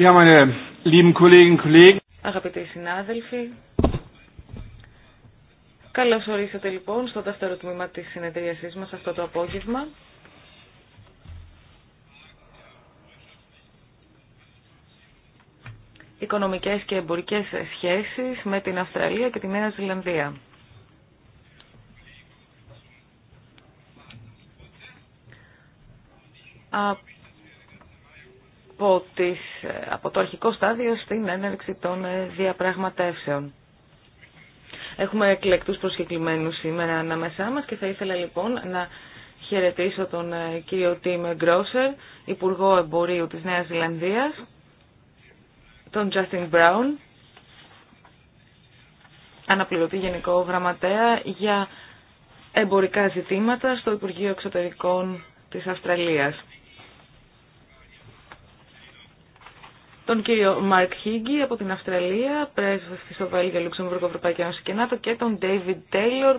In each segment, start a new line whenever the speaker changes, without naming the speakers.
Ja, meine lieben
Αγαπητοί συνάδελφοι, καλώς ορίσατε λοιπόν στο δεύτερο τμήμα της συνεδρίασής μας αυτό το απόγευμα. Οικονομικές και εμπορικές σχέσεις με την Αυστραλία και τη Νέα Ζηλανδία. Από από, από το αρχικό στάδιο στην έναρξη των διαπραγματεύσεων. Έχουμε εκλεκτούς προσκεκλημένους σήμερα ανάμεσά μας και θα ήθελα λοιπόν να χαιρετήσω τον ε, κύριο Τιμ Γκρόσερ, Υπουργό Εμπορίου της Νέας Ζηλανδίας, τον Justin Brown, αναπληρωτή Γενικό Γραμματέα για εμπορικά ζητήματα στο Υπουργείο Εξωτερικών της Αυστραλίας. τον κύριο Μαρκ Χίγκη από την Αυστραλία, πρέσβευτη στο Βέλγιο, Λουξεμβούργο, Ευρωπαϊκή Ένωση και ΝΑΤΟ και τον David Τέιλορ,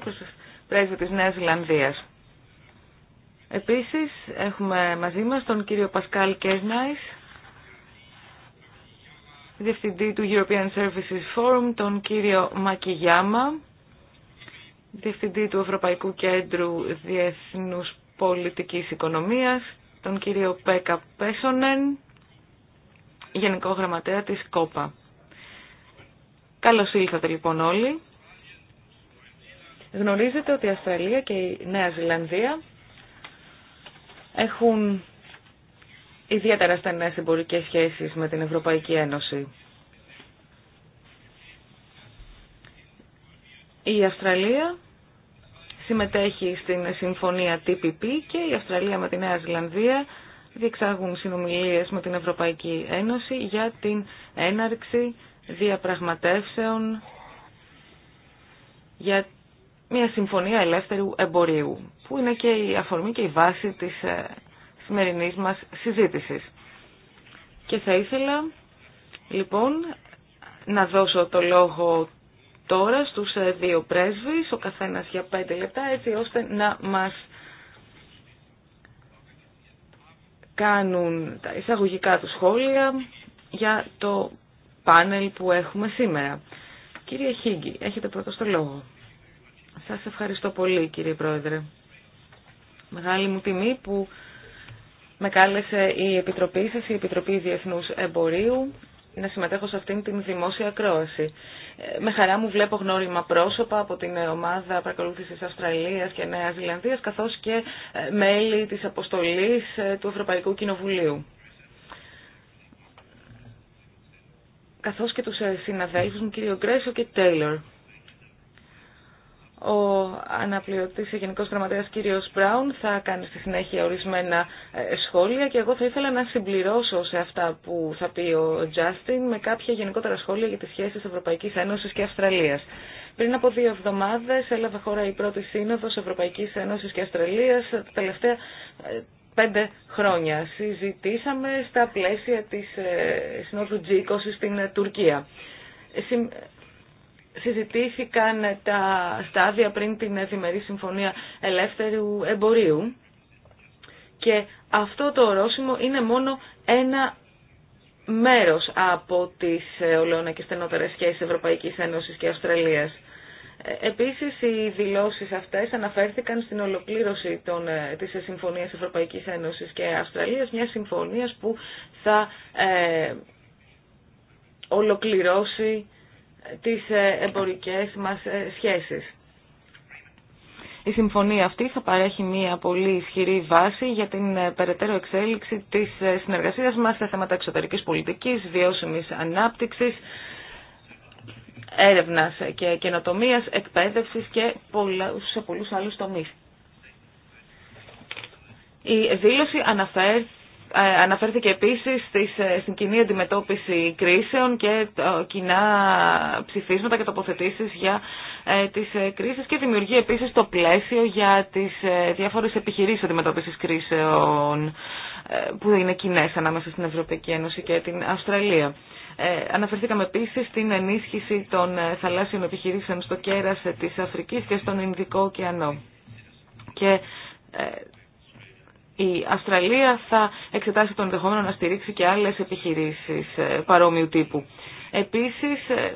πρέσβη της Νέας Ζηλανδίας. Επίσης έχουμε μαζί μας τον κύριο Πασκάλ Κέσνάης, διευθυντή του European Services Forum, τον κύριο Μακιγιάμα, διευθυντή του Ευρωπαϊκού Κέντρου Διεθνούς Πολιτικής Οικονομίας, τον κύριο Πέκα Πέσονεν, Γενικό Γραμματέα της ΚΟΠΑ. Καλώς ήλθατε λοιπόν όλοι. Γνωρίζετε ότι η Αυστραλία και η Νέα Ζηλανδία έχουν ιδιαίτερα στενές εμπορικές σχέσεις με την Ευρωπαϊκή Ένωση. Η Αυστραλία συμμετέχει στην συμφωνία TPP και η Αυστραλία με τη Νέα Ζηλανδία διεξάγουν συνομιλίες με την Ευρωπαϊκή Ένωση για την έναρξη διαπραγματεύσεων για μια συμφωνία ελεύθερου εμπορίου, που είναι και η αφορμή και η βάση της ε, σημερινής μας συζήτησης. Και θα ήθελα, λοιπόν, να δώσω το λόγο τώρα στους ε, δύο πρέσβεις, ο καθένας για πέντε λεπτά, έτσι ώστε να μας κάνουν τα εισαγωγικά του σχόλια για το πάνελ που έχουμε σήμερα. Κύριε Χίγκη, έχετε πρώτο το λόγο. Σας ευχαριστώ πολύ κύριε Πρόεδρε. Μεγάλη μου τιμή που με κάλεσε η Επιτροπή σας, η Επιτροπή Διεθνούς Εμπορίου, να συμμετέχω σε αυτήν την δημόσια ακρόαση. Ε, με χαρά μου βλέπω γνώριμα πρόσωπα από την ομάδα παρακολούθηση Αυστραλίας και Νέας Ζηλανδίας, καθώς και ε, μέλη της αποστολής ε, του Ευρωπαϊκού Κοινοβουλίου. Καθώς και τους συναδέλφου, μου, κύριο Γκρέσο και Τέιλορ. Ο αναπληρωτής Γενικός Γραμματέας κύριος Μπράουν θα κάνει στη συνέχεια ορισμένα ε, σχόλια και εγώ θα ήθελα να συμπληρώσω σε αυτά που θα πει ο Τζάστιν με κάποια γενικότερα σχόλια για τις σχέσεις Ευρωπαϊκής Ένωσης και Αυστραλίας. Πριν από δύο εβδομάδες έλαβε χώρα η πρώτη σύνοδος Ευρωπαϊκής Ένωσης και Αυστραλίας τα τελευταία ε, πέντε χρόνια. Συζητήσαμε στα πλαίσια της ε, συνόδου G20 στην Τουρκία συζητήθηκαν τα στάδια πριν την Διμερή Συμφωνία Ελεύθερου Εμπορίου και αυτό το ορόσημο είναι μόνο ένα μέρος από τις ε, ολαιόνα και στενότερες σχέσεις Ευρωπαϊκής Ένωσης και Αυστραλίας. Ε, επίσης, οι δηλώσεις αυτές αναφέρθηκαν στην ολοκλήρωση των, ε, της Συμφωνίας Ευρωπαϊκής Ένωσης και Αυστραλίας, μια συμφωνία που θα ολοκληρώσει τις ε, εμπορικές μας ε, σχέσεις. Η συμφωνία αυτή θα παρέχει μια πολύ ισχυρή βάση για την ε, περαιτέρω εξέλιξη της συνεργασίας μας σε θέματα εξωτερικής πολιτικής, βιώσιμης ανάπτυξης, έρευνας και καινοτομίας, εκπαίδευσης και σε πολλούς άλλους τομείς. Η δήλωση αναφέρει ε, αναφέρθηκε επίσης ε, στην κοινή αντιμετώπιση κρίσεων και κοινά ψηφίσματα και τοποθετήσεις για ε, τις κρίσεις και δημιουργεί επίσης το πλαίσιο για τις διάφορες επιχειρήσεις αντιμετώπισης κρίσεων που είναι κοινέ ανάμεσα στην Ευρωπαϊκή Ένωση και την Αυστραλία. Αναφερθήκαμε επίσης στην ενίσχυση των θαλάσσιων επιχειρήσεων στο κέρας της Αφρικής και στον Ινδικό ωκεανό. Και η Αυστραλία θα εξετάσει τον ενδεχόμενο να στηρίξει και άλλες επιχειρήσεις ε, παρόμοιου τύπου. Επίσης, ε,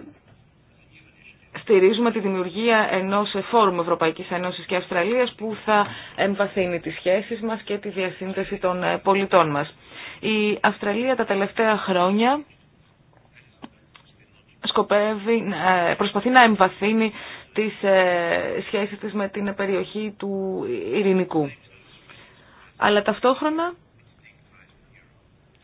στηρίζουμε τη δημιουργία ενός φόρουμ Ευρωπαϊκής Ένωσης και Αυστραλίας που θα εμβαθύνει τις σχέσεις μας και τη διασύνδεση των ε, πολιτών μας. Η Αυστραλία τα τελευταία χρόνια σκοπεύει, προσπαθεί να εμβαθύνει τις σχέσεις της με την περιοχή του Ειρηνικού αλλά ταυτόχρονα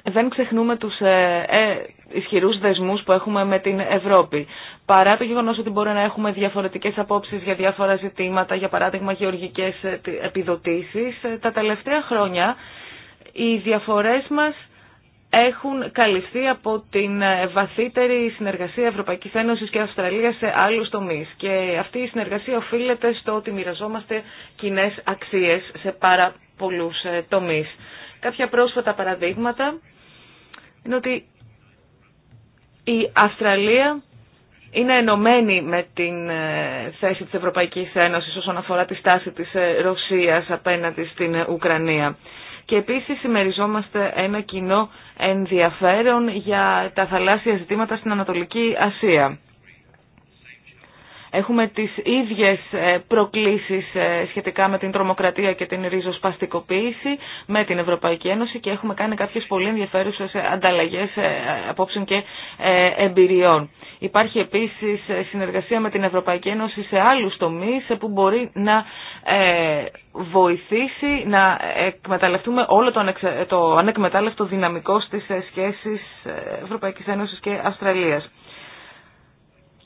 δεν ξεχνούμε τους ε, ε, ισχυρούς δεσμούς που έχουμε με την Ευρώπη. Παρά το γεγονός ότι μπορεί να έχουμε διαφορετικές απόψεις για διάφορα ζητήματα, για παράδειγμα γεωργικές ε, επιδοτήσεις, ε, τα τελευταία χρόνια οι διαφορές μας έχουν καλυφθεί από την ε, βαθύτερη συνεργασία Ευρωπαϊκής Ένωσης και Αυστραλίας σε άλλους τομείς. Και αυτή η συνεργασία οφείλεται στο ότι μοιραζόμαστε κοινέ αξίες σε πάρα πολλούς ε, τομείς. Κάποια πρόσφατα παραδείγματα είναι ότι η Αυστραλία είναι ενωμένη με την ε, θέση της Ευρωπαϊκής Ένωσης όσον αφορά τη στάση της ε, Ρωσίας απέναντι στην Ουκρανία. Και επίσης συμμεριζόμαστε ένα κοινό ενδιαφέρον για τα θαλάσσια ζητήματα στην Ανατολική Ασία. Έχουμε τις ίδιες ε, προκλήσεις ε, σχετικά με την τρομοκρατία και την ριζοσπαστικοποίηση με την Ευρωπαϊκή Ένωση και έχουμε κάνει κάποιες πολύ ενδιαφέρουσες ανταλλαγές ε, απόψεων και εμπειριών. Υπάρχει επίσης συνεργασία με την Ευρωπαϊκή Ένωση σε άλλους τομείς που μπορεί να βοηθήσει να εκμεταλλευτούμε όλο το ανεκμετάλλευτο δυναμικό στις σχέσεις Ευρωπαϊκής Ένωσης και Αυστραλίας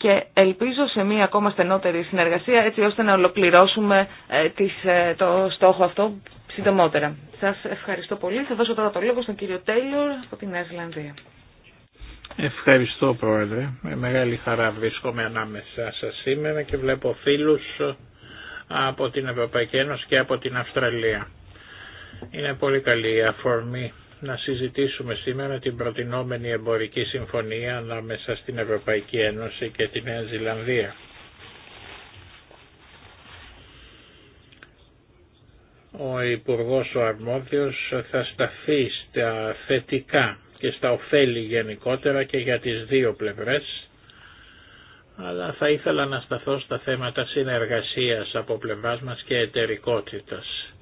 και ελπίζω σε μία ακόμα στενότερη συνεργασία έτσι ώστε να ολοκληρώσουμε ε, ε, το στόχο αυτό συντομότερα. Σας ευχαριστώ πολύ. Θα δώσω τώρα το λόγο στον κύριο Τέιλορ από την Νέα Ζηλανδία.
Ευχαριστώ Πρόεδρε. Με μεγάλη χαρά βρίσκομαι ανάμεσά σας σήμερα και βλέπω φίλους από την Ευρωπαϊκή Ένωση και από την Αυστραλία. Είναι πολύ καλή η αφορμή να συζητήσουμε σήμερα την προτινόμενη εμπορική συμφωνία ανάμεσα στην Ευρωπαϊκή Ένωση και τη Νέα Ζηλανδία. Ο Υπουργός ο Αρμόδιος θα σταθεί στα θετικά και στα ωφέλη γενικότερα και για τις δύο πλευρές, αλλά θα ήθελα να σταθώ στα θέματα συνεργασίας από πλευράς μας και εταιρικότητας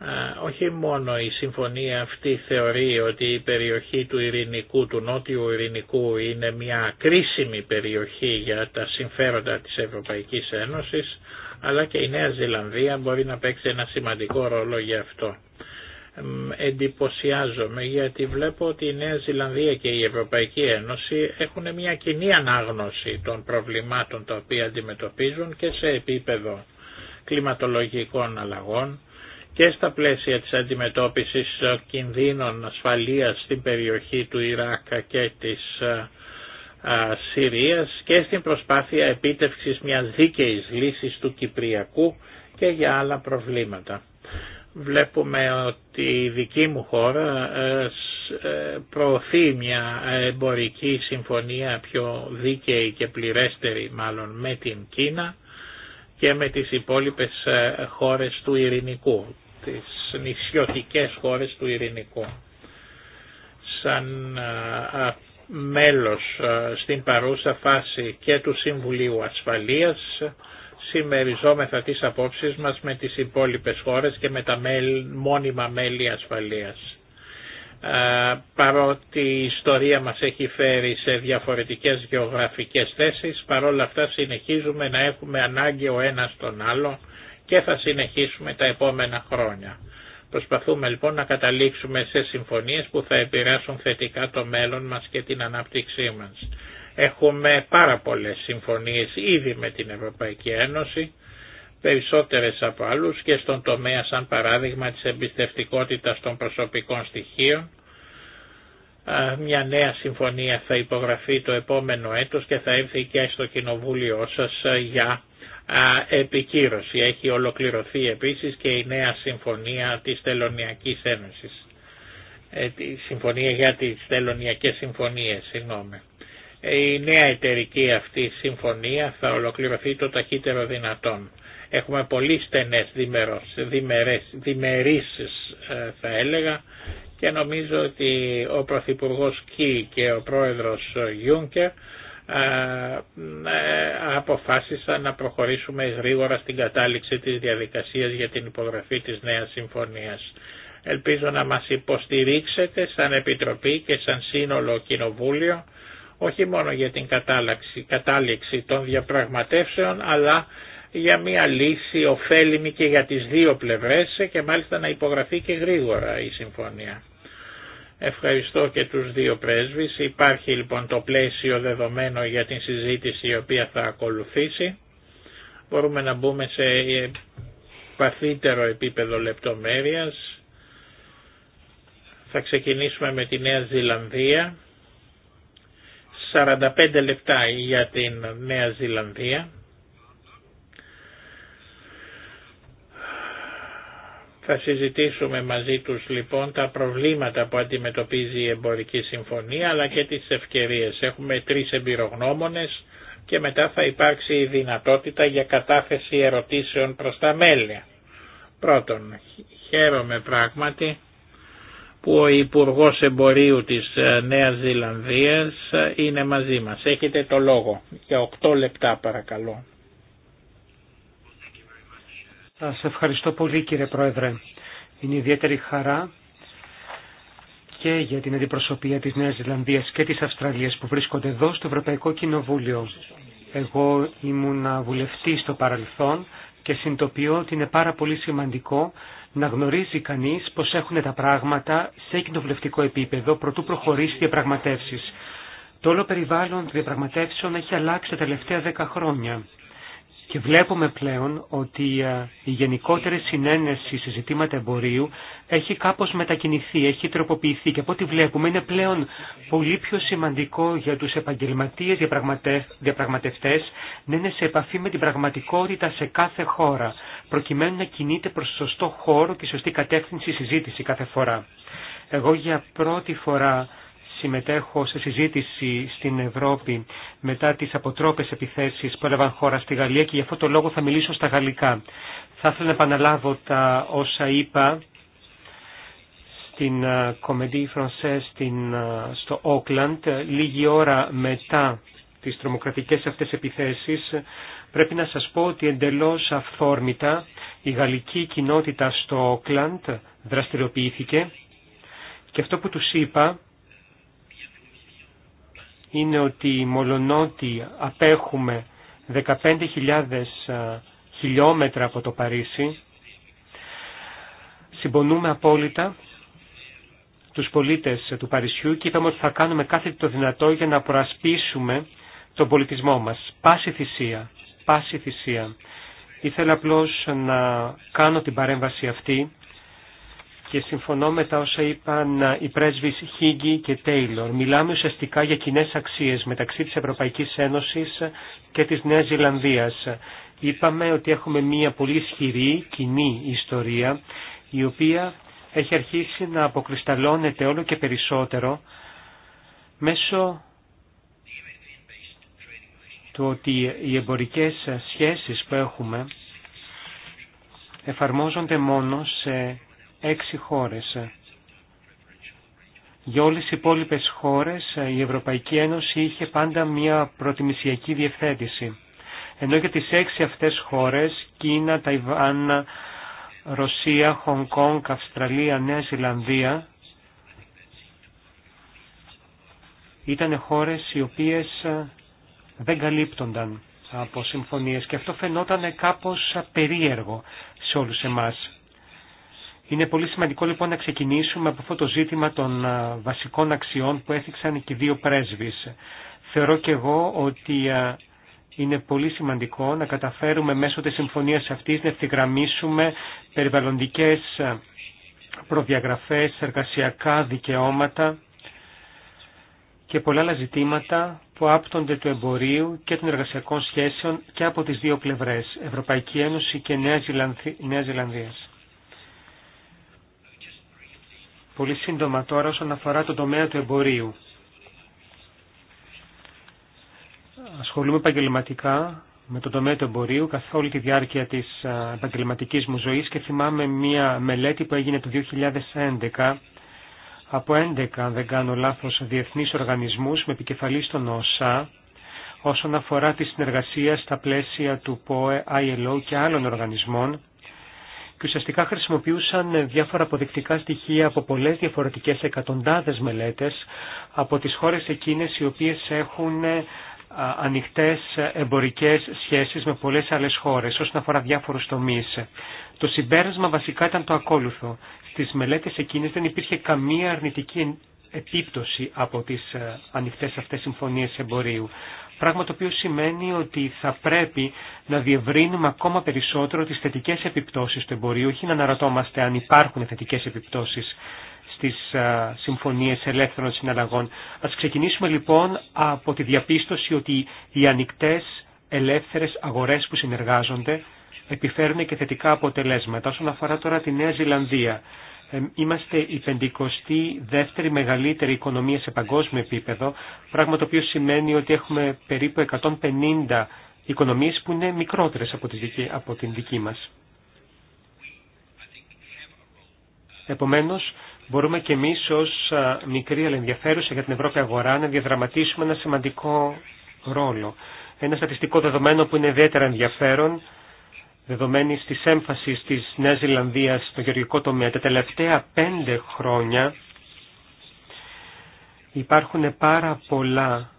ε, όχι μόνο η συμφωνία αυτή θεωρεί ότι η περιοχή του Ειρηνικού, του Νότιου Ειρηνικού είναι μια κρίσιμη περιοχή για τα συμφέροντα της Ευρωπαϊκής Ένωσης, αλλά και η Νέα Ζηλανδία μπορεί να παίξει ένα σημαντικό ρόλο γι' αυτό. Εντυπωσιάζομαι γιατί βλέπω ότι η Νέα Ζηλανδία και η Ευρωπαϊκή Ένωση έχουν μια κοινή ανάγνωση των προβλημάτων τα οποία αντιμετωπίζουν και σε επίπεδο κλιματολογικών αλλαγών, και στα πλαίσια της αντιμετώπισης ε, κινδύνων ασφαλείας στην περιοχή του Ιράκ και της ε, ε, Συρίας και στην προσπάθεια επίτευξης μιας δίκαιης λύσης του Κυπριακού και για άλλα προβλήματα. Βλέπουμε ότι η δική μου χώρα προωθεί μια εμπορική συμφωνία πιο δίκαιη και πληρέστερη μάλλον με την Κίνα και με τις υπόλοιπες χώρες του ειρηνικού τις νησιωτικές χώρες του Ειρηνικού. Σαν μέλος στην παρούσα φάση και του Συμβουλίου Ασφαλείας συμμεριζόμεθα τις απόψεις μας με τις υπόλοιπες χώρες και με τα μόνιμα μέλη ασφαλείας. Παρότι η ιστορία μας έχει φέρει σε διαφορετικές γεωγραφικές θέσεις, παρόλα αυτά συνεχίζουμε να έχουμε ανάγκη ο ένας τον άλλο και θα συνεχίσουμε τα επόμενα χρόνια. Προσπαθούμε λοιπόν να καταλήξουμε σε συμφωνίες που θα επηρεάσουν θετικά το μέλλον μας και την ανάπτυξή μας. Έχουμε πάρα πολλές συμφωνίες ήδη με την Ευρωπαϊκή Ένωση, περισσότερες από άλλους και στον τομέα σαν παράδειγμα της εμπιστευτικότητας των προσωπικών στοιχείων. Μια νέα συμφωνία θα υπογραφεί το επόμενο έτος και θα έρθει και στο κοινοβούλιο σας ε, για επικύρωση. Έχει ολοκληρωθεί επίσης και η νέα συμφωνία της Τελωνιακής Ένωσης. Ε, συμφωνία για τις Τελωνιακές Συμφωνίες, συγγνώμη. Ε, η νέα εταιρική αυτή συμφωνία θα ολοκληρωθεί το ταχύτερο δυνατόν. Έχουμε πολύ στενές διμερός, διμερές, ε, θα έλεγα και νομίζω ότι ο Πρωθυπουργός Κι και ο Πρόεδρος Γιούνκερ ε, ε, αποφάσισα να προχωρήσουμε γρήγορα στην κατάληξη της διαδικασίας για την υπογραφή της νέας συμφωνίας. Ελπίζω να μας υποστηρίξετε σαν Επιτροπή και σαν σύνολο Κοινοβούλιο όχι μόνο για την κατάληξη των διαπραγματεύσεων αλλά για μια λύση ωφέλιμη και για τις δύο πλευρές και μάλιστα να υπογραφεί και γρήγορα η συμφωνία. Ευχαριστώ και τους δύο πρέσβεις. Υπάρχει λοιπόν το πλαίσιο δεδομένο για την συζήτηση η οποία θα ακολουθήσει. Μπορούμε να μπούμε σε βαθύτερο επίπεδο λεπτομέρειας. Θα ξεκινήσουμε με τη Νέα Ζηλανδία. 45 λεπτά για την Νέα Ζηλανδία. Θα συζητήσουμε μαζί τους λοιπόν τα προβλήματα που αντιμετωπίζει η εμπορική συμφωνία αλλά και τις ευκαιρίες. Έχουμε τρεις εμπειρογνώμονες και μετά θα υπάρξει η δυνατότητα για κατάθεση ερωτήσεων προς τα μέλη. Πρώτον, χαίρομαι πράγματι που ο Υπουργός Εμπορίου της ε, Νέας Ζηλανδίας ε, είναι μαζί μας. Έχετε το λόγο για 8 λεπτά παρακαλώ.
Σα ευχαριστώ πολύ κύριε Πρόεδρε. Είναι ιδιαίτερη χαρά και για την αντιπροσωπεία της Νέας Ζηλανδίας και της Αυστραλίας που βρίσκονται εδώ στο Ευρωπαϊκό Κοινοβούλιο. Εγώ ήμουν βουλευτή στο παρελθόν και συνειδητοποιώ ότι είναι πάρα πολύ σημαντικό να γνωρίζει κανείς πως έχουν τα πράγματα σε κοινοβουλευτικό επίπεδο προτού προχωρήσει διαπραγματεύσεις. Το όλο περιβάλλον των διαπραγματεύσεων έχει αλλάξει τα τελευταία δέκα χρόνια. Και βλέπουμε πλέον ότι ε, η γενικότερη συνένεση σε ζητήματα εμπορίου έχει κάπως μετακινηθεί, έχει τροποποιηθεί και από ό,τι βλέπουμε είναι πλέον πολύ πιο σημαντικό για τους επαγγελματίες διαπραγματευτές να είναι σε επαφή με την πραγματικότητα σε κάθε χώρα, προκειμένου να κινείται προς σωστό χώρο και σωστή κατεύθυνση συζήτηση κάθε φορά. Εγώ για πρώτη φορά συμμετέχω σε συζήτηση στην Ευρώπη μετά τις αποτρόπες επιθέσεις που έλαβαν χώρα στη Γαλλία και γι' αυτό το λόγο θα μιλήσω στα γαλλικά. Θα ήθελα να επαναλάβω τα όσα είπα στην ε, Comédie Française ε, στο Όκλαντ λίγη ώρα μετά τις τρομοκρατικές αυτές επιθέσεις πρέπει να σας πω ότι εντελώς αυθόρμητα η γαλλική κοινότητα στο Όκλαντ δραστηριοποιήθηκε και αυτό που τους είπα είναι ότι μολονότι απέχουμε 15.000 ε, χιλιόμετρα από το Παρίσι, συμπονούμε απόλυτα τους πολίτες του Παρισιού και είπαμε ότι θα κάνουμε κάθε το δυνατό για να προασπίσουμε τον πολιτισμό μας. Πάση θυσία, πάση θυσία. Ήθελα απλώς να κάνω την παρέμβαση αυτή και συμφωνώ με τα όσα είπαν οι πρέσβεις Χίγκη και Τέιλορ. Μιλάμε ουσιαστικά για κοινέ αξίες μεταξύ της Ευρωπαϊκής Ένωσης και της Νέας Ζηλανδίας. Είπαμε ότι έχουμε μια πολύ ισχυρή κοινή ιστορία η οποία έχει αρχίσει να αποκρισταλώνεται όλο και περισσότερο μέσω του ότι οι εμπορικές σχέσεις που έχουμε εφαρμόζονται μόνο σε έξι χώρες. Για όλες τις υπόλοιπες χώρες η Ευρωπαϊκή Ένωση είχε πάντα μια προτιμησιακή διευθέτηση. Ενώ για τις έξι αυτές χώρες, Κίνα, Ταϊβάν, Ρωσία, Χονγκ Αυστραλία, Νέα Ζηλανδία, ήταν χώρες οι οποίες δεν καλύπτονταν από συμφωνίες και αυτό φαινόταν κάπως περίεργο σε όλους εμάς. Είναι πολύ σημαντικό λοιπόν να ξεκινήσουμε από αυτό το ζήτημα των ε, βασικών αξιών που έθιξαν και οι δύο πρέσβεις. Θεωρώ και εγώ ότι ε, είναι πολύ σημαντικό να καταφέρουμε μέσω της συμφωνίας αυτής να ευθυγραμμίσουμε περιβαλλοντικές ε, προδιαγραφές, εργασιακά δικαιώματα και πολλά άλλα ζητήματα που άπτονται του εμπορίου και των εργασιακών σχέσεων και από τις δύο πλευρές, Ευρωπαϊκή Ένωση και Νέα, Ζηλανδία. Πολύ σύντομα τώρα όσον αφορά το τομέα του εμπορίου. Ασχολούμαι επαγγελματικά με το τομέα του εμπορίου καθ' όλη τη διάρκεια της επαγγελματική μου ζωής και θυμάμαι μία μελέτη που έγινε το 2011 από 11, αν δεν κάνω λάθος, διεθνείς οργανισμούς με επικεφαλή στον ΩΣΑ όσον αφορά τη συνεργασία στα πλαίσια του ΠΟΕ, ILO και άλλων οργανισμών και ουσιαστικά χρησιμοποιούσαν διάφορα αποδεικτικά στοιχεία από πολλές διαφορετικές εκατοντάδες μελέτες από τις χώρες εκείνες οι οποίες έχουν ε, ανοιχτές εμπορικές σχέσεις με πολλές άλλες χώρες όσον αφορά διάφορους τομείς. Το συμπέρασμα βασικά ήταν το ακόλουθο. Στις μελέτες εκείνες δεν υπήρχε καμία αρνητική επίπτωση από τις ε, ανοιχτές αυτές συμφωνίες εμπορίου. Πράγμα το οποίο σημαίνει ότι θα πρέπει να διευρύνουμε ακόμα περισσότερο τις θετικές επιπτώσεις του εμπορίου, όχι να αναρωτόμαστε αν υπάρχουν θετικές επιπτώσεις στις συμφωνίες ελεύθερων συναλλαγών. Ας ξεκινήσουμε λοιπόν από τη διαπίστωση ότι οι ανοιχτέ ελεύθερες αγορές που συνεργάζονται επιφέρουν και θετικά αποτελέσματα. Όσον αφορά τώρα τη Νέα Ζηλανδία, ε, είμαστε η 52η μεγαλύτερη οικονομία σε παγκόσμιο επίπεδο, πράγμα το οποίο σημαίνει ότι έχουμε περίπου 150 οικονομίες που είναι μικρότερες από, τη δική, από την δική μας. Επομένως, μπορούμε και εμείς ως μικρή αλλά ενδιαφέρουσα για την Ευρώπη αγορά να διαδραματίσουμε ένα σημαντικό ρόλο. Ένα στατιστικό δεδομένο που είναι ιδιαίτερα ενδιαφέρον δεδομένης της έμφαση της Νέα Ζηλανδία στο γεωργικό τομέα. Τα τελευταία πέντε χρόνια υπάρχουν πάρα πολλά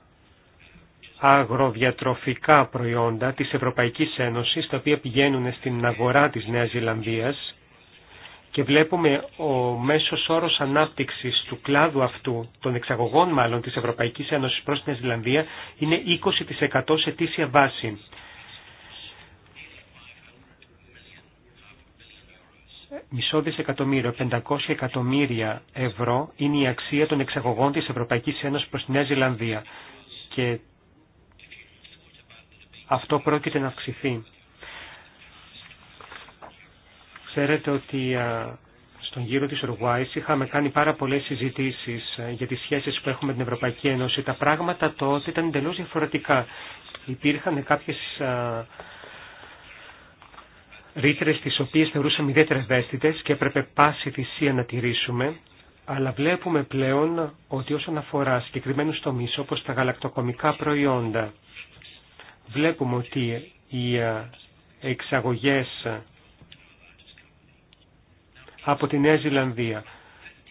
αγροδιατροφικά προϊόντα της Ευρωπαϊκής Ένωσης, τα οποία πηγαίνουν στην αγορά της Νέας Ζηλανδίας και βλέπουμε ο μέσος όρος ανάπτυξης του κλάδου αυτού, των εξαγωγών μάλλον της Ευρωπαϊκής Ένωσης προς τη Νέα Ζηλανδία, είναι 20% σε τήσια βάση. μισό δισεκατομμύριο, 500 εκατομμύρια ευρώ είναι η αξία των εξαγωγών της Ευρωπαϊκής Ένωσης προς τη Νέα Ζηλανδία και αυτό πρόκειται να αυξηθεί. Ξέρετε ότι στον γύρο της Ουρουάης είχαμε κάνει πάρα πολλές συζητήσεις για τις σχέσεις που έχουμε με την Ευρωπαϊκή Ένωση. Τα πράγματα τότε ήταν εντελώς διαφορετικά. Υπήρχαν κάποιες ρήτρε τις οποίες θεωρούσαμε ιδιαίτερα ευαίσθητε και έπρεπε πάση θυσία να τηρήσουμε, αλλά βλέπουμε πλέον ότι όσον αφορά συγκεκριμένου τομεί όπω τα γαλακτοκομικά προϊόντα, βλέπουμε ότι οι ε, εξαγωγές από τη Νέα Ζηλανδία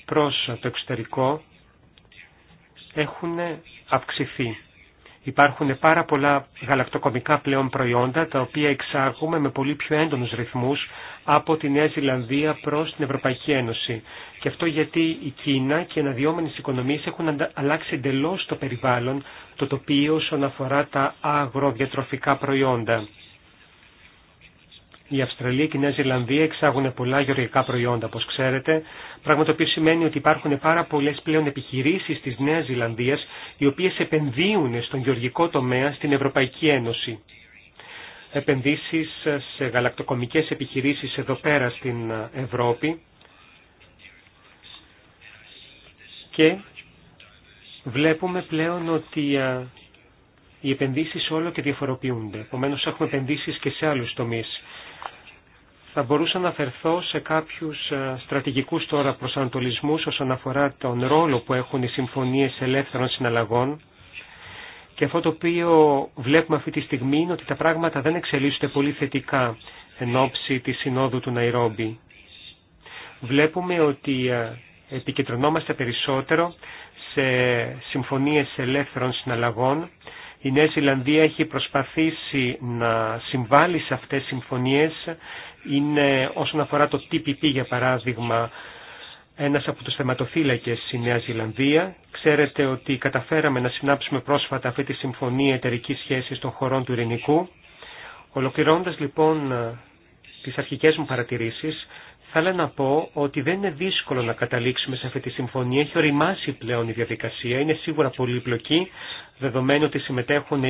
προς το εξωτερικό έχουν αυξηθεί. Υπάρχουν πάρα πολλά γαλακτοκομικά πλέον προϊόντα τα οποία εξάγουμε με πολύ πιο έντονους ρυθμούς από τη Νέα Ζηλανδία προς την Ευρωπαϊκή Ένωση. Και αυτό γιατί η Κίνα και οι αναδυόμενες οικονομίες έχουν αλλάξει εντελώς το περιβάλλον, το τοπίο όσον αφορά τα αγροδιατροφικά προϊόντα. Η Αυστραλία και η Νέα Ζηλανδία εξάγουν πολλά γεωργικά προϊόντα, όπω ξέρετε, πράγμα το οποίο σημαίνει ότι υπάρχουν πάρα πολλέ πλέον επιχειρήσει τη Νέα Ζηλανδία, οι οποίε επενδύουν στον γεωργικό τομέα στην Ευρωπαϊκή Ένωση. Επενδύσει σε γαλακτοκομικέ επιχειρήσει εδώ πέρα στην Ευρώπη και βλέπουμε πλέον ότι ε, οι επενδύσεις όλο και διαφοροποιούνται. Επομένως έχουμε επενδύσεις και σε άλλους τομείς θα μπορούσα να αφαιρθώ σε κάποιους ε, στρατηγικούς τώρα προσανατολισμούς όσον αφορά τον ρόλο που έχουν οι συμφωνίες ελεύθερων συναλλαγών και αυτό το οποίο βλέπουμε αυτή τη στιγμή είναι ότι τα πράγματα δεν εξελίσσονται πολύ θετικά εν ώψη της Συνόδου του Ναϊρόμπι. Βλέπουμε ότι ε, επικεντρωνόμαστε περισσότερο σε συμφωνίες ελεύθερων συναλλαγών η Νέα Ζηλανδία έχει προσπαθήσει να συμβάλλει σε αυτές τις συμφωνίες. Είναι όσον αφορά το TPP για παράδειγμα ένας από τους θεματοφύλακες στη Νέα Ζηλανδία. Ξέρετε ότι καταφέραμε να συνάψουμε πρόσφατα αυτή τη συμφωνία εταιρική σχέση των χωρών του Ειρηνικού. Ολοκληρώνοντας λοιπόν τις αρχικές μου παρατηρήσεις, θα ήθελα να πω ότι δεν είναι δύσκολο να καταλήξουμε σε αυτή τη συμφωνία. Έχει οριμάσει πλέον η διαδικασία, είναι σίγουρα πολύπλοκη, δεδομένου ότι συμμετέχουν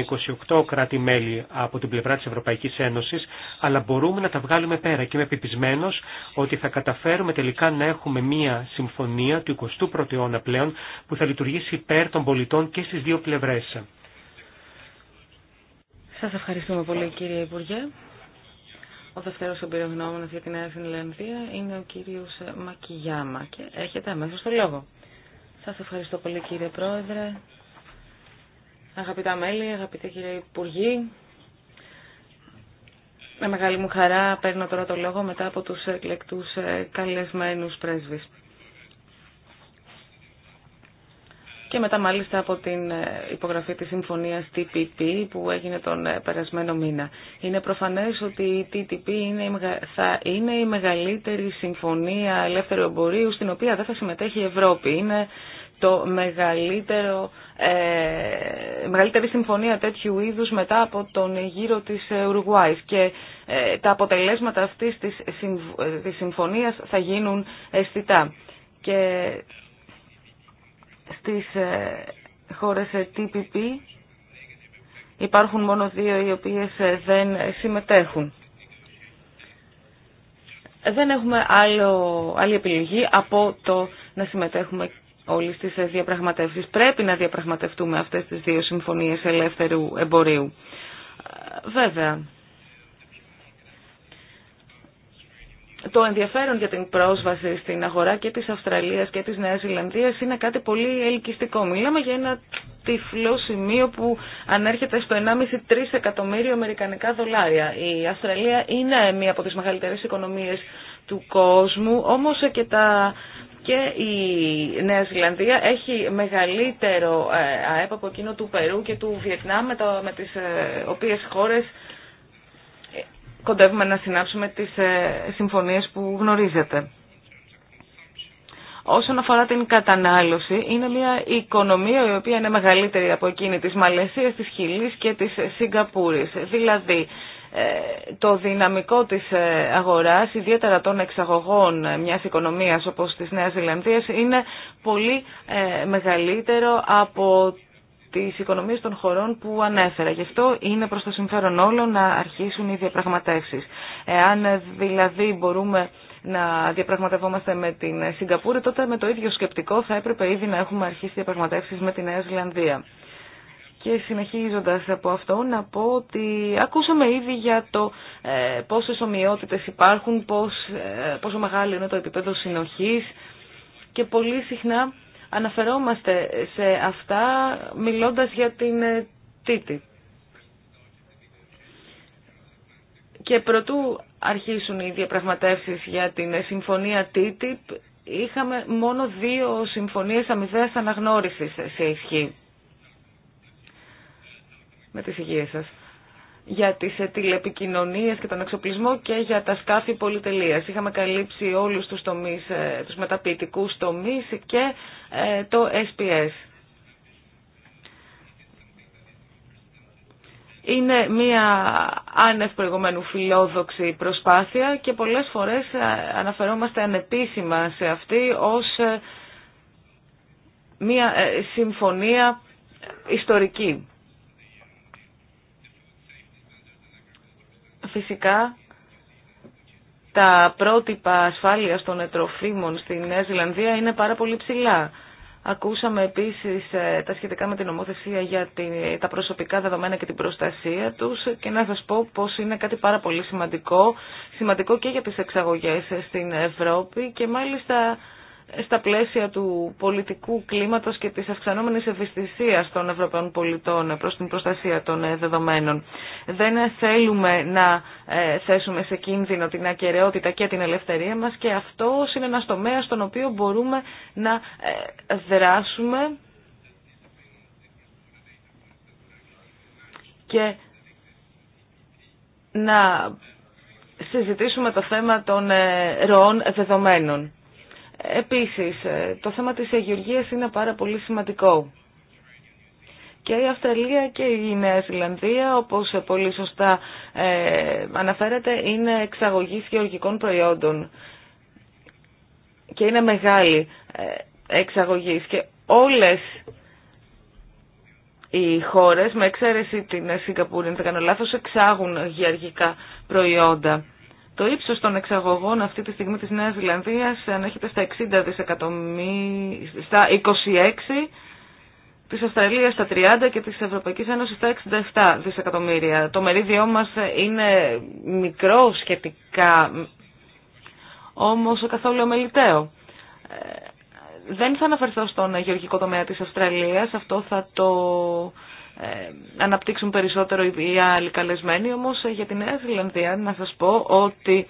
28 κράτη-μέλη από την πλευρά της Ευρωπαϊκής Ένωσης, αλλά μπορούμε να τα βγάλουμε πέρα και είμαι πεπισμένο ότι θα καταφέρουμε τελικά να έχουμε μία συμφωνία του 21ου αιώνα πλέον που θα λειτουργήσει υπέρ των πολιτών και στις δύο πλευρές.
Σας ευχαριστούμε πολύ κύριε Υπουργέ. Ο δεύτερο εμπειρογνώμονα για την Νέα είναι ο κύριος Μακιγιάμα και έχετε αμέσω το λόγο. Σας ευχαριστώ πολύ κύριε Πρόεδρε, αγαπητά μέλη, αγαπητέ κύριε Υπουργή. Με μεγάλη μου χαρά παίρνω τώρα το λόγο μετά από τους εκλεκτούς ε, καλεσμένους πρέσβεις. και μετά μάλιστα από την ε, υπογραφή της συμφωνίας TPP που έγινε τον ε, περασμένο μήνα. Είναι προφανές ότι η TTP είναι, θα είναι η μεγαλύτερη συμφωνία ελεύθερου εμπορίου στην οποία δεν θα συμμετέχει η Ευρώπη. Είναι το μεγαλύτερο, ε, μεγαλύτερη συμφωνία τέτοιου είδους μετά από τον γύρο της Ουρουγουάης και τα αποτελέσματα αυτής της, συμφωνίας θα γίνουν αισθητά. Και στις ε, χώρες ε, TPP υπάρχουν μόνο δύο οι οποίες ε, δεν συμμετέχουν. Δεν έχουμε άλλο, άλλη επιλογή από το να συμμετέχουμε όλοι στις διαπραγματεύσεις. Πρέπει να διαπραγματευτούμε αυτές τις δύο συμφωνίες ελεύθερου εμπορίου. Βέβαια, το ενδιαφέρον για την πρόσβαση στην αγορά και της Αυστραλίας και της Νέας Ζηλανδίας είναι κάτι πολύ ελκυστικό. Μιλάμε για ένα τυφλό σημείο που ανέρχεται στο 1,5-3 εκατομμύριο αμερικανικά δολάρια. Η Αυστραλία είναι μία από τις μεγαλύτερες οικονομίες του κόσμου, όμως και τα και η Νέα Ζηλανδία έχει μεγαλύτερο ε, ΑΕΠ από εκείνο του Περού και του Βιετνάμ με, με τις ε, οποίες χώρες κοντεύουμε να συνάψουμε τις ε, συμφωνίες που γνωρίζετε. Όσον αφορά την κατανάλωση, είναι μια οικονομία η οποία είναι μεγαλύτερη από εκείνη της Μαλαισίας, της Χιλής και της Σιγκαπούρης. Δηλαδή, ε, το δυναμικό της ε, αγοράς, ιδιαίτερα των εξαγωγών μιας οικονομίας όπως της Νέας Ζηλανδίας, είναι πολύ μεγαλύτερο από Τη οικονομίες των χωρών που ανέφερα. Γι' αυτό είναι προ το συμφέρον όλων να αρχίσουν οι διαπραγματεύσει. Εάν δηλαδή μπορούμε να διαπραγματευόμαστε με την Σιγκαπούρη, τότε με το ίδιο σκεπτικό θα έπρεπε ήδη να έχουμε αρχίσει διαπραγματεύσει με τη Νέα Ζηλανδία. Και συνεχίζοντα από αυτό να πω ότι ακούσαμε ήδη για το ε, πόσες υπάρχουν, ε, πόσο μεγάλο είναι το επίπεδο συνοχή και πολύ συχνά αναφερόμαστε σε αυτά μιλώντας για την ε, τίτη. Και προτού αρχίσουν οι διαπραγματεύσεις για την ε, συμφωνία TTIP, είχαμε μόνο δύο συμφωνίες αμοιβαίας αναγνώρισης σε ισχύ. Με τις υγείες σας για τις ε, τηλεπικοινωνίε και τον εξοπλισμό και για τα σκάφη πολυτελεία. Είχαμε καλύψει όλους τους, τομείς, ε, τους μεταποιητικούς τομείς και ε, το SPS. Είναι μία άνευ προηγουμένου φιλόδοξη προσπάθεια και πολλές φορές αναφερόμαστε ανεπίσημα σε αυτή ως μία συμφωνία ιστορική. Φυσικά, τα πρότυπα ασφάλειας των ετροφίμων στη Νέα Ζηλανδία είναι πάρα πολύ ψηλά. Ακούσαμε επίσης ε, τα σχετικά με την νομοθεσία για τα προσωπικά δεδομένα και την προστασία τους και να σας πω πως είναι κάτι πάρα πολύ σημαντικό, σημαντικό και για τις εξαγωγές στην Ευρώπη και μάλιστα στα πλαίσια του πολιτικού κλίματος και της αυξανόμενης ευαισθησίας των Ευρωπαίων πολιτών προς την προστασία των ε, δεδομένων. Δεν θέλουμε να ε, θέσουμε σε κίνδυνο την ακαιρεότητα και την ελευθερία μας και αυτό είναι ένα τομέας στον οποίο μπορούμε να ε, δράσουμε και να συζητήσουμε το θέμα των ροών δεδομένων. Επίσης, ε, το θέμα της αγιοργίας είναι πάρα πολύ σημαντικό. Και η Αυστραλία και η Νέα Ζηλανδία, όπως πολύ σωστά ε, αναφέρεται, είναι εξαγωγή γεωργικών προϊόντων. Και είναι μεγάλη ε, εξαγωγή. Και όλες οι χώρες, με εξαίρεση την Σιγκαπούρη, αν δεν κάνω λάθος, εξάγουν γεωργικά προϊόντα. Το ύψο των εξαγωγών αυτή τη στιγμή της Νέας Ζηλανδία ανέχεται στα 60 δισεκατομμύρια, στα 26 της Αυστραλίας στα 30 και της Ευρωπαϊκής Ένωσης στα 67 δισεκατομμύρια. Το μερίδιό μας είναι μικρό σχετικά, όμως καθόλου ομεληταίο. Ε, δεν θα αναφερθώ στον γεωργικό τομέα της Αυστραλίας, αυτό θα το ε, αναπτύξουν περισσότερο οι άλλοι καλεσμένοι. Όμως ε, για την Νέα Φιλανδία να σας πω ότι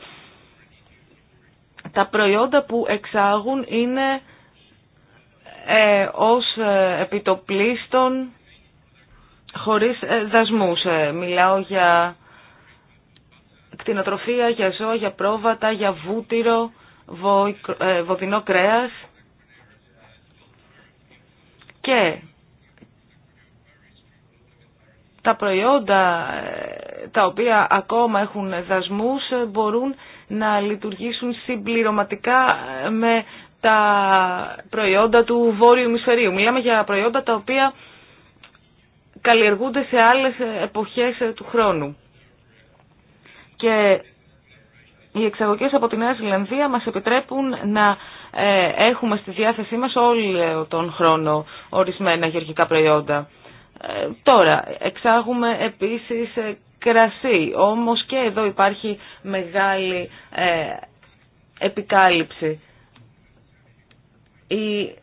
τα προϊόντα που εξάγουν είναι ε, ως ε, επιτοπλίστων χωρίς δασμούς. Μιλάω για κτηνοτροφία, για ζώα, για πρόβατα, για βούτυρο, βοδινό κρέας και τα προϊόντα ε, τα οποία ακόμα έχουν δασμούς ε, μπορούν να λειτουργήσουν συμπληρωματικά ε, με τα προϊόντα του βόρειου ημισφαιρίου. Μιλάμε για προϊόντα τα οποία καλλιεργούνται σε άλλες εποχές του χρόνου. Και οι εξαγωγές από τη Νέα Ζηλανδία μας επιτρέπουν να έχουμε στη διάθεσή μας όλο τον χρόνο ορισμένα γεωργικά προϊόντα. Ε, τώρα, εξάγουμε επίσης ε, κρασί, όμως και εδώ υπάρχει μεγάλη ε, επικάλυψη. Η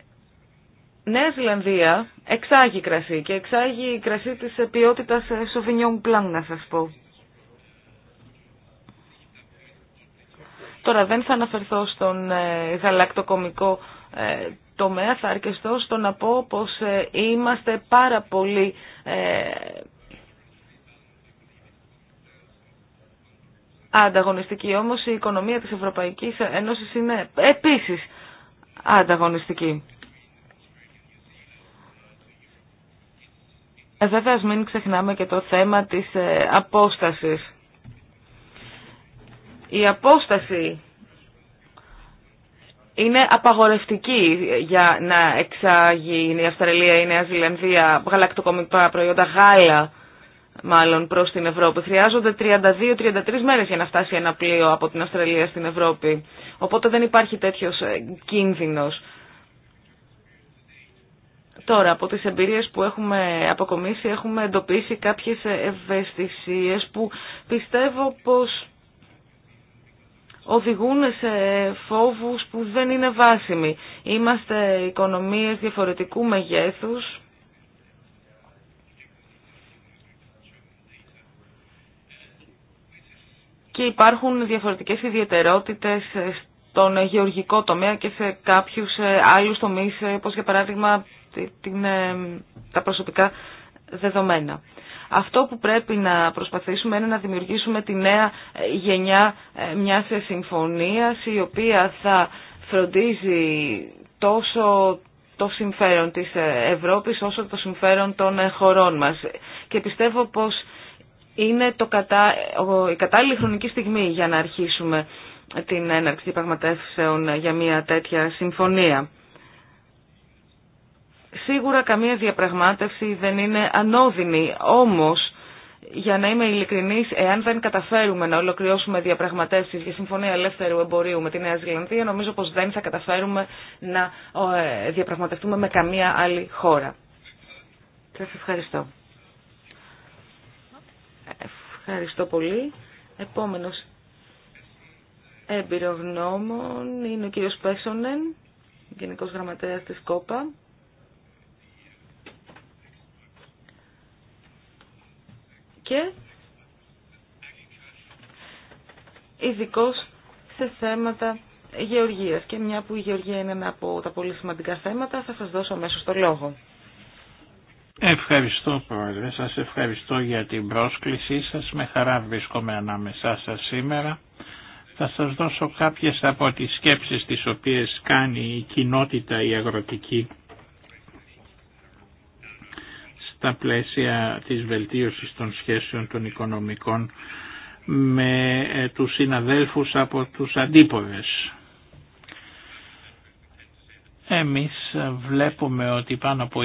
Νέα Ζηλανδία εξάγει κρασί και εξάγει κρασί της ποιότητας Sauvignon Blanc, να σας πω. Τώρα δεν θα αναφερθώ στον γαλακτοκομικό τομέα θα αρκεστώ στο να πω πως ε, είμαστε πάρα πολύ ε, ανταγωνιστικοί. Όμως η οικονομία της Ευρωπαϊκής Ένωσης είναι επίσης ανταγωνιστική. Ε, βέβαια, μην ξεχνάμε και το θέμα της απόστασης. Η απόσταση είναι απαγορευτική για να εξάγει η Αυστραλία, η Νέα Ζηλανδία, γαλακτοκομικά προϊόντα, γάλα μάλλον προς την Ευρώπη. Χρειάζονται 32-33 μέρες για να φτάσει ένα πλοίο από την Αυστραλία στην Ευρώπη. Οπότε δεν υπάρχει τέτοιος ε, κίνδυνος. Τώρα, από τις εμπειρίες που έχουμε αποκομίσει, έχουμε εντοπίσει κάποιες ευαισθησίες που πιστεύω πως οδηγούν σε φόβους που δεν είναι βάσιμοι. Είμαστε οικονομίες διαφορετικού μεγέθους. Και υπάρχουν διαφορετικές ιδιαιτερότητες στον γεωργικό τομέα και σε κάποιους ε, άλλους τομείς, ε, όπως για παράδειγμα την, ε, τα προσωπικά δεδομένα. Αυτό που πρέπει να προσπαθήσουμε είναι να δημιουργήσουμε τη νέα ε, γενιά ε, μιας συμφωνίας η οποία θα φροντίζει τόσο το συμφέρον της ε, Ευρώπης όσο το συμφέρον των χωρών μας. Και πιστεύω πως είναι το κατά, η κατάλληλη χρονική στιγμή για να αρχίσουμε την έναρξη διαπραγματεύσεων για μια τέτοια συμφωνία. Σίγουρα καμία διαπραγμάτευση δεν είναι ανώδυνη, όμως για να είμαι ειλικρινής, εάν δεν καταφέρουμε να ολοκληρώσουμε διαπραγματεύσεις για συμφωνία ελεύθερου εμπορίου με τη Νέα Ζηλανδία, νομίζω πως δεν θα καταφέρουμε να ε, διαπραγματευτούμε με καμία άλλη χώρα. Σας ευχαριστώ. Ευχαριστώ πολύ. Επόμενος εμπειρογνώμων είναι ο κύριος Πέσονεν, Γενικός Γραμματέας της ΚΟΠΑ. και ειδικό σε θέματα γεωργίας. Και μια που η γεωργία είναι ένα από τα πολύ σημαντικά θέματα, θα σας δώσω αμέσω στο λόγο.
Ευχαριστώ Πρόεδρε, σας ευχαριστώ για την πρόσκλησή σας. Με χαρά βρίσκομαι ανάμεσά σας σήμερα. Θα σας δώσω κάποιες από τις σκέψεις τις οποίες κάνει η κοινότητα η αγροτική στα πλαίσια της βελτίωσης των σχέσεων των οικονομικών με ε, τους συναδέλφους από τους αντίποδες. Εμείς βλέπουμε ότι πάνω από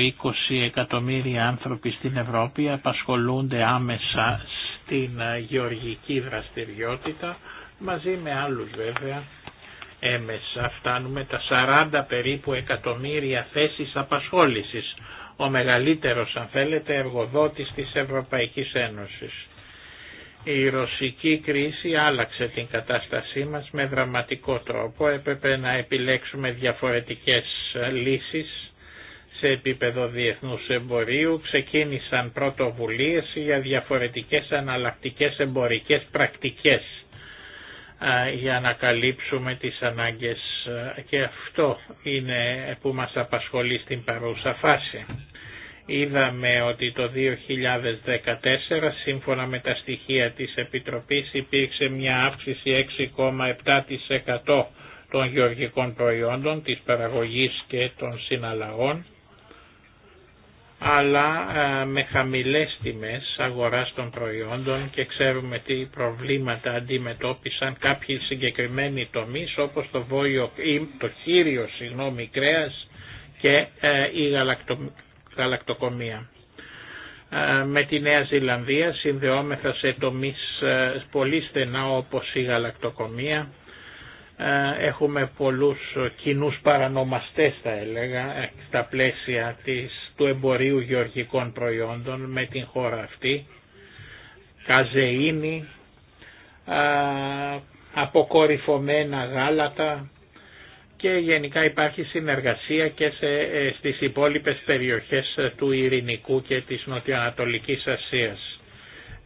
20 εκατομμύρια άνθρωποι στην Ευρώπη απασχολούνται άμεσα στην ε, γεωργική δραστηριότητα μαζί με άλλους βέβαια έμεσα φτάνουμε τα 40 περίπου εκατομμύρια θέσεις απασχόλησης ο μεγαλύτερος αν θέλετε εργοδότης της Ευρωπαϊκής Ένωσης. Η ρωσική κρίση άλλαξε την κατάστασή μας με δραματικό τρόπο. Έπρεπε να επιλέξουμε διαφορετικές λύσεις σε επίπεδο διεθνούς εμπορίου. Ξεκίνησαν πρωτοβουλίες για διαφορετικές αναλλακτικές εμπορικές πρακτικές για να καλύψουμε τις ανάγκες και αυτό είναι που μας απασχολεί στην παρούσα φάση. Είδαμε ότι το 2014 σύμφωνα με τα στοιχεία της Επιτροπής υπήρξε μια αύξηση 6,7% των γεωργικών προϊόντων, της παραγωγής και των συναλλαγών αλλά ε, με χαμηλές τιμές αγοράς των προϊόντων και ξέρουμε τι προβλήματα αντιμετώπισαν κάποιοι συγκεκριμένοι τομείς όπως το, βόλιο, το χείριο συγγνώμη, κρέας και ε, η γαλακτο, γαλακτοκομία. Ε, με τη Νέα Ζηλανδία συνδεόμεθα σε τομείς πολύ στενά όπως η γαλακτοκομία έχουμε πολλούς κοινούς παρανομαστές θα έλεγα στα πλαίσια της του εμπορίου γεωργικών προϊόντων με την χώρα αυτή, καζεΐνη, αποκορυφωμένα γάλατα και γενικά υπάρχει συνεργασία και σε, ε, στις υπόλοιπες περιοχές του Ειρηνικού και της Νοτιοανατολικής Ασίας.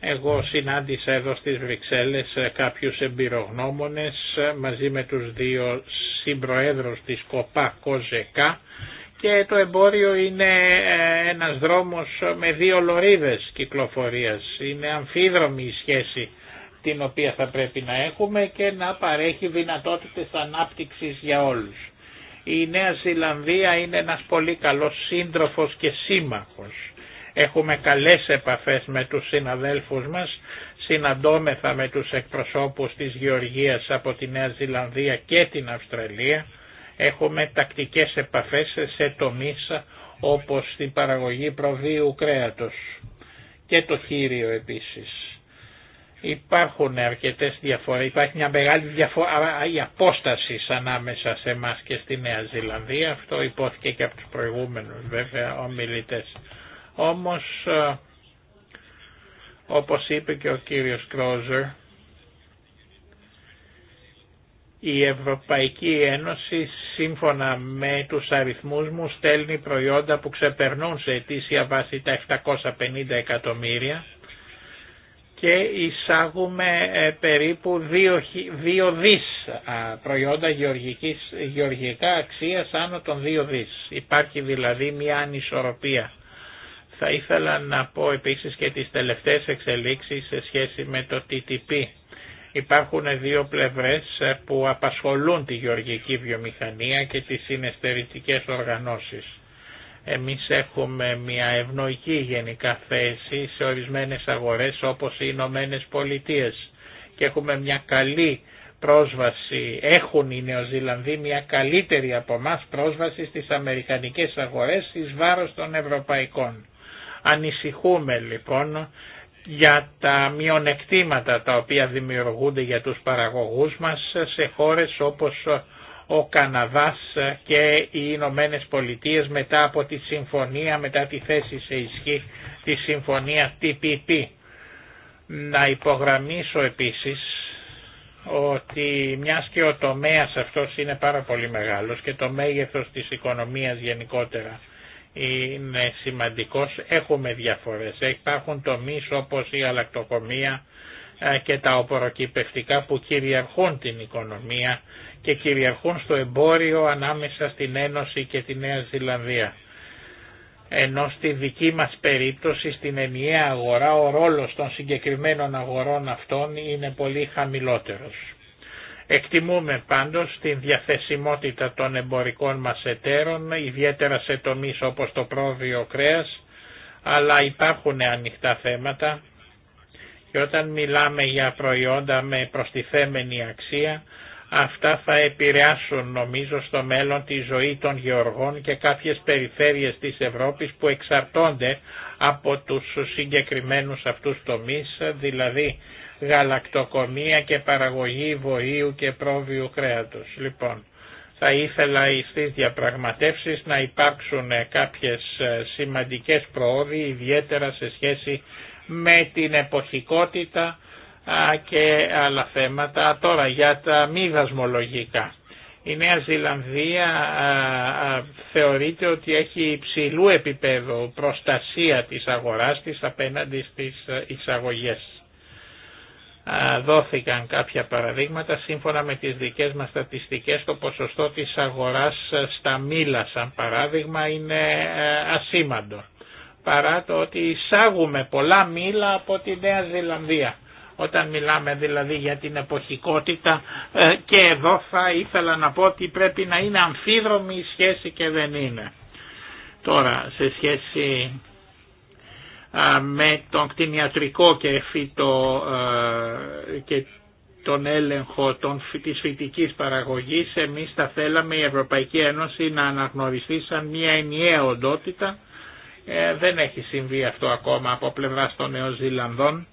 Εγώ συνάντησα εδώ στις Βρυξέλλες ε, κάποιους εμπειρογνώμονες ε, μαζί με τους δύο συμπροέδρους της ΚΟΠΑ ΚΟΖΕΚΑ και το εμπόριο είναι ε, ένας δρόμος με δύο λωρίδες κυκλοφορίας. Είναι αμφίδρομη η σχέση την οποία θα πρέπει να έχουμε και να παρέχει δυνατότητες ανάπτυξης για όλους. Η Νέα Ζηλανδία είναι ένας πολύ καλός σύντροφος και σύμμαχος. Έχουμε καλές επαφές με τους συναδέλφους μας, συναντώμεθα με τους εκπροσώπους της Γεωργίας από τη Νέα Ζηλανδία και την Αυστραλία Έχουμε τακτικές επαφές σε τομείς όπως την παραγωγή προβίου κρέατος και το χείριο επίσης. Υπάρχουν αρκετές διαφορές, υπάρχει μια μεγάλη διαφορά, η απόσταση ανάμεσα σε εμά και στη Νέα Ζηλανδία, αυτό υπόθηκε και από τους προηγούμενους βέβαια ομιλητές. Όμως, ε, όπως είπε και ο κύριος Κρόζερ, η Ευρωπαϊκή Ένωση σύμφωνα με τους αριθμούς μου στέλνει προϊόντα που ξεπερνούν σε ετήσια βάση τα 750 εκατομμύρια και εισάγουμε ε, περίπου 2 δις προϊόντα γεωργικής, γεωργικά αξίας άνω των 2 δις. Υπάρχει δηλαδή μια ανισορροπία. Θα ήθελα να πω επίσης και τις τελευταίες εξελίξεις σε σχέση με το TTP Υπάρχουν δύο πλευρές ε, που απασχολούν τη γεωργική βιομηχανία και τις συνεστερητικές οργανώσεις. Εμείς έχουμε μια ευνοϊκή γενικά θέση σε ορισμένες αγορές όπως οι Ηνωμένε Πολιτείε και έχουμε μια καλή πρόσβαση, έχουν οι Νεοζηλανδοί μια καλύτερη από εμά πρόσβαση στις αμερικανικές αγορές εις βάρος των ευρωπαϊκών. Ανησυχούμε λοιπόν για τα μειονεκτήματα τα οποία δημιουργούνται για τους παραγωγούς μας σε χώρες όπως ο Καναδάς και οι Ηνωμένε Πολιτείε μετά από τη συμφωνία, μετά τη θέση σε ισχύ τη συμφωνία TPP. Να υπογραμμίσω επίσης ότι μιας και ο τομέας αυτός είναι πάρα πολύ μεγάλος και το μέγεθος της οικονομίας γενικότερα είναι σημαντικός. Έχουμε διαφορές. Υπάρχουν τομείς όπως η αλλακτοκομία ε, και τα οποροκυπευτικά που κυριαρχούν την οικονομία και κυριαρχούν στο εμπόριο ανάμεσα στην Ένωση και τη Νέα Ζηλανδία. Ενώ στη δική μας περίπτωση στην ενιαία αγορά ο ρόλος των συγκεκριμένων αγορών αυτών είναι πολύ χαμηλότερος. Εκτιμούμε πάντως την διαθεσιμότητα των εμπορικών μας εταίρων, ιδιαίτερα σε τομείς όπως το πρόβιο κρέας, αλλά υπάρχουν ανοιχτά θέματα και όταν μιλάμε για προϊόντα με προστιθέμενη αξία, αυτά θα επηρεάσουν νομίζω στο μέλλον τη ζωή των γεωργών και κάποιες περιφέρειες της Ευρώπης που εξαρτώνται από τους συγκεκριμένους αυτούς τομείς, δηλαδή γαλακτοκομία και παραγωγή βοήου και πρόβειου κρέατος. Λοιπόν, θα ήθελα στις διαπραγματεύσεις να υπάρξουν κάποιες ε, σημαντικές προόδοι, ιδιαίτερα σε σχέση με την εποχικότητα και άλλα θέματα. Τώρα για τα μη δασμολογικά. Η Νέα Ζηλανδία θεωρείται ότι έχει υψηλού επίπεδο προστασία της αγοράς της απέναντι στις ε, εισαγωγές δόθηκαν κάποια παραδείγματα σύμφωνα με τις δικές μας στατιστικές το ποσοστό της αγοράς ε, στα μήλα σαν παράδειγμα είναι ε, ασήμαντο παρά το ότι εισάγουμε πολλά μήλα από τη Νέα Ζηλανδία όταν μιλάμε δηλαδή για την εποχικότητα ε, και εδώ θα ήθελα να πω ότι πρέπει να είναι αμφίδρομη η σχέση και δεν είναι τώρα σε σχέση με τον κτηνιατρικό και, φυτο, και τον έλεγχο των, της φυτικής παραγωγής εμείς θα θέλαμε η Ευρωπαϊκή Ένωση να αναγνωριστεί σαν μια ενιαία οντότητα ε, δεν έχει συμβεί αυτό ακόμα από πλευρά των Νεοζηλανδών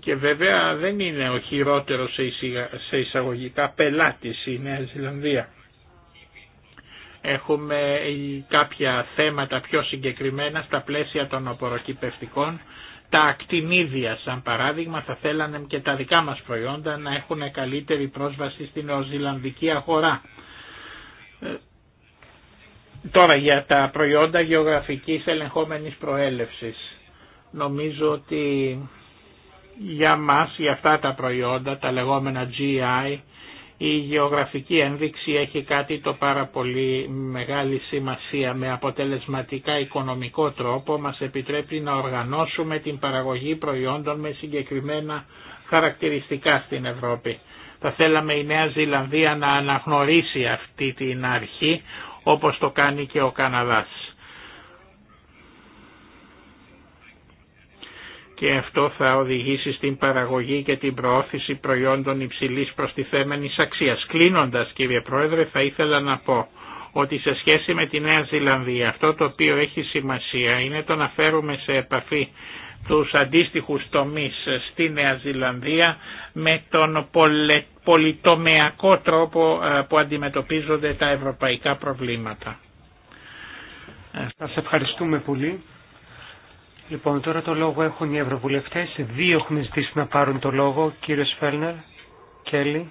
και βέβαια δεν είναι ο χειρότερος σε εισαγωγικά πελάτης η Νέα Ζηλανδία. Έχουμε ε, κάποια θέματα πιο συγκεκριμένα στα πλαίσια των οποροκυπευτικών. Τα ακτινίδια σαν παράδειγμα θα θέλανε και τα δικά μας προϊόντα να έχουν καλύτερη πρόσβαση στην νεοζηλανδική αγορά. Ε, τώρα για τα προϊόντα γεωγραφικής ελεγχόμενης προέλευσης. Νομίζω ότι για μας, για αυτά τα προϊόντα, τα λεγόμενα GI, η γεωγραφική ένδειξη έχει κάτι το πάρα πολύ μεγάλη σημασία. Με αποτελεσματικά οικονομικό τρόπο μας επιτρέπει να οργανώσουμε την παραγωγή προϊόντων με συγκεκριμένα χαρακτηριστικά στην Ευρώπη. Θα θέλαμε η Νέα Ζηλανδία να αναγνωρίσει αυτή την αρχή όπως το κάνει και ο Καναδάς. και αυτό θα οδηγήσει στην παραγωγή και την προώθηση προϊόντων υψηλής προστιθέμενης αξίας. Κλείνοντας κύριε Πρόεδρε θα ήθελα να πω ότι σε σχέση με τη Νέα Ζηλανδία αυτό το οποίο έχει σημασία είναι το να φέρουμε σε επαφή τους αντίστοιχους τομείς στη Νέα Ζηλανδία με τον πολυτομεακό τρόπο ε, που αντιμετωπίζονται τα ευρωπαϊκά προβλήματα.
Σας ευχαριστούμε πολύ. Λοιπόν, τώρα το λόγο έχουν οι ευρωβουλευτέ. Δύο έχουν ζητήσει να πάρουν το λόγο. κύριο Φέλνερ, Κέλλη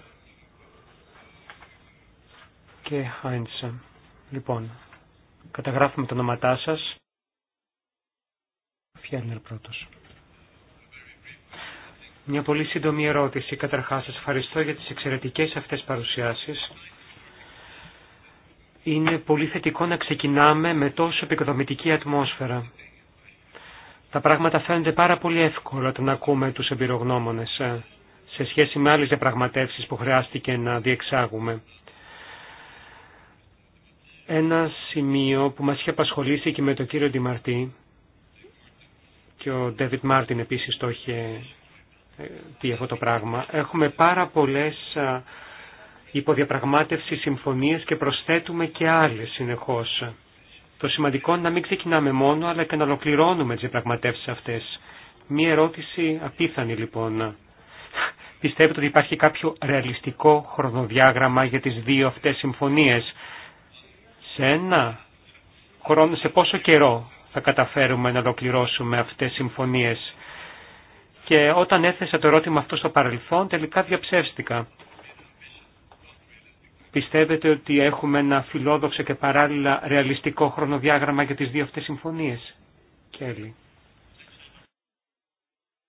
και Χάιντσον. Λοιπόν, καταγράφουμε τα όνοματά σα. Φέλνερ πρώτος. Μια πολύ σύντομη ερώτηση. Καταρχάς, σα ευχαριστώ για τις εξαιρετικέ αυτές παρουσιάσεις. Είναι πολύ θετικό να ξεκινάμε με τόσο επικοδομητική ατμόσφαιρα τα πράγματα φαίνονται πάρα πολύ εύκολα όταν ακούμε τους εμπειρογνώμονε ε, σε σχέση με άλλες διαπραγματεύσει που χρειάστηκε να διεξάγουμε. Ένα σημείο που μας είχε απασχολήσει και με τον κύριο Ντιμαρτή και ο Ντέβιτ Μάρτιν επίσης το είχε δει ε, αυτό το πράγμα. Έχουμε πάρα πολλές ε, υποδιαπραγμάτευσεις συμφωνίες και προσθέτουμε και άλλες συνεχώς. Το σημαντικό είναι να μην ξεκινάμε μόνο, αλλά και να ολοκληρώνουμε τι διαπραγματεύσει αυτέ. Μία ερώτηση απίθανη λοιπόν. Πιστεύετε ότι υπάρχει κάποιο ρεαλιστικό χρονοδιάγραμμα για τις δύο αυτές συμφωνίε. Σε ένα χρόνο, σε πόσο καιρό θα καταφέρουμε να ολοκληρώσουμε αυτές τις συμφωνίες. Και όταν έθεσα το ερώτημα αυτό στο παρελθόν, τελικά διαψεύστηκα. Πιστεύετε ότι έχουμε ένα φιλόδοξο και παράλληλα ρεαλιστικό χρονοδιάγραμμα για τις δύο αυτές συμφωνίες. Κέλλη.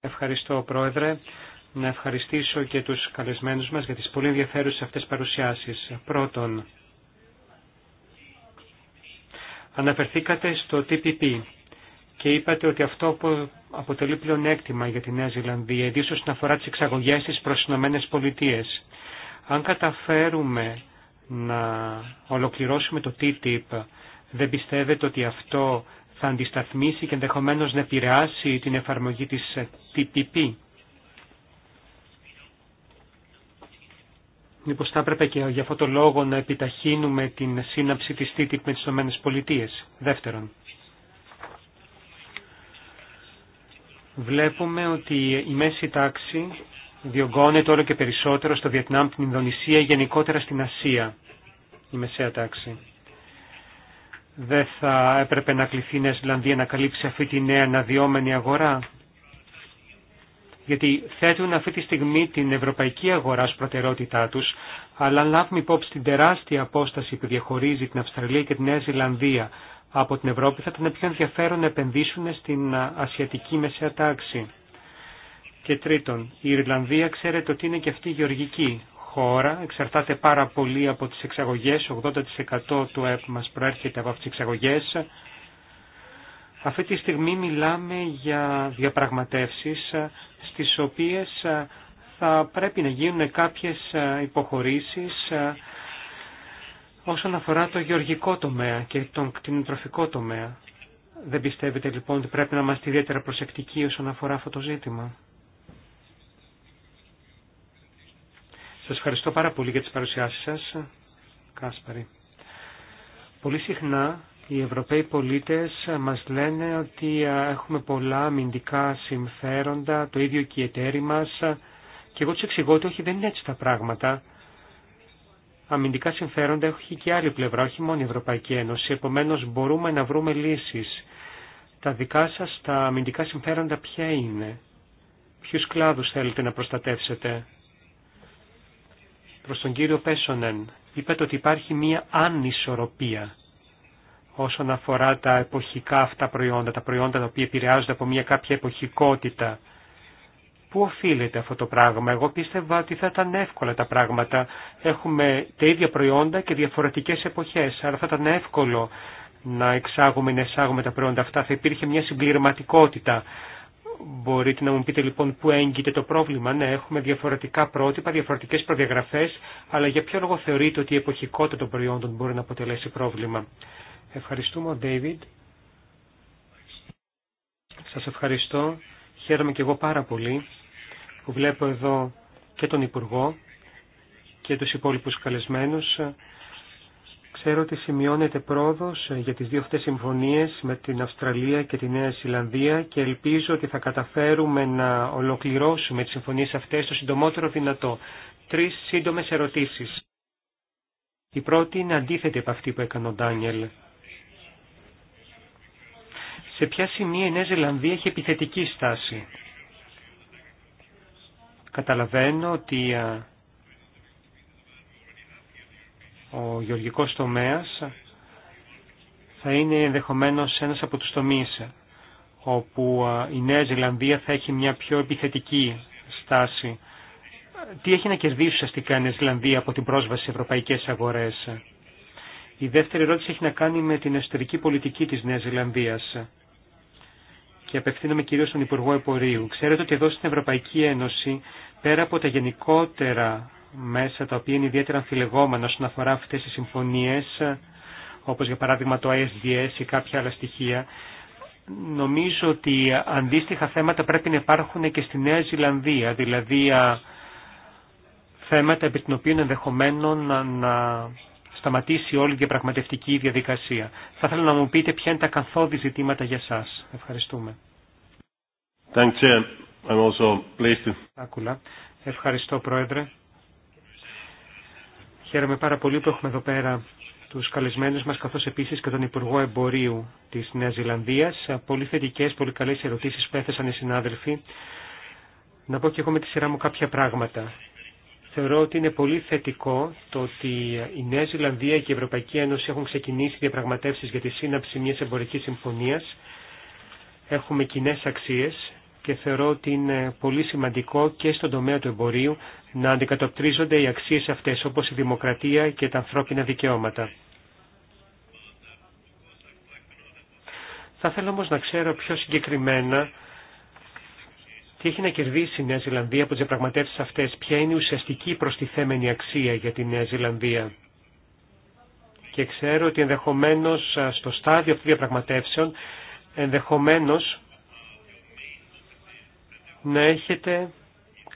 Ευχαριστώ Πρόεδρε. Να ευχαριστήσω και τους καλεσμένους μας για τις πολύ ενδιαφέρουσες αυτές παρουσιάσεις. Πρώτον, αναφερθήκατε στο TPP και είπατε ότι αυτό αποτελεί πλεονέκτημα για τη Νέα Ζηλανδία, ιδίως όσον αφορά τις εξαγωγές στις προς Πολιτείες. Αν καταφέρουμε να ολοκληρώσουμε το TTIP, δεν πιστεύετε ότι αυτό θα αντισταθμίσει και ενδεχομένω να επηρεάσει την εφαρμογή της TPP. Μήπως θα έπρεπε και για αυτόν το λόγο να επιταχύνουμε την σύναψη της TTIP με τις ΗΠΑ. Δεύτερον, βλέπουμε ότι η μέση τάξη διωγγώνεται όλο και περισσότερο στο Βιετνάμ, την Ινδονησία, γενικότερα στην Ασία, η μεσαία τάξη. Δεν θα έπρεπε να κληθεί η Νέα Ζηλανδία να καλύψει αυτή τη νέα αναδυόμενη αγορά. Γιατί θέτουν αυτή τη στιγμή την ευρωπαϊκή αγορά ως προτεραιότητά τους, αλλά λάβουμε υπόψη την τεράστια απόσταση που διαχωρίζει την Αυστραλία και τη Νέα Ζηλανδία από την Ευρώπη, θα ήταν πιο ενδιαφέρον να επενδύσουν στην ασιατική μεσαία τάξη. Και τρίτον, η Ιρλανδία ξέρετε ότι είναι και αυτή γεωργική χώρα, εξαρτάται πάρα πολύ από τις εξαγωγές, 80% του ΕΠ μας προέρχεται από τις εξαγωγές. Αυτή τη στιγμή μιλάμε για διαπραγματεύσεις στις οποίες θα πρέπει να γίνουν κάποιες υποχωρήσεις όσον αφορά το γεωργικό τομέα και τον κτηνοτροφικό τομέα. Δεν πιστεύετε λοιπόν ότι πρέπει να είμαστε ιδιαίτερα προσεκτικοί όσον αφορά αυτό το ζήτημα. Σας ευχαριστώ πάρα πολύ για τις παρουσιάσεις σας, Κάσπαρη. Πολύ συχνά οι Ευρωπαίοι πολίτες μας λένε ότι έχουμε πολλά αμυντικά συμφέροντα, το ίδιο και οι εταίροι μας. Και εγώ τους εξηγώ ότι όχι δεν είναι έτσι τα πράγματα. Αμυντικά συμφέροντα έχει και άλλη πλευρά, όχι μόνο η Ευρωπαϊκή Ένωση. Επομένως μπορούμε να βρούμε λύσεις. Τα δικά σας τα αμυντικά συμφέροντα ποια είναι. Ποιους κλάδους θέλετε να προστατεύσετε προς τον κύριο Πέσονεν. Είπατε ότι υπάρχει μία ανισορροπία όσον αφορά τα εποχικά αυτά προϊόντα, τα προϊόντα τα οποία επηρεάζονται από μία κάποια εποχικότητα. Πού οφείλεται αυτό το πράγμα. Εγώ πίστευα ότι θα ήταν εύκολα τα πράγματα. Έχουμε τα ίδια προϊόντα και διαφορετικές εποχές, άρα θα ήταν εύκολο να εξάγουμε ή να εισάγουμε τα προϊόντα αυτά. Θα υπήρχε μια συμπληρωματικότητα. Μπορείτε να μου πείτε λοιπόν πού έγκυται το πρόβλημα. Ναι, έχουμε διαφορετικά πρότυπα, διαφορετικέ προδιαγραφέ, αλλά για ποιο λόγο θεωρείτε ότι η εποχικότητα των προϊόντων μπορεί να αποτελέσει πρόβλημα. Ευχαριστούμε, ο Ντέιβιντ. Σα ευχαριστώ. Χαίρομαι και εγώ πάρα πολύ που βλέπω εδώ και τον Υπουργό και του υπόλοιπους καλεσμένους. Ξέρω ότι σημειώνεται πρόοδος ε, για τις δύο αυτές συμφωνίες με την Αυστραλία και τη Νέα Ζηλανδία και ελπίζω ότι θα καταφέρουμε να ολοκληρώσουμε τις συμφωνίες αυτές το συντομότερο δυνατό. Τρεις σύντομες ερωτήσεις. Η πρώτη είναι αντίθετη από αυτή που έκανε ο Ντάνιελ. Σε ποια σημεία η Νέα Ζηλανδία έχει επιθετική στάση. Καταλαβαίνω ότι ο γεωργικός τομέας θα είναι ενδεχομένως ένας από τους τομείς όπου η Νέα Ζηλανδία θα έχει μια πιο επιθετική στάση. Τι έχει να κερδίσει ουσιαστικά η Νέα Ζηλανδία από την πρόσβαση σε ευρωπαϊκές αγορές. Η δεύτερη ερώτηση έχει να κάνει με την εσωτερική πολιτική της Νέας Ζηλανδίας και απευθύνομαι κυρίως στον Υπουργό Επορίου. Ξέρετε ότι εδώ στην Ευρωπαϊκή Ένωση, πέρα από τα γενικότερα μέσα τα οποία είναι ιδιαίτερα αμφιλεγόμενα όσον αφορά αυτές τις συμφωνίες, όπως για παράδειγμα το ISDS ή κάποια άλλα στοιχεία, νομίζω ότι αντίστοιχα θέματα πρέπει να υπάρχουν και στη Νέα Ζηλανδία, δηλαδή θέματα επί των οποίων ενδεχομένω να, να σταματήσει όλη η διαπραγματευτική διαδικασία. Θα ήθελα να μου πείτε ποια είναι τα καθόδη ζητήματα για σας. Ευχαριστούμε.
I'm also pleased.
Ευχαριστώ, Πρόεδρε. Χαίρομαι πάρα πολύ που έχουμε εδώ πέρα τους καλεσμένους μας, καθώς επίσης και τον Υπουργό Εμπορίου της Νέας Ζηλανδίας. Πολύ θετικέ, πολύ καλές ερωτήσεις που έθεσαν οι συνάδελφοι. Να πω και εγώ με τη σειρά μου κάποια πράγματα. Θεωρώ ότι είναι πολύ θετικό το ότι η Νέα Ζηλανδία και η Ευρωπαϊκή Ένωση έχουν ξεκινήσει διαπραγματεύσει για τη σύναψη μια εμπορική συμφωνία. Έχουμε κοινέ αξίε και θεωρώ ότι είναι πολύ σημαντικό και στον τομέα του εμπορίου να αντικατοπτρίζονται οι αξίες αυτές όπως η δημοκρατία και τα ανθρώπινα δικαιώματα. Θα θέλω όμως να ξέρω πιο συγκεκριμένα τι έχει να κερδίσει η Νέα Ζηλανδία από τις διαπραγματεύσεις αυτές, ποια είναι η ουσιαστική προστιθέμενη αξία για τη Νέα Ζηλανδία. Και ξέρω ότι ενδεχομένως στο στάδιο αυτών των διαπραγματεύσεων, ενδεχομένως να έχετε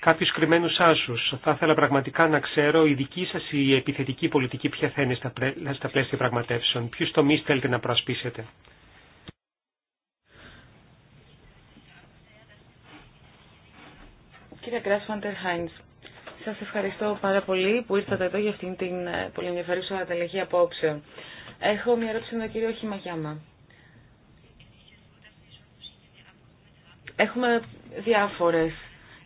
κάποιους κρυμμένους άσους. Θα ήθελα πραγματικά να ξέρω η δική σας η επιθετική πολιτική ποια θα είναι στα πλαίσια πραγματεύσεων. Ποιους τομείς θέλετε να προασπίσετε.
Κύριε Κράσφαντερ Χάινς, σας ευχαριστώ πάρα πολύ που ήρθατε εδώ για αυτήν την ε, πολύ ενδιαφέρουσα ανταλλαγή απόψε. Έχω μια ερώτηση με τον κύριο Χιμαγιάμα. Έχουμε διάφορες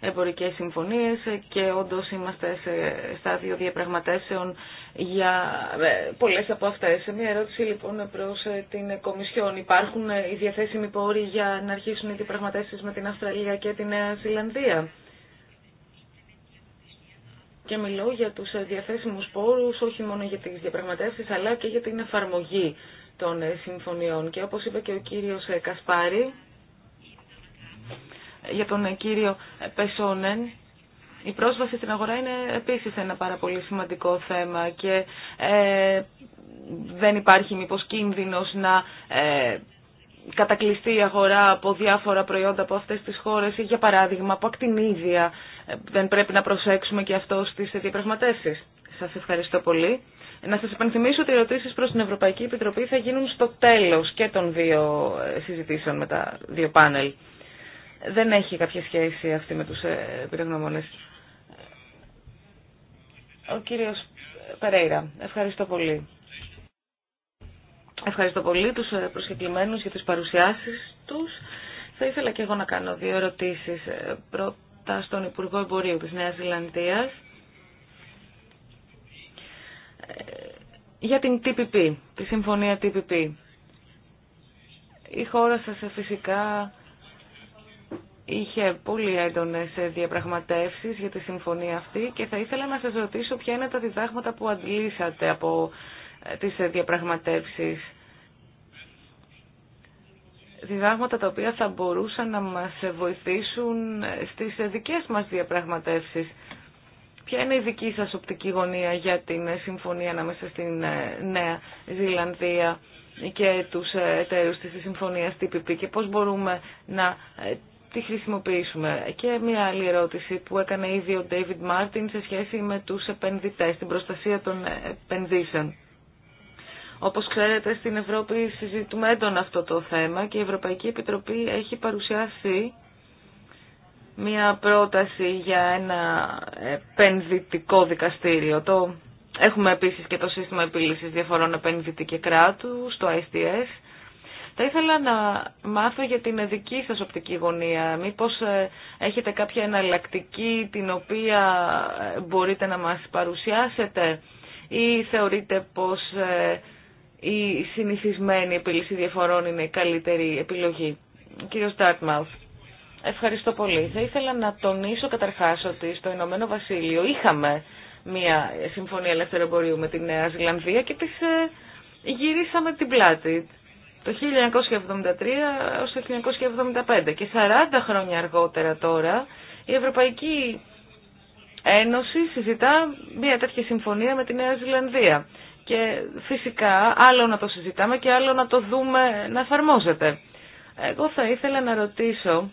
εμπορικές συμφωνίες και όντως είμαστε σε στάδιο διαπραγματεύσεων για ε, πολλές από αυτές. Μια ερώτηση λοιπόν προς ε, την Κομισιόν. Υπάρχουν ε, οι διαθέσιμοι πόροι για να αρχίσουν οι διαπραγματεύσεις με την Αυστραλία και την Νέα Ζηλανδία. Και μιλώ για τους διαθέσιμους πόρους όχι μόνο για τις διαπραγματεύσεις αλλά και για την εφαρμογή των συμφωνιών. Και όπως είπε και ο κύριος Κασπάρη, για τον κύριο Πεσόνεν, η πρόσβαση στην αγορά είναι επίσης ένα πάρα πολύ σημαντικό θέμα και ε, δεν υπάρχει μήπως κίνδυνος να ε, η αγορά από διάφορα προϊόντα από αυτές τις χώρες ή για παράδειγμα από ακτινίδια. Ε, δεν πρέπει να προσέξουμε και αυτό στις διαπραγματεύσεις. Σας ευχαριστώ πολύ. Να σας υπενθυμίσω ότι οι ερωτήσεις προς την Ευρωπαϊκή Επιτροπή θα γίνουν στο τέλος και των δύο ε, συζητήσεων με τα δύο πάνελ δεν έχει κάποια σχέση αυτή με τους επιδεγνωμόνες. Ο κύριος Περέιρα, ευχαριστώ πολύ. Ευχαριστώ πολύ τους ε, προσκεκλημένους για τις παρουσιάσεις τους. Θα ήθελα και εγώ να κάνω δύο ερωτήσεις. Ε, πρώτα στον Υπουργό Εμπορίου της Νέας Ζηλανδίας ε, για την TPP, τη συμφωνία TPP. Η χώρα σας φυσικά είχε πολύ έντονες διαπραγματεύσεις για τη συμφωνία αυτή και θα ήθελα να σας ρωτήσω ποια είναι τα διδάγματα που αντλήσατε από ε, τις διαπραγματεύσεις. Διδάγματα τα οποία θα μπορούσαν να μας βοηθήσουν ε, στις δικές μας διαπραγματεύσεις. Ποια είναι η δική σας οπτική γωνία για την ε, συμφωνία ανάμεσα στην Νέα Ζηλανδία και τους εταίρους της συμφωνίας TPP και πώς μπορούμε να τη χρησιμοποιήσουμε. Και μια άλλη ερώτηση που έκανε ήδη ο David Μάρτιν σε σχέση με τους επενδυτές, την προστασία των επενδύσεων. Όπως ξέρετε στην Ευρώπη συζητούμε έντονα αυτό το θέμα και η Ευρωπαϊκή Επιτροπή έχει παρουσιάσει μια πρόταση για ένα επενδυτικό δικαστήριο. Το... Έχουμε επίσης και το σύστημα επίλυσης διαφορών επενδυτή και κράτου, το ISTS. Θα ήθελα να μάθω για την δική σας οπτική γωνία. Μήπως ε, έχετε κάποια εναλλακτική την οποία ε, μπορείτε να μας παρουσιάσετε ή θεωρείτε πως ε, η συνηθισμένη επίλυση διαφορών είναι η καλύτερη επιλογή. Κύριος Ντάρτμαουθ. Ευχαριστώ πολύ. Θα ήθελα να τονίσω καταρχάς ότι στο Ηνωμένο Βασίλειο είχαμε μια συμφωνία ελεύθερου με τη Νέα Ζηλανδία και της γυρίσαμε την πλάτη το 1973 έως το 1975 και 40 χρόνια αργότερα τώρα η Ευρωπαϊκή Ένωση συζητά μια τέτοια συμφωνία με τη Νέα Ζηλανδία. Και φυσικά άλλο να το συζητάμε και άλλο να το δούμε να εφαρμόζεται. Εγώ θα ήθελα να ρωτήσω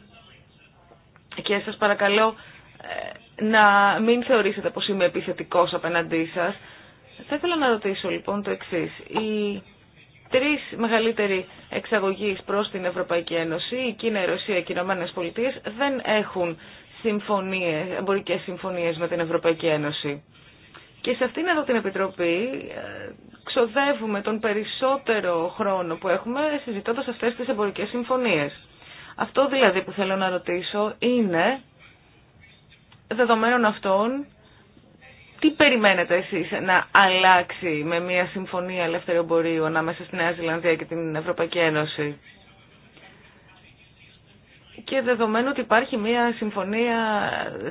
και σας παρακαλώ ε, να μην θεωρήσετε πως είμαι επιθετικός απέναντί σας. Θα ήθελα να ρωτήσω λοιπόν το εξής. Η τρεις μεγαλύτεροι εξαγωγείς προς την Ευρωπαϊκή Ένωση, η Κίνα, η Ρωσία και οι Ηνωμένες Πολιτείες, δεν έχουν συμφωνίες, εμπορικές συμφωνίες με την Ευρωπαϊκή Ένωση. Και σε αυτήν εδώ την Επιτροπή ε, ξοδεύουμε τον περισσότερο χρόνο που έχουμε συζητώντας αυτές τις εμπορικές συμφωνίες. Αυτό δηλαδή που θέλω να ρωτήσω είναι, δεδομένων αυτών, τι περιμένετε εσείς να αλλάξει με μια συμφωνία ελεύθερου εμπορίου ανάμεσα στη Νέα Ζηλανδία και την Ευρωπαϊκή Ένωση. Και δεδομένου ότι υπάρχει μια συμφωνία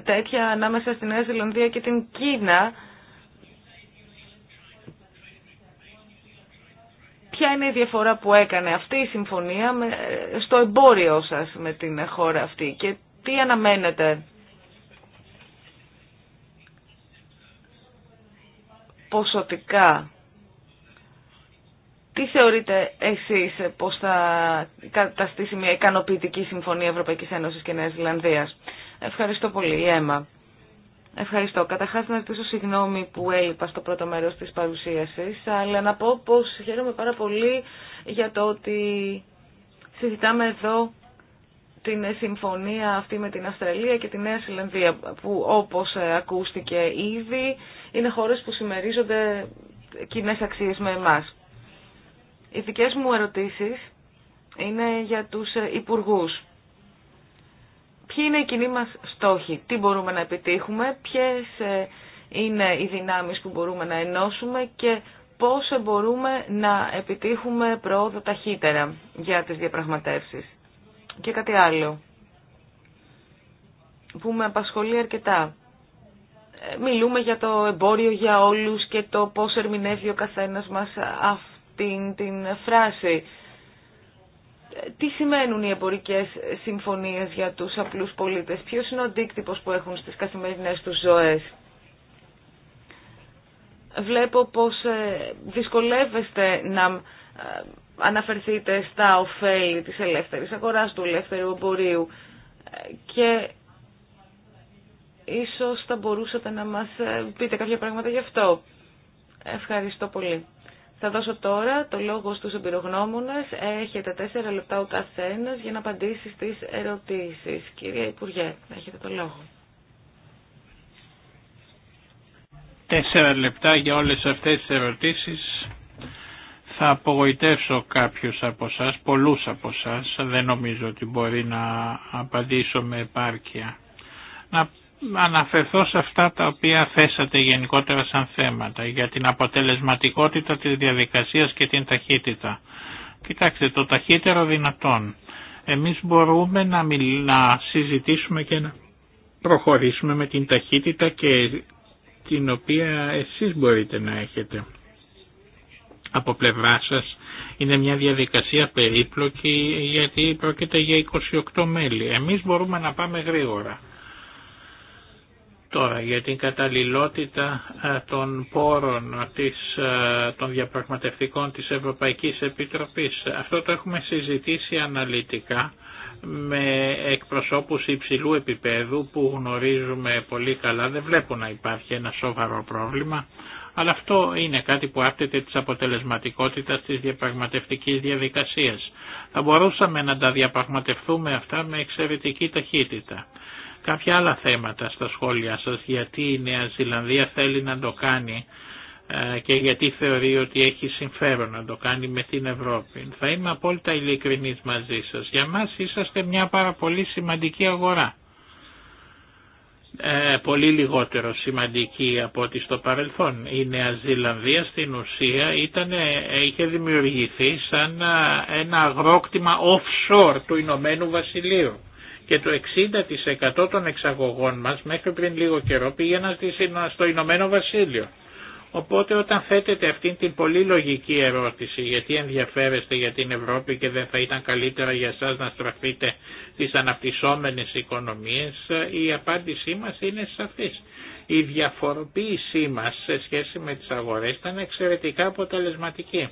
τέτοια ανάμεσα στη Νέα Ζηλανδία και την Κίνα, ποια είναι η διαφορά που έκανε αυτή η συμφωνία στο εμπόριό σας με την χώρα αυτή και τι αναμένετε ποσοτικά. Τι θεωρείτε εσείς πως θα καταστήσει μια ικανοποιητική συμφωνία Ευρωπαϊκής Ένωσης και Νέας Ζηλανδίας. Ευχαριστώ πολύ, Ευχαριστώ. Καταρχά να ζητήσω συγγνώμη που έλειπα στο πρώτο μέρος της παρουσίασης, αλλά να πω πως χαίρομαι πάρα πολύ για το ότι συζητάμε εδώ την συμφωνία αυτή με την Αυστραλία και τη Νέα Συλλανδία που όπως ε, ακούστηκε ήδη είναι χώρες που συμμερίζονται κοινέ αξίες με εμάς. Οι δικές μου ερωτήσεις είναι για τους ε, υπουργούς. Ποιοι είναι οι κοινοί μας στόχοι, τι μπορούμε να επιτύχουμε, ποιες ε, είναι οι δυνάμεις που μπορούμε να ενώσουμε και πώς μπορούμε να επιτύχουμε πρόοδο ταχύτερα για τις διαπραγματεύσεις. Και κάτι άλλο που με απασχολεί αρκετά. Ε, μιλούμε για το εμπόριο για όλους και το πώς ερμηνεύει ο καθένας μας αυτήν την φράση. Ε, τι σημαίνουν οι εμπορικές συμφωνίες για τους απλούς πολίτες, ποιος είναι ο αντίκτυπος που έχουν στις καθημερινές τους ζωές. Βλέπω πως ε, δυσκολεύεστε να αναφερθείτε στα ωφέλη της ελεύθερης αγοράς, του ελεύθερου εμπορίου και ίσως θα μπορούσατε να μας ε, πείτε κάποια πράγματα γι' αυτό. Ευχαριστώ πολύ. Θα δώσω τώρα το λόγο στους εμπειρογνώμονες. Έχετε τέσσερα λεπτά ο καθένας για να απαντήσει στις ερωτήσεις. Κυρία Υπουργέ, έχετε το λόγο.
Τέσσερα λεπτά για όλες αυτές τις ερωτήσεις θα απογοητεύσω κάποιους από εσά, πολλούς από εσά, δεν νομίζω ότι μπορεί να απαντήσω με επάρκεια. Να αναφερθώ σε αυτά τα οποία θέσατε γενικότερα σαν θέματα για την αποτελεσματικότητα της διαδικασίας και την ταχύτητα. Κοιτάξτε, το ταχύτερο δυνατόν. Εμείς μπορούμε να, να συζητήσουμε και να προχωρήσουμε με την ταχύτητα και την οποία εσείς μπορείτε να έχετε από πλευρά σας είναι μια διαδικασία περίπλοκη γιατί πρόκειται για 28 μέλη. Εμείς μπορούμε να πάμε γρήγορα. Τώρα για την καταλληλότητα ε, των πόρων της, ε, των διαπραγματευτικών της Ευρωπαϊκής Επιτροπής. Αυτό το έχουμε συζητήσει αναλυτικά με εκπροσώπους υψηλού επίπεδου που γνωρίζουμε πολύ καλά. Δεν βλέπω να υπάρχει ένα σοβαρό πρόβλημα αλλά αυτό είναι κάτι που άπτεται της αποτελεσματικότητας της διαπραγματευτικής διαδικασίας. Θα μπορούσαμε να τα διαπραγματευτούμε αυτά με εξαιρετική ταχύτητα. Κάποια άλλα θέματα στα σχόλια σας, γιατί η Νέα Ζηλανδία θέλει να το κάνει ε, και γιατί θεωρεί ότι έχει συμφέρον να το κάνει με την Ευρώπη. Θα είμαι απόλυτα ειλικρινής μαζί σας. Για μας είσαστε μια πάρα πολύ σημαντική αγορά. Ε, πολύ λιγότερο σημαντική από ό,τι στο παρελθόν. Η Νέα Ζηλανδία στην ουσία ήταν, είχε δημιουργηθεί σαν ένα αγρόκτημα offshore του Ηνωμένου Βασιλείου και το 60% των εξαγωγών μας μέχρι πριν λίγο καιρό πήγαιναν στο Ηνωμένο Βασίλειο. Οπότε όταν θέτετε αυτήν την πολύ λογική ερώτηση γιατί ενδιαφέρεστε για την Ευρώπη και δεν θα ήταν καλύτερα για σας να στραφείτε στις αναπτυσσόμενες οικονομίες, η απάντησή μας είναι σαφής. Η διαφοροποίησή μας σε σχέση με τις αγορές ήταν εξαιρετικά αποτελεσματική.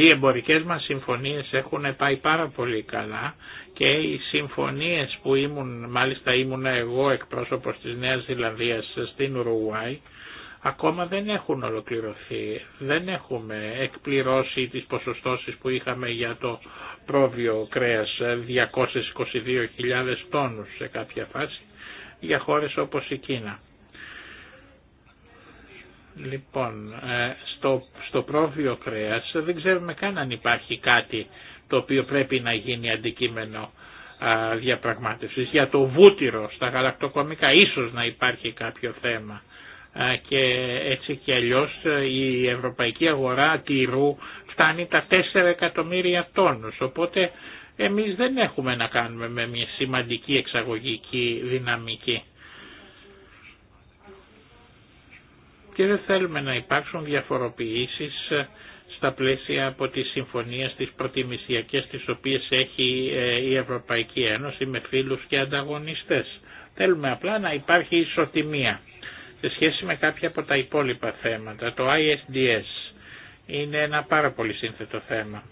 Οι εμπορικές μας συμφωνίες έχουν πάει πάρα πολύ καλά και οι συμφωνίες που ήμουν, μάλιστα ήμουν εγώ εκπρόσωπος της Νέας Ζηλανδίας στην Ουρουάη, ακόμα δεν έχουν ολοκληρωθεί. Δεν έχουμε εκπληρώσει τις ποσοστώσεις που είχαμε για το πρόβιο κρέας 222.000 ε, τόνους σε κάποια φάση για χώρες όπως η Κίνα. Λοιπόν, ε, στο, στο πρόβιο κρέας δεν ξέρουμε καν αν υπάρχει κάτι το οποίο πρέπει να γίνει αντικείμενο διαπραγμάτευσης. Για το βούτυρο στα γαλακτοκομικά ίσως να υπάρχει κάποιο θέμα και έτσι και αλλιώς ε, η ευρωπαϊκή αγορά τυρού φτάνει τα 4 εκατομμύρια τόνους. Οπότε εμείς δεν έχουμε να κάνουμε με μια σημαντική εξαγωγική δυναμική. Και δεν θέλουμε να υπάρξουν διαφοροποιήσεις ε, στα πλαίσια από τις συμφωνίες στις προτιμησιακές τις οποίες έχει ε, η Ευρωπαϊκή Ένωση με φίλους και ανταγωνιστές. Θέλουμε απλά να υπάρχει ισοτιμία σε σχέση με κάποια από τα υπόλοιπα θέματα. Το ISDS είναι ένα πάρα πολύ σύνθετο θέμα.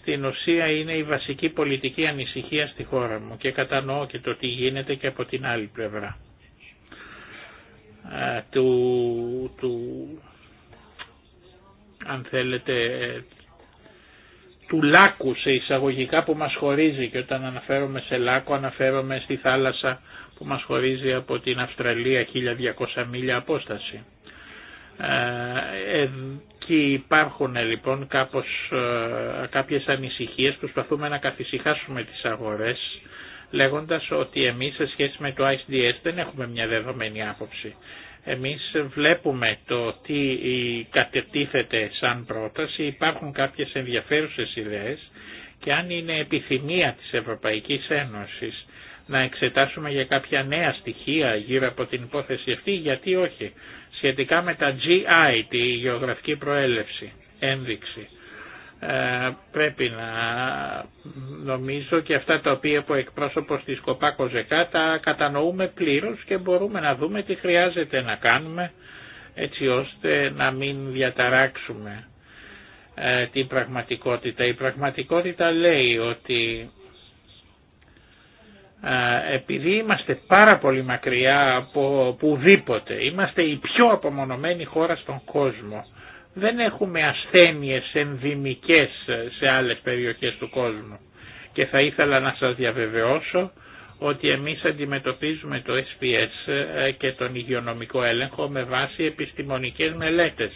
Στην ουσία είναι η βασική πολιτική ανησυχία στη χώρα μου και κατανοώ και το τι γίνεται και από την άλλη πλευρά του, του αν θέλετε του λάκου σε εισαγωγικά που μας χωρίζει και όταν αναφέρομαι σε λάκο αναφέρομαι στη θάλασσα που μας χωρίζει από την Αυστραλία 1200 μίλια απόσταση. Ε, και υπάρχουν λοιπόν κάπως, ε, κάποιες ανησυχίες, προσπαθούμε να καθησυχάσουμε τις αγορές λέγοντας ότι εμείς σε σχέση με το ISDS δεν έχουμε μια δεδομένη άποψη. Εμείς βλέπουμε το τι κατετίθεται σαν πρόταση, υπάρχουν κάποιες ενδιαφέρουσες ιδέες και αν είναι επιθυμία της Ευρωπαϊκής Ένωσης να εξετάσουμε για κάποια νέα στοιχεία γύρω από την υπόθεση αυτή, γιατί όχι, σχετικά με τα GI, τη γεωγραφική προέλευση, ένδειξη. Ε, πρέπει να νομίζω και αυτά τα οποία από εκπρόσωπος της ΚΟΠΑΚΟΖΕΚΑ τα κατανοούμε πλήρως και μπορούμε να δούμε τι χρειάζεται να κάνουμε έτσι ώστε να μην διαταράξουμε ε, την πραγματικότητα. Η πραγματικότητα λέει ότι επειδή είμαστε πάρα πολύ μακριά από πουδήποτε, είμαστε η πιο απομονωμένη χώρα στον κόσμο, δεν έχουμε ασθένειες ενδυμικές σε άλλες περιοχές του κόσμου. Και θα ήθελα να σας διαβεβαιώσω ότι εμείς αντιμετωπίζουμε το SPS ε, και τον υγειονομικό έλεγχο με βάση επιστημονικές μελέτες.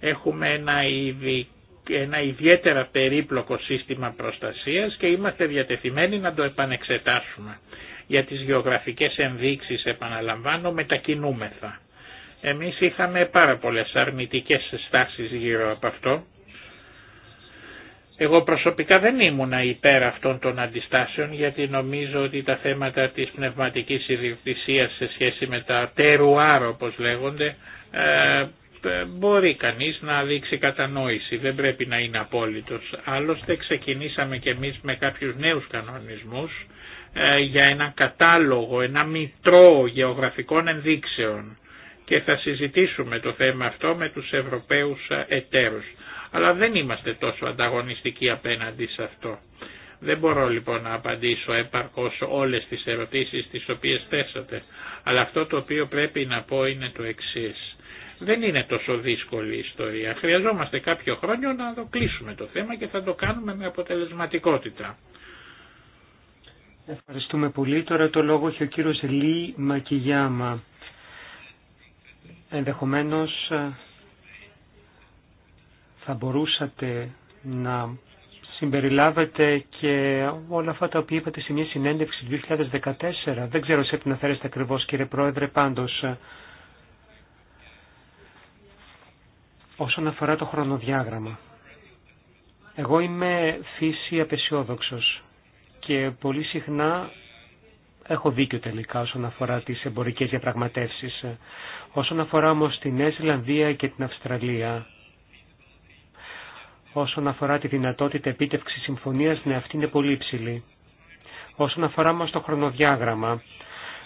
Έχουμε ένα ειδικό ένα ιδιαίτερα περίπλοκο σύστημα προστασίας και είμαστε διατεθειμένοι να το επανεξετάσουμε. Για τις γεωγραφικές ενδείξεις, επαναλαμβάνω, μετακινούμεθα. Εμείς είχαμε πάρα πολλές αρνητικές στάσεις γύρω από αυτό. Εγώ προσωπικά δεν ήμουνα υπέρ αυτών των αντιστάσεων γιατί νομίζω ότι τα θέματα της πνευματικής ιδιοκτησίας σε σχέση με τα τερουάρ όπως λέγονται ε, ε, μπορεί κανείς να δείξει κατανόηση, δεν πρέπει να είναι απόλυτος. Άλλωστε ξεκινήσαμε και εμείς με κάποιους νέους κανονισμούς ε, για ένα κατάλογο, ένα μητρό γεωγραφικών ενδείξεων και θα συζητήσουμε το θέμα αυτό με τους Ευρωπαίους εταίρους. Αλλά δεν είμαστε τόσο ανταγωνιστικοί απέναντι σε αυτό. Δεν μπορώ λοιπόν να απαντήσω επαρκώς όλες τις ερωτήσεις τις οποίες θέσατε, αλλά αυτό το οποίο πρέπει να πω είναι το εξής. Δεν είναι τόσο δύσκολη η ιστορία. Χρειαζόμαστε κάποιο χρόνο να το κλείσουμε το θέμα και θα το κάνουμε με αποτελεσματικότητα.
Ευχαριστούμε πολύ. Τώρα το λόγο έχει ο κύριος Λί Μακιγιάμα. Ενδεχομένως ε, θα μπορούσατε να συμπεριλάβετε και όλα αυτά τα οποία είπατε σε μια συνέντευξη του 2014. Δεν ξέρω σε τι να φέρεστε ακριβώς κύριε Πρόεδρε, πάντως ε, όσον αφορά το χρονοδιάγραμμα. Εγώ είμαι φύση απεσιόδοξος και πολύ συχνά έχω δίκιο τελικά όσον αφορά τις εμπορικές διαπραγματεύσεις. Όσον αφορά όμως τη Νέα Ζηλανδία και την Αυστραλία, όσον αφορά τη δυνατότητα επίτευξη συμφωνίας, ναι, αυτή είναι πολύ υψηλή. Όσον αφορά όμως το χρονοδιάγραμμα,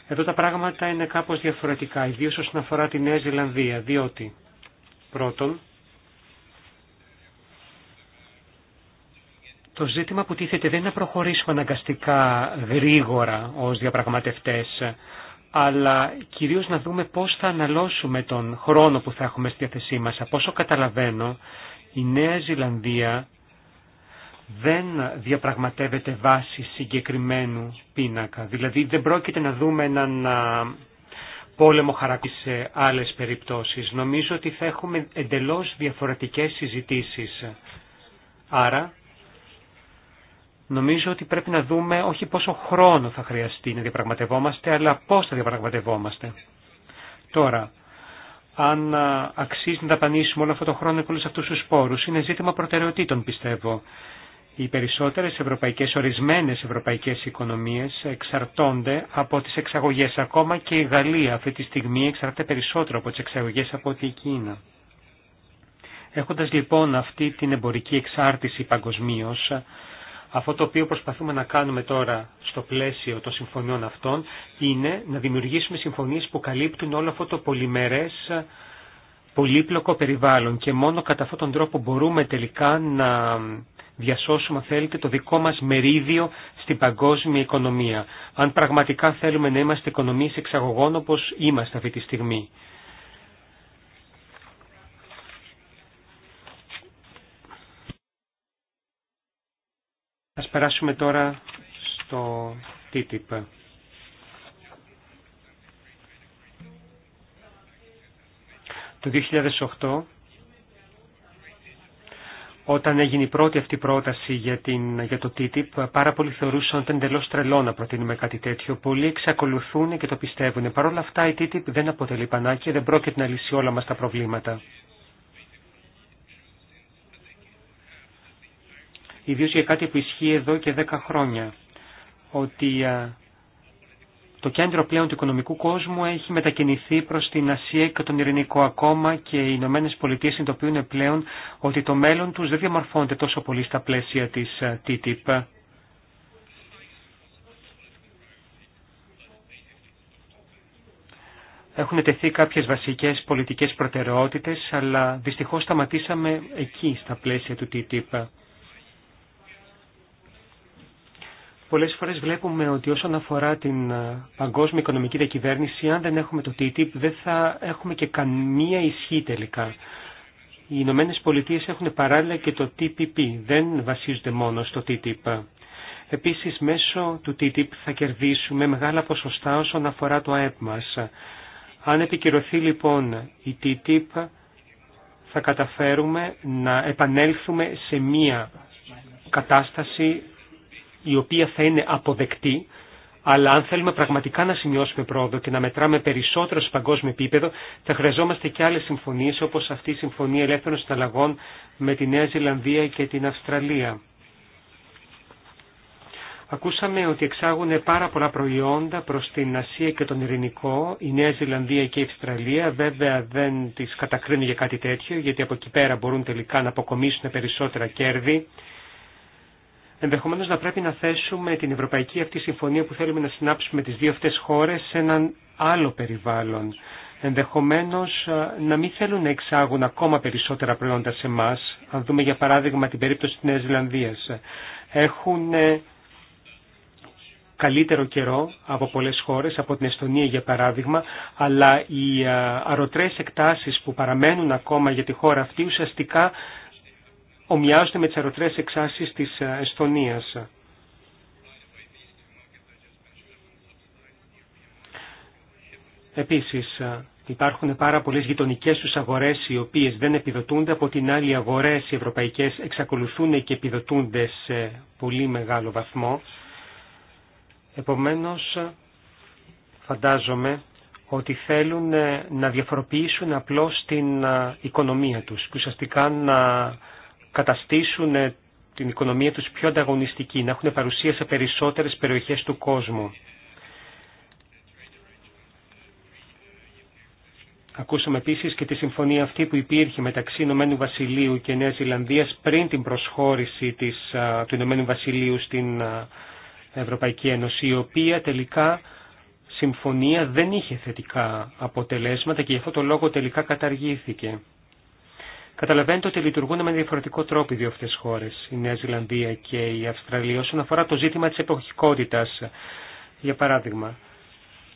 εδώ τα πράγματα είναι κάπως διαφορετικά, ιδίως όσον αφορά τη Νέα Ζηλανδία, διότι Πρώτον, το ζήτημα που τίθεται δεν είναι να προχωρήσουμε αναγκαστικά γρήγορα ως διαπραγματευτές, αλλά κυρίως να δούμε πώς θα αναλώσουμε τον χρόνο που θα έχουμε στη διάθεσή μας. Από όσο καταλαβαίνω, η Νέα Ζηλανδία δεν διαπραγματεύεται βάση συγκεκριμένου πίνακα. Δηλαδή δεν πρόκειται να δούμε έναν πόλεμο χαρακτή σε άλλες περιπτώσεις. Νομίζω ότι θα έχουμε εντελώς διαφορετικές συζητήσεις. Άρα, νομίζω ότι πρέπει να δούμε όχι πόσο χρόνο θα χρειαστεί να διαπραγματευόμαστε, αλλά πώς θα διαπραγματευόμαστε. Τώρα, αν αξίζει να ταπανίσουμε όλο αυτό το χρόνο και όλου αυτού του σπόρου, είναι ζήτημα προτεραιοτήτων, πιστεύω. Οι περισσότερες ευρωπαϊκές, ορισμένες ευρωπαϊκές οικονομίες εξαρτώνται από τις εξαγωγές. Ακόμα και η Γαλλία αυτή τη στιγμή εξαρτάται περισσότερο από τις εξαγωγές από ότι η Κίνα. Έχοντας λοιπόν αυτή την εμπορική εξάρτηση παγκοσμίω, αυτό το οποίο προσπαθούμε να κάνουμε τώρα στο πλαίσιο των συμφωνιών αυτών είναι να δημιουργήσουμε συμφωνίες που καλύπτουν όλο αυτό το πολυμερές πολύπλοκο περιβάλλον και μόνο κατά αυτόν τον τρόπο μπορούμε τελικά να διασώσουμε, θέλετε, το δικό μας μερίδιο στην παγκόσμια οικονομία. Αν πραγματικά θέλουμε να είμαστε οικονομίες εξαγωγών όπως είμαστε αυτή τη στιγμή. Ας περάσουμε τώρα στο TTIP. Το 2008 όταν έγινε η πρώτη αυτή πρόταση για, την, για το TTIP, πάρα πολλοί θεωρούσαν ότι εντελώ τρελό να προτείνουμε κάτι τέτοιο. Πολλοί εξακολουθούν και το πιστεύουν. Παρ' όλα αυτά, η TTIP δεν αποτελεί πανάκια, δεν πρόκειται να λύσει όλα μα τα προβλήματα. Ιδίω για κάτι που ισχύει εδώ και 10 χρόνια. Ότι το κέντρο πλέον του οικονομικού κόσμου έχει μετακινηθεί προ την Ασία και τον Ειρηνικό. Ακόμα και οι Ηνωμένε Πολιτείε συνειδητοποιούν πλέον ότι το μέλλον του δεν διαμορφώνεται τόσο πολύ στα πλαίσια τη ε, TTIP. Έχουν τεθεί κάποιες βασικές πολιτικές προτεραιότητες, αλλά δυστυχώς σταματήσαμε εκεί στα πλαίσια του TTIP. Πολλές φορές βλέπουμε ότι όσον αφορά την ε, παγκόσμια οικονομική διακυβέρνηση, αν δεν έχουμε το TTIP, δεν θα έχουμε και καμία ισχύ τελικά. Οι Ηνωμένε Πολιτείε έχουν παράλληλα και το TPP, δεν βασίζονται μόνο στο TTIP. Επίσης, μέσω του TTIP θα κερδίσουμε μεγάλα ποσοστά όσον αφορά το ΑΕΠ μας. Αν επικυρωθεί λοιπόν η TTIP, θα καταφέρουμε να επανέλθουμε σε μία κατάσταση η οποία θα είναι αποδεκτή, αλλά αν θέλουμε πραγματικά να σημειώσουμε πρόοδο και να μετράμε περισσότερο σε παγκόσμιο επίπεδο, θα χρειαζόμαστε και άλλε συμφωνίε, όπω αυτή η Συμφωνία Ελεύθερων Συναλλαγών με τη Νέα Ζηλανδία και την Αυστραλία. Ακούσαμε ότι εξάγουν πάρα πολλά προϊόντα προς την Ασία και τον Ειρηνικό, η Νέα Ζηλανδία και η Αυστραλία. Βέβαια δεν τις κατακρίνουν για κάτι τέτοιο, γιατί από εκεί πέρα μπορούν τελικά να αποκομίσουν περισσότερα κέρδη ενδεχομένως να πρέπει να θέσουμε την ευρωπαϊκή αυτή συμφωνία που θέλουμε να συνάψουμε τις δύο αυτές χώρες σε έναν άλλο περιβάλλον. Ενδεχομένως να μην θέλουν να εξάγουν ακόμα περισσότερα προϊόντα σε εμά, αν δούμε για παράδειγμα την περίπτωση τη Νέα Ζηλανδία. Έχουν ε, καλύτερο καιρό από πολλές χώρες, από την Εστονία για παράδειγμα, αλλά οι αρωτρέ εκτάσει που παραμένουν ακόμα για τη χώρα αυτή ουσιαστικά ομοιάζονται με τι αεροτρές εξάσει της ε, Εσθονίας. Επίσης, ε, υπάρχουν πάρα πολλέ γειτονικέ του αγορέ οι οποίες δεν επιδοτούνται, από την άλλη αγορές οι ευρωπαϊκές εξακολουθούν και επιδοτούνται σε πολύ μεγάλο βαθμό. Επομένως, φαντάζομαι ότι θέλουν να διαφοροποιήσουν απλώς την ε, οικονομία τους, ουσιαστικά να καταστήσουν ε, την οικονομία τους πιο ανταγωνιστική, να έχουν παρουσία σε περισσότερες περιοχές του κόσμου. Ακούσαμε επίσης και τη συμφωνία αυτή που υπήρχε μεταξύ Ηνωμένου Βασιλείου και Νέας Ζηλανδίας πριν την προσχώρηση της, του Ηνωμένου Βασιλείου στην Ευρωπαϊκή Ένωση, η οποία τελικά συμφωνία δεν είχε θετικά αποτελέσματα και γι' αυτό το λόγο τελικά καταργήθηκε. Καταλαβαίνετε ότι λειτουργούν με διαφορετικό τρόπο οι δύο αυτέ χώρε, η Νέα Ζηλανδία και η Αυστραλία, όσον αφορά το ζήτημα τη εποχικότητα. Για παράδειγμα,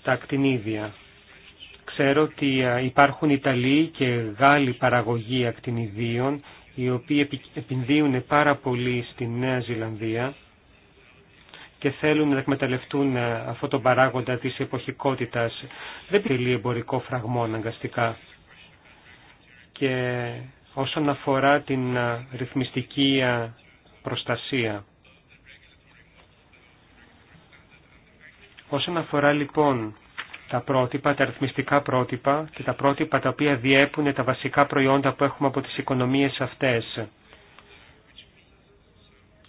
τα ακτινίδια. Ξέρω ότι υπάρχουν Ιταλοί και Γάλλοι παραγωγοί ακτινιδίων, οι οποίοι επενδύουν πάρα πολύ στη Νέα Ζηλανδία και θέλουν να εκμεταλλευτούν αυτό τον παράγοντα της εποχικότητας. Δεν πειλεί εμπορικό φραγμό αναγκαστικά. Και όσον αφορά την ε, ρυθμιστική ε, προστασία. Όσον αφορά λοιπόν τα πρότυπα, τα ρυθμιστικά πρότυπα και τα πρότυπα τα οποία διέπουν τα βασικά προϊόντα που έχουμε από τις οικονομίες αυτές.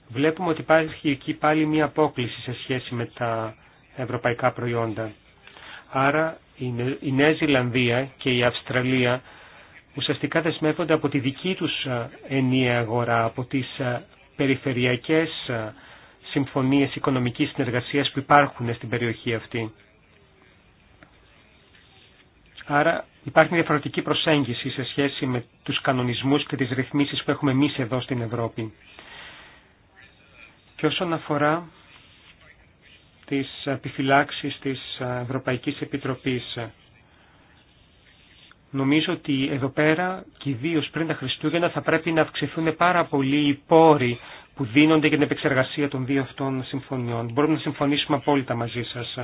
Βλέπουμε ότι υπάρχει εκεί πάλι μία απόκληση σε σχέση με τα ευρωπαϊκά προϊόντα. Άρα η Νέα Ζηλανδία και η Αυστραλία ουσιαστικά δεσμεύονται από τη δική τους ε, ενιαία αγορά, από τις ε, περιφερειακές ε, συμφωνίες οικονομικής συνεργασίας που υπάρχουν στην περιοχή αυτή. Άρα υπάρχει διαφορετική προσέγγιση σε σχέση με τους κανονισμούς και τις ρυθμίσεις που έχουμε εμείς εδώ στην Ευρώπη. Και όσον αφορά τις επιφυλάξεις της Ευρωπαϊκής Επιτροπής, Νομίζω ότι εδώ πέρα και ιδίω πριν τα Χριστούγεννα θα πρέπει να αυξηθούν πάρα πολύ οι πόροι που δίνονται για την επεξεργασία των δύο αυτών συμφωνιών. Μπορούμε να συμφωνήσουμε απόλυτα μαζί σας.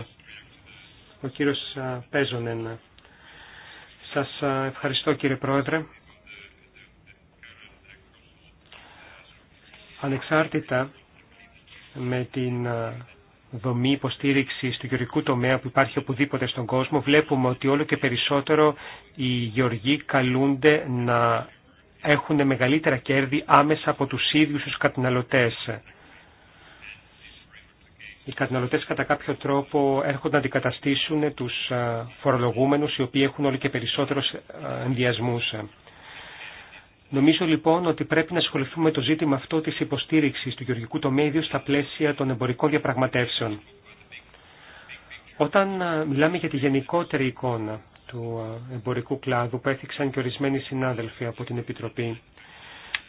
Ο κύριος Πέζονεν. Σας ευχαριστώ κύριε Πρόεδρε. Ανεξάρτητα με την δομή υποστήριξη του γεωργικού τομέα που υπάρχει οπουδήποτε στον κόσμο, βλέπουμε ότι όλο και περισσότερο οι γεωργοί καλούνται να έχουν μεγαλύτερα κέρδη άμεσα από τους ίδιους τους καταναλωτές. Οι καταναλωτές κατά κάποιο τρόπο έρχονται να αντικαταστήσουν τους φορολογούμενους οι οποίοι έχουν όλο και περισσότερους ενδιασμούς. Νομίζω λοιπόν ότι πρέπει να ασχοληθούμε με το ζήτημα αυτό της υποστήριξης του γεωργικού τομέα, ιδίως στα πλαίσια των εμπορικών διαπραγματεύσεων. Όταν ε, μιλάμε για τη γενικότερη εικόνα του ε, εμπορικού κλάδου που έθιξαν και ορισμένοι συνάδελφοι από την Επιτροπή,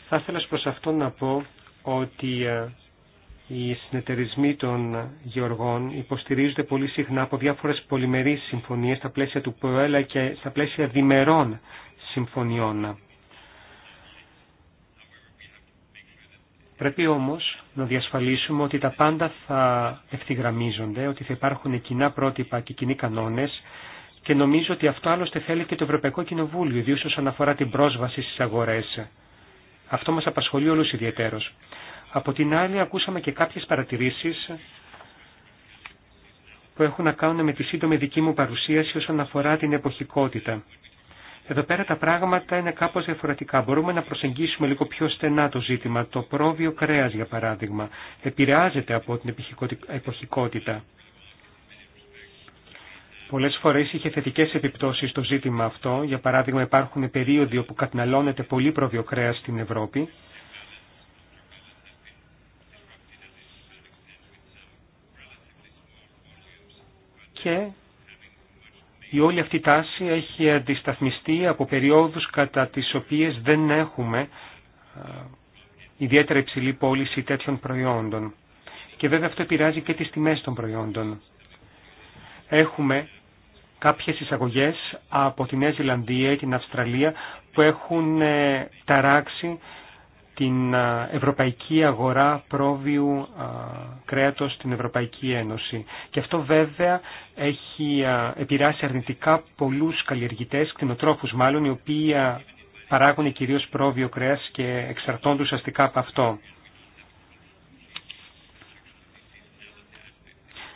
θα ήθελα προς αυτό να πω ότι ε, οι συνεταιρισμοί των γεωργών υποστηρίζονται πολύ συχνά από διάφορες πολυμερείς συμφωνίες στα πλαίσια του ΠΟΕΛΑ και στα πλαίσια διμερών συμφωνιών. Πρέπει όμως να διασφαλίσουμε ότι τα πάντα θα ευθυγραμμίζονται, ότι θα υπάρχουν κοινά πρότυπα και κοινοί κανόνες και νομίζω ότι αυτό άλλωστε θέλει και το Ευρωπαϊκό Κοινοβούλιο, ιδίως όσον αφορά την πρόσβαση στις αγορές. Αυτό μας απασχολεί όλους ιδιαίτερος. Από την άλλη ακούσαμε και κάποιες παρατηρήσεις που έχουν να κάνουν με τη σύντομη δική μου παρουσίαση όσον αφορά την εποχικότητα. Εδώ πέρα τα πράγματα είναι κάπως διαφορετικά. Μπορούμε να προσεγγίσουμε λίγο πιο στενά το ζήτημα. Το πρόβιο κρέας, για παράδειγμα, επηρεάζεται από την εποχικότητα. Πολλές φορές είχε θετικές επιπτώσεις το ζήτημα αυτό. Για παράδειγμα υπάρχουν περίοδοι όπου καταναλώνεται πολύ πρόβιο κρέας στην Ευρώπη. Και η όλη αυτή τάση έχει αντισταθμιστεί από περιόδους κατά τις οποίες δεν έχουμε ιδιαίτερα υψηλή πώληση τέτοιων προϊόντων. Και βέβαια αυτό επηρεάζει και τις τιμές των προϊόντων. Έχουμε κάποιες εισαγωγές από τη Νέα Ζηλανδία ή την Αυστραλία που έχουν ε, ταράξει την ευρωπαϊκή αγορά πρόβειου κρέατος στην Ευρωπαϊκή Ένωση. Και αυτό βέβαια έχει επηρεάσει αρνητικά πολλούς καλλιεργητές, κτηνοτρόφους μάλλον, οι οποίοι παράγουν κυρίως πρόβειο κρέας και εξαρτώνται ουσιαστικά από αυτό.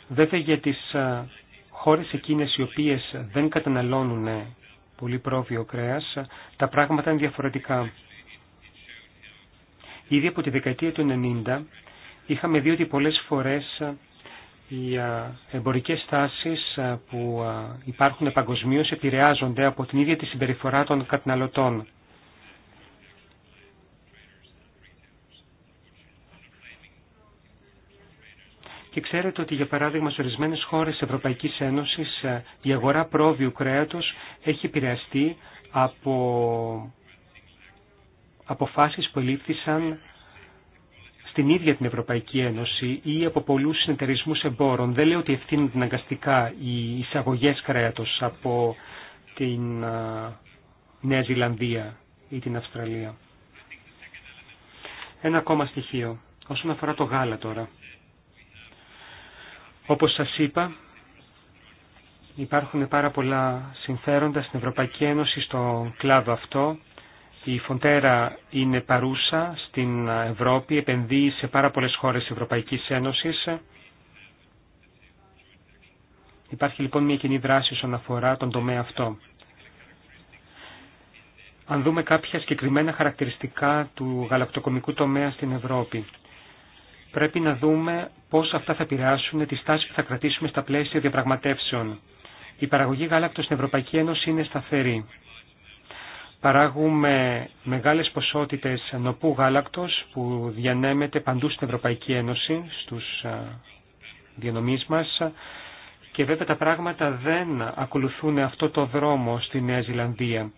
Βέβαια για τις χώρες εκείνες οι οποίες δεν καταναλώνουν πολύ πρόβειο κρέας, τα πράγματα είναι διαφορετικά. Ήδη από τη δεκαετία του 90 είχαμε δει ότι πολλές φορές ε, οι ε, εμπορικές τάσεις ε, που υπάρχουν παγκοσμίως επηρεάζονται από την ίδια τη συμπεριφορά των καταναλωτών. Και ξέρετε ότι για παράδειγμα σε ορισμένε χώρε Ευρωπαϊκή Ένωση η αγορά πρόβειου κρέατος έχει επηρεαστεί από αποφάσεις που ελήφθησαν στην ίδια την Ευρωπαϊκή Ένωση ή από πολλούς συνεταιρισμούς εμπόρων. Δεν λέω ότι ευθύνουν αναγκαστικά οι εισαγωγές κρέατος από την Νέα Ζηλανδία ή την Αυστραλία. Ένα ακόμα στοιχείο, όσον αφορά το γάλα τώρα. Όπως σας είπα, υπάρχουν πάρα πολλά συμφέροντα στην Ευρωπαϊκή Ένωση στον κλάδο αυτό. Η Φοντέρα είναι παρούσα στην Ευρώπη, επενδύει σε πάρα πολλές χώρες Ευρωπαϊκής Ένωσης. Υπάρχει λοιπόν μια κοινή δράση όσον αφορά τον τομέα αυτό. Αν δούμε κάποια συγκεκριμένα χαρακτηριστικά του γαλακτοκομικού τομέα στην Ευρώπη, πρέπει να δούμε πώς αυτά θα επηρεάσουν τη στάση που θα κρατήσουμε στα πλαίσια διαπραγματεύσεων. Η παραγωγή γάλακτος στην Ευρωπαϊκή Ένωση είναι σταθερή. Παράγουμε μεγάλες ποσότητες νοπού γάλακτος που διανέμεται παντού στην Ευρωπαϊκή Ένωση, στους διανομείς μας και βέβαια τα πράγματα δεν ακολουθούν αυτό το δρόμο στη Νέα Ζηλανδία.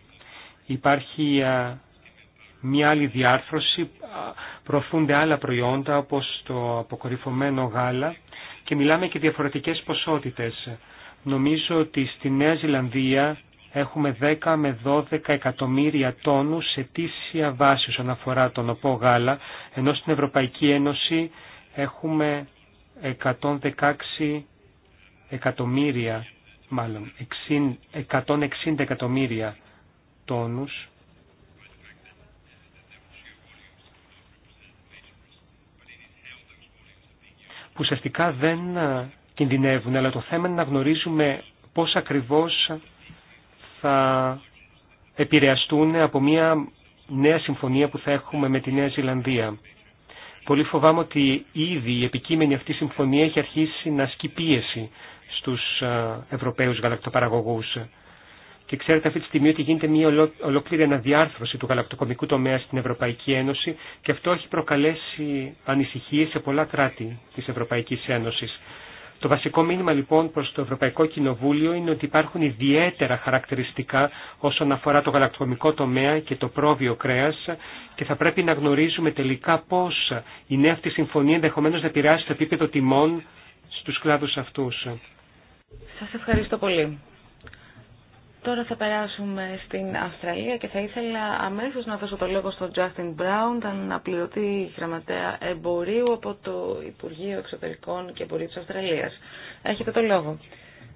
Υπάρχει μια άλλη διάρθρωση, προωθούνται άλλα προϊόντα όπως το αποκορυφωμένο γάλα και μιλάμε και διαφορετικές ποσότητες. Νομίζω ότι στη Νέα Ζηλανδία έχουμε 10 με 12 εκατομμύρια τόνους σε τήσια βάση όσον αφορά τον οπό γάλα, ενώ στην Ευρωπαϊκή Ένωση έχουμε 116 εκατομμύρια, μάλλον 160 εκατομμύρια τόνους. που ουσιαστικά δεν ε, κινδυνεύουν, αλλά το θέμα είναι να γνωρίζουμε πώς ακριβώς θα επηρεαστούν από μια νέα συμφωνία που θα έχουμε με τη Νέα Ζηλανδία. Πολύ φοβάμαι ότι ήδη η επικείμενη αυτή συμφωνία έχει αρχίσει να ασκεί πίεση στους Ευρωπαίους γαλακτοπαραγωγούς. Και ξέρετε αυτή τη στιγμή ότι γίνεται μια ολόκληρη αναδιάρθρωση του γαλακτοκομικού τομέα στην Ευρωπαϊκή Ένωση και αυτό έχει προκαλέσει ανησυχίες σε πολλά κράτη της Ευρωπαϊκής Ένωσης. Το βασικό μήνυμα λοιπόν προς το Ευρωπαϊκό Κοινοβούλιο είναι ότι υπάρχουν ιδιαίτερα χαρακτηριστικά όσον αφορά το γαλακτοκομικό τομέα και το πρόβιο κρέας και θα πρέπει να γνωρίζουμε τελικά πώς η νέα αυτή συμφωνία ενδεχομένως να επηρεάσει το επίπεδο τιμών στους κλάδους αυτούς.
Σας ευχαριστώ πολύ. Τώρα θα περάσουμε στην Αυστραλία και θα ήθελα αμέσως να δώσω το λόγο στον Justin Brown, τον απληρωτή γραμματέα εμπορίου από το Υπουργείο Εξωτερικών και Εμπορίου της Αυστραλίας. Έχετε το λόγο.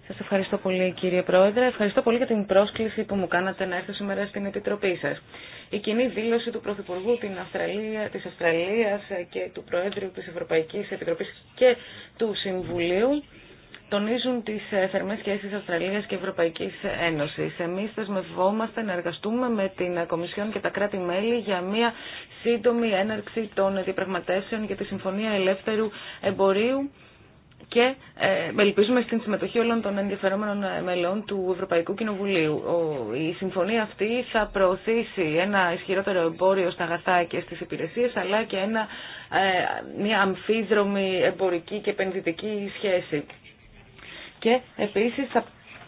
Σας ευχαριστώ πολύ κύριε Πρόεδρε. Ευχαριστώ πολύ για την πρόσκληση που μου κάνατε να έρθω σήμερα στην Επιτροπή σας. Η κοινή δήλωση του Πρωθυπουργού την Αυστραλία, της Αυστραλίας και του Προέδρου της Ευρωπαϊκής Επιτροπής και του Συμβουλίου τονίζουν τις ε, θερμές σχέσεις Αυστραλία και Ευρωπαϊκής Ένωσης. Εμείς δεσμευόμαστε να εργαστούμε με την ε, Κομισιόν και τα κράτη-μέλη για μια σύντομη έναρξη των διαπραγματεύσεων για τη Συμφωνία Ελεύθερου Εμπορίου και ε, ελπίζουμε στην συμμετοχή όλων των ενδιαφερόμενων μελών του Ευρωπαϊκού Κοινοβουλίου. Η συμφωνία αυτή θα προωθήσει ένα ισχυρότερο εμπόριο στα αγαθά και στις υπηρεσίες, αλλά και ένα, μια αμφίδρομη εμπορική και επενδυτική σχέση και επίσης θα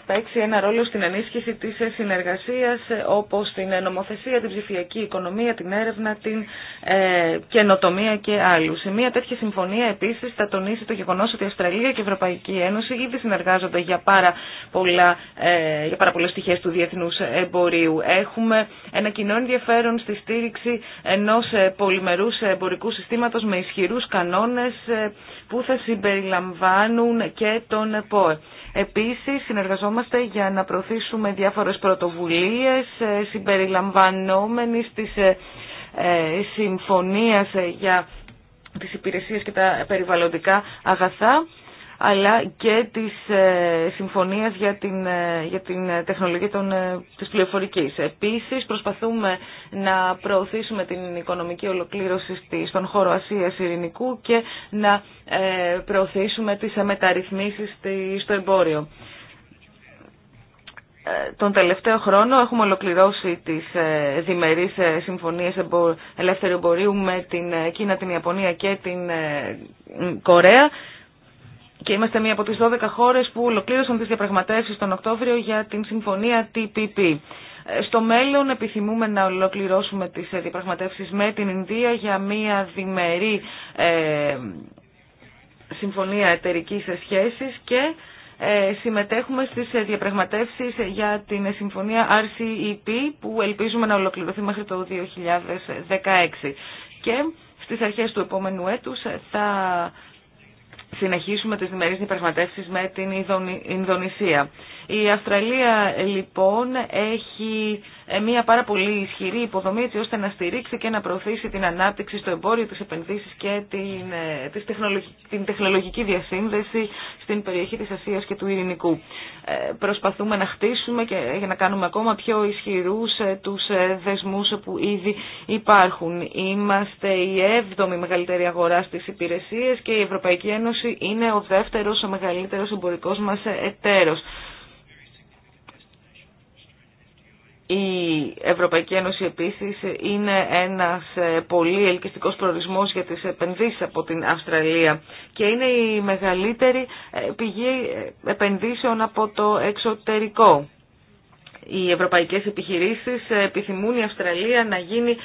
παίξει ένα ρόλο στην ενίσχυση της συνεργασίας ε, όπως την ε, νομοθεσία, την ψηφιακή οικονομία, την έρευνα, την ε, καινοτομία και άλλου. Σε Μια τέτοια συμφωνία επίσης θα τονίσει το γεγονός ότι η Αυστραλία και η Ευρωπαϊκή Ένωση ήδη συνεργάζονται για πάρα, πολλά, ε, για πάρα πολλές στοιχείες του διεθνούς εμπορίου. Έχουμε ένα κοινό ενδιαφέρον στη στήριξη ενός ε, πολυμερούς εμπορικού συστήματος με ισχυρούς κανόνες που θα συμπεριλαμβάνουν και τον ΕΠΟΕ. Επίσης συνεργαζόμαστε για να προωθήσουμε διάφορες πρωτοβουλίες ε, συμπεριλαμβανομένης της ε, ε, συμφωνίας για τις υπηρεσίες και τα περιβαλλοντικά αγαθά αλλά και της ε, συμφωνίας για την, ε, για την ε, τεχνολογία των, της πληροφορικής. Επίσης, προσπαθούμε να προωθήσουμε την οικονομική ολοκλήρωση στον χώρο Ασίας Ειρηνικού και να προωθήσουμε τις μεταρρυθμίσεις στο εμπόριο. Τον τελευταίο χρόνο έχουμε ολοκληρώσει τις διμερείς συμφωνίες ελεύθερου εμπορίου με την Κίνα, την Ιαπωνία και την Κορέα και είμαστε μία από τις 12 χώρες που ολοκλήρωσαν τις διαπραγματεύσεις τον Οκτώβριο για την συμφωνία TPP. Ε, στο μέλλον επιθυμούμε να ολοκληρώσουμε τις ε, διαπραγματεύσεις με την Ινδία για μία διμερή ε, συμφωνία εταιρικής σχέσης και συμμετέχουμε στις διαπραγματεύσεις για την συμφωνία RCEP που ελπίζουμε να ολοκληρωθεί μέχρι το 2016. Και στις αρχές του επόμενου έτους θα συνεχίσουμε τις διμερείς διαπραγματεύσεις με την Ινδονησία. Η Αυστραλία λοιπόν έχει ε, μια πάρα πολύ ισχυρή υποδομή έτσι ώστε να στηρίξει και να προωθήσει την ανάπτυξη στο εμπόριο, τις επενδύσεις και την, ε, της τεχνολογική, την τεχνολογική διασύνδεση στην περιοχή της Ασίας και του Ειρηνικού. Ε, προσπαθούμε να χτίσουμε και για να κάνουμε ακόμα πιο ισχυρούς ε, τους δεσμούς που ήδη υπάρχουν. Είμαστε η έβδομη μεγαλύτερη αγορά στις υπηρεσίες και η Ευρωπαϊκή Ένωση είναι ο δεύτερος, ο μεγαλύτερος εμπορικός μας εταίρος. Η Ευρωπαϊκή Ένωση επίσης είναι ένας ε, πολύ ελκυστικός προορισμός για τις επενδύσεις από την Αυστραλία και είναι η μεγαλύτερη ε, πηγή ε, επενδύσεων από το εξωτερικό. Οι ευρωπαϊκές επιχειρήσεις επιθυμούν η Αυστραλία να γίνει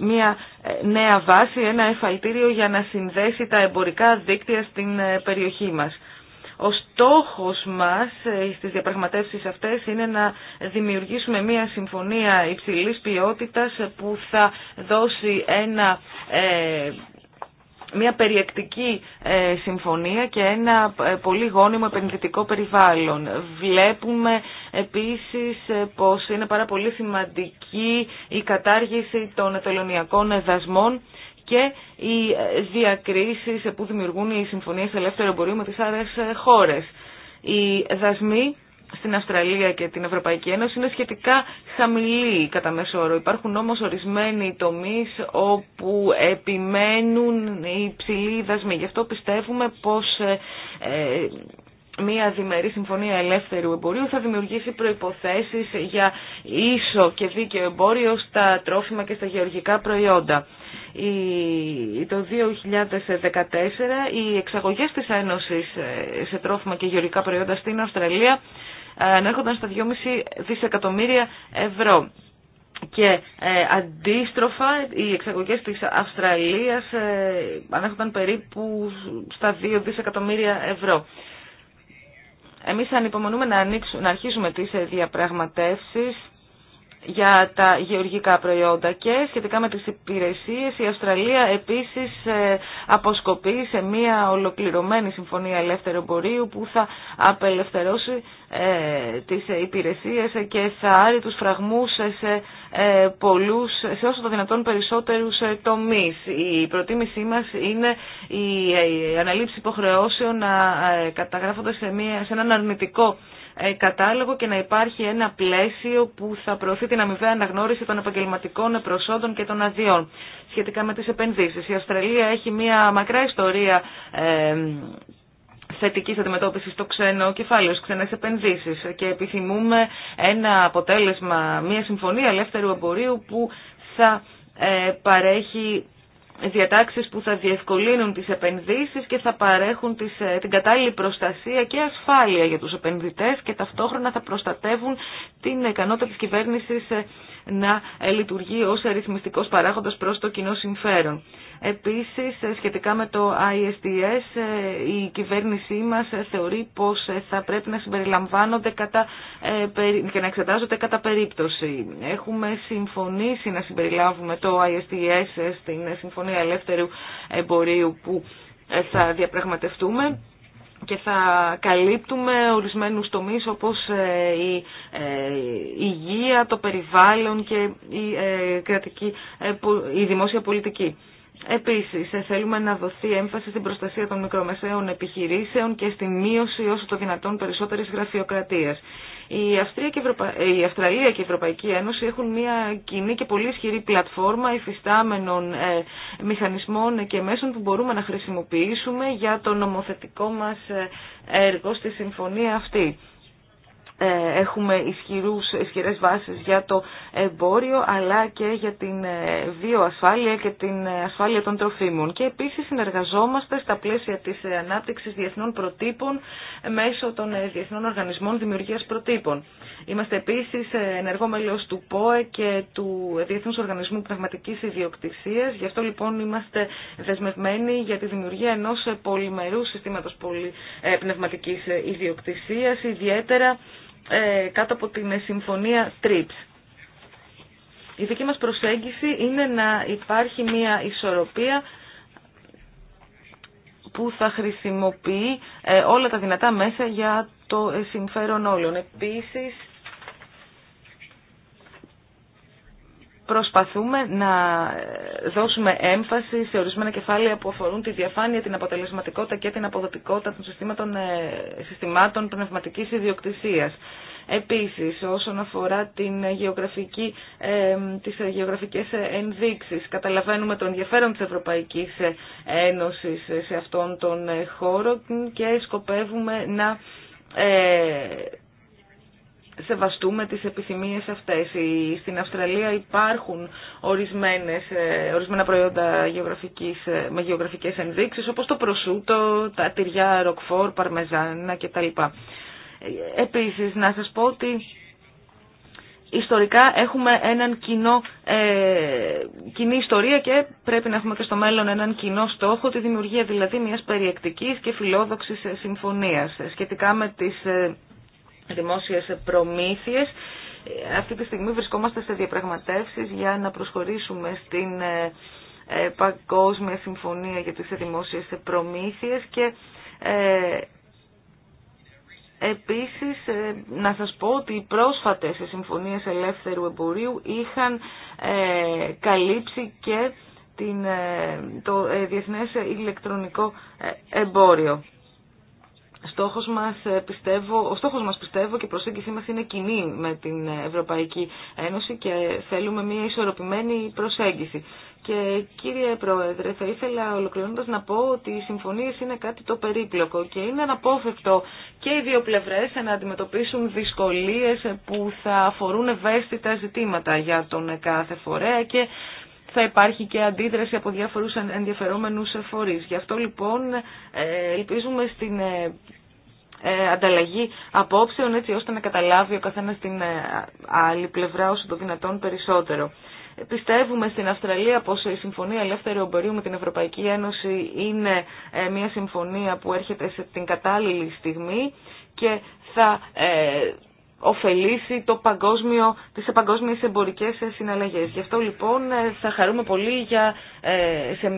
μια νέα βάση, ένα εφαλτήριο για να συνδέσει τα εμπορικά δίκτυα στην περιοχή μας. Ο στόχος μας ε, στις διαπραγματεύσεις αυτές είναι να δημιουργήσουμε μια συμφωνία υψηλής ποιότητας που θα δώσει ένα, ε, μια περιεκτική ε, συμφωνία και ένα πολύ γόνιμο επενδυτικό περιβάλλον. Βλέπουμε επίσης πως είναι πάρα πολύ σημαντική η κατάργηση των εθελονιακών εδασμών και οι ε, διακρίσεις που δημιουργούν οι συμφωνίες ελεύθερου εμπορίου με τις άλλες ε, χώρες. Οι δασμοί στην Αυστραλία και την Ευρωπαϊκή Ένωση είναι σχετικά χαμηλοί κατά μέσο όρο. Υπάρχουν όμως ορισμένοι τομείς όπου επιμένουν οι υψηλοί δασμοί. Γι' αυτό πιστεύουμε πως ε, μια διμερή συμφωνία ελεύθερου εμπορίου θα δημιουργήσει προϋποθέσεις για ίσο και δίκαιο εμπόριο στα τρόφιμα και στα γεωργικά προϊόντα το 2014 οι εξαγωγές της Ένωσης σε τρόφιμα και γεωργικά προϊόντα στην Αυστραλία ε, ανέρχονταν στα 2,5 δισεκατομμύρια ευρώ. Και ε, αντίστροφα οι εξαγωγές της Αυστραλίας ε, ανέρχονταν περίπου στα 2 δισεκατομμύρια ευρώ. Εμείς ανυπομονούμε να, ανοίξουμε, να αρχίσουμε τις διαπραγματεύσεις για τα γεωργικά προϊόντα και σχετικά με τις υπηρεσίες η Αυστραλία επίσης ε, αποσκοπεί σε μια ολοκληρωμένη συμφωνία ελεύθερου εμπορίου που θα απελευθερώσει ε, τις υπηρεσίες και θα άρει τους φραγμούς σε, ε, πολλούς, σε όσο το δυνατόν περισσότερους τομείς. Η προτίμησή μας είναι η αναλήψη υποχρεώσεων να καταγράφονται σε, μια, σε έναν αρνητικό ε, κατάλογο και να υπάρχει ένα πλαίσιο που θα προωθεί την αμοιβαία αναγνώριση των επαγγελματικών προσόντων και των αδειών σχετικά με τις επενδύσεις. Η Αυστραλία έχει μια μακρά ιστορία ε, θετικής αντιμετώπισης στο ξένο κεφάλαιο, στις ξένες επενδύσεις και επιθυμούμε ένα αποτέλεσμα, μια συμφωνία ελεύθερου εμπορίου που θα ε, παρέχει διατάξεις που θα διευκολύνουν τις επενδύσεις και θα παρέχουν τις, ε, την κατάλληλη προστασία και ασφάλεια για τους επενδυτές και ταυτόχρονα θα προστατεύουν την ικανότητα της κυβέρνησης ε, να ε, λειτουργεί ως αριθμιστικός παράγοντας προς το κοινό συμφέρον. Επίσης, σχετικά με το ISDS, η κυβέρνησή μας θεωρεί πως θα πρέπει να συμπεριλαμβάνονται κατά, ε, και να εξετάζονται κατά περίπτωση. Έχουμε συμφωνήσει να συμπεριλάβουμε το ISDS στην Συμφωνία Ελεύθερου Εμπορίου που θα διαπραγματευτούμε και θα καλύπτουμε ορισμένους τομείς όπως ε, ε, η υγεία, το περιβάλλον και η, κρατική, η δημόσια πολιτική. Επίσης, θέλουμε να δοθεί έμφαση στην προστασία των μικρομεσαίων επιχειρήσεων και στη μείωση όσο το δυνατόν περισσότερης γραφειοκρατίας. Η, Αυστρία και η Αυστραλία και η Ευρωπαϊκή Ένωση έχουν μια κοινή και πολύ ισχυρή πλατφόρμα υφιστάμενων ε, μηχανισμών και μέσων που μπορούμε να χρησιμοποιήσουμε για το νομοθετικό μας ε, έργο στη συμφωνία αυτή. Ε, έχουμε ισχυρούς, ισχυρές βάσεις για το εμπόριο αλλά και για την ε, βιοασφάλεια και την ε, ασφάλεια των τροφίμων. Και επίσης συνεργαζόμαστε στα πλαίσια της ανάπτυξης διεθνών προτύπων μέσω των Διεθνών Οργανισμών Δημιουργίας Προτύπων. Είμαστε επίσης ενεργό μέλος του ΠΟΕ και του Διεθνούς Οργανισμού Πραγματικής Ιδιοκτησίας. Γι' αυτό λοιπόν είμαστε δεσμευμένοι για τη δημιουργία ενός πολυμερού συστήματος πολυ... πνευματικής ιδιοκτησίας, ιδιαίτερα ε, κάτω από την συμφωνία TRIPS. Η δική μας προσέγγιση είναι να υπάρχει μια ισορροπία που θα χρησιμοποιεί ε, όλα τα δυνατά μέσα για το συμφέρον όλων. Επίσης, προσπαθούμε να δώσουμε έμφαση σε ορισμένα κεφάλαια που αφορούν τη διαφάνεια, την αποτελεσματικότητα και την αποδοτικότητα των συστήματων, ε, συστημάτων πνευματικής ιδιοκτησίας. Επίσης, όσον αφορά την γεωγραφική, ε, τις γεωγραφικές ενδείξεις, καταλαβαίνουμε το ενδιαφέρον της Ευρωπαϊκής Ένωσης σε αυτόν τον χώρο και σκοπεύουμε να ε, σεβαστούμε τις επιθυμίες αυτές. Στην Αυστραλία υπάρχουν ορισμένες, ε, ορισμένα προϊόντα γεωγραφικής, ε, με γεωγραφικές ενδείξεις όπως το προσούτο, τα τυριά ροκφόρ, παρμεζάνα κτλ. Επίσης να σας πω ότι ιστορικά έχουμε έναν κοινό, ε, κοινή ιστορία και πρέπει να έχουμε και στο μέλλον έναν κοινό στόχο, τη δημιουργία δηλαδή μιας περιεκτικής και φιλόδοξης συμφωνίας σχετικά με τις ε, δημόσιες προμήθειες. Αυτή τη στιγμή βρισκόμαστε σε διαπραγματεύσεις για να προσχωρήσουμε στην ε, ε, Παγκόσμια Συμφωνία για τις Δημόσιες Προμήθειες και ε, Επίσης, να σας πω ότι οι πρόσφατες συμφωνίες ελεύθερου εμπορίου είχαν καλύψει και το διεθνές ηλεκτρονικό εμπόριο στόχος μας, ε, πιστεύω, ο στόχος μας πιστεύω και η προσέγγιση μας είναι κοινή με την Ευρωπαϊκή Ένωση και θέλουμε μια ισορροπημένη προσέγγιση. Και κύριε Πρόεδρε, θα ήθελα ολοκληρώνοντας να πω ότι οι συμφωνίες είναι κάτι το περίπλοκο και είναι αναπόφευκτο και οι δύο πλευρές να αντιμετωπίσουν δυσκολίες που θα αφορούν ευαίσθητα ζητήματα για τον κάθε φορέα και θα υπάρχει και αντίδραση από διάφορους ενδιαφερόμενους φορείς. Γι' αυτό λοιπόν ε, ελπίζουμε στην ε, ε, ανταλλαγή απόψεων έτσι ώστε να καταλάβει ο καθένας την άλλη πλευρά όσο το δυνατόν περισσότερο. Πιστεύουμε στην Αυστραλία πως η Συμφωνία Ελεύθερου Εμπορίου με την Ευρωπαϊκή Ένωση είναι μια συμφωνία που έρχεται σε την κατάλληλη στιγμή και θα ωφελήσει το παγκόσμιο, τις παγκόσμιες εμπορικές συναλλαγές. Γι' αυτό λοιπόν ε, θα χαρούμε πολύ για, ε, σε,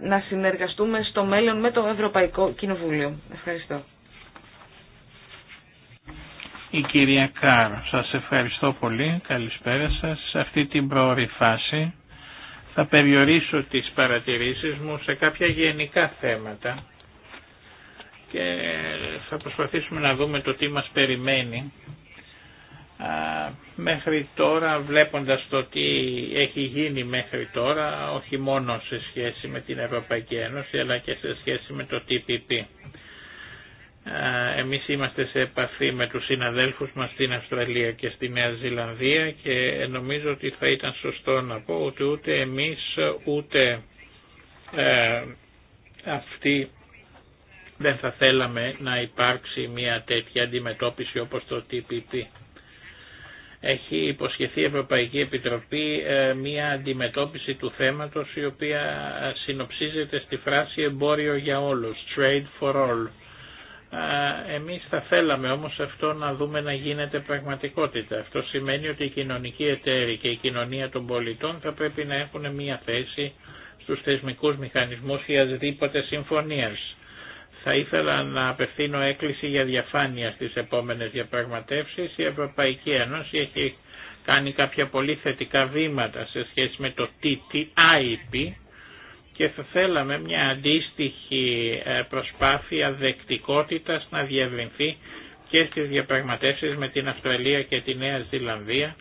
να συνεργαστούμε στο μέλλον με το Ευρωπαϊκό Κοινοβούλιο. Ευχαριστώ.
Η κυρία Κάρ, σας ευχαριστώ πολύ. Καλησπέρα σας. Σε αυτή την πρώτη φάση θα περιορίσω τις παρατηρήσεις μου σε κάποια γενικά θέματα και θα προσπαθήσουμε να δούμε το τι μας περιμένει μέχρι τώρα βλέποντας το τι έχει γίνει μέχρι τώρα όχι μόνο σε σχέση με την Ευρωπαϊκή Ένωση αλλά και σε σχέση με το TPP. Εμείς είμαστε σε επαφή με τους συναδέλφους μας στην Αυστραλία και στη Νέα Ζηλανδία και νομίζω ότι θα ήταν σωστό να πω ότι ούτε εμείς ούτε ε, αυτοί δεν θα θέλαμε να υπάρξει μια τέτοια αντιμετώπιση όπως το TPP έχει υποσχεθεί η Ευρωπαϊκή Επιτροπή ε, μία αντιμετώπιση του θέματος η οποία ε, συνοψίζεται στη φράση «εμπόριο για όλους», «trade for all». Εμείς θα θέλαμε όμως αυτό να δούμε να γίνεται πραγματικότητα. Αυτό σημαίνει ότι η κοινωνική εταίροι και η κοινωνία των πολιτών θα πρέπει να έχουν μία θέση στους θεσμικούς μηχανισμούς ή συμφωνίας. Θα ήθελα να απευθύνω έκκληση για διαφάνεια στις επόμενες διαπραγματεύσεις. Η Ευρωπαϊκή Ένωση έχει κάνει κάποια πολύ θετικά βήματα σε σχέση με το TTIP και θα θέλαμε μια αντίστοιχη ε, προσπάθεια δεκτικότητας να διευρυνθεί και στις διαπραγματεύσεις με την Αυστραλία και τη Νέα Ζηλανδία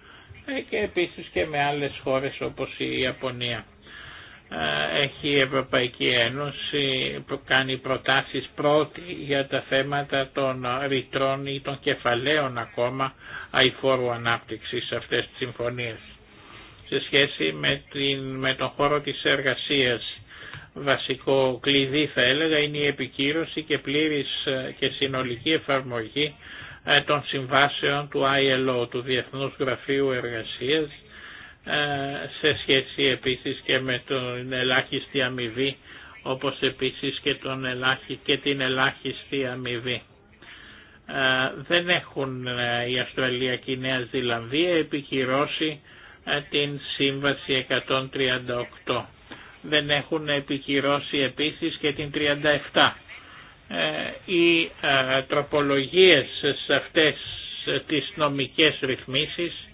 ε, και επίσης και με άλλες χώρες όπως η Ιαπωνία. Ε, έχει η Ευρωπαϊκή Ένωση κάνει προτάσεις πρώτη για τα θέματα των ρητρών ή των κεφαλαίων ακόμα αηφόρου ανάπτυξης σε αυτές τις συμφωνίες. Σε σχέση με, με τον χώρο της εργασίας βασικό κλειδί θα έλεγα είναι η επικύρωση και πλήρης ε, και συνολική εφαρμογή ε, των συμβάσεων του ILO, του Διεθνούς Γραφείου Εργασίας ε, σε σχέση επίσης και με τον ελάχιστη αμοιβή όπως επίσης και, τον ελάχι, και την ελάχιστη αμοιβή. Ε, δεν έχουν ε, η Αυστραλία και η Νέα Ζηλανδία επικυρώσει την Σύμβαση 138. Δεν έχουν επικυρώσει επίσης και την 37. οι τροπολογίες σε αυτές τις νομικές ρυθμίσεις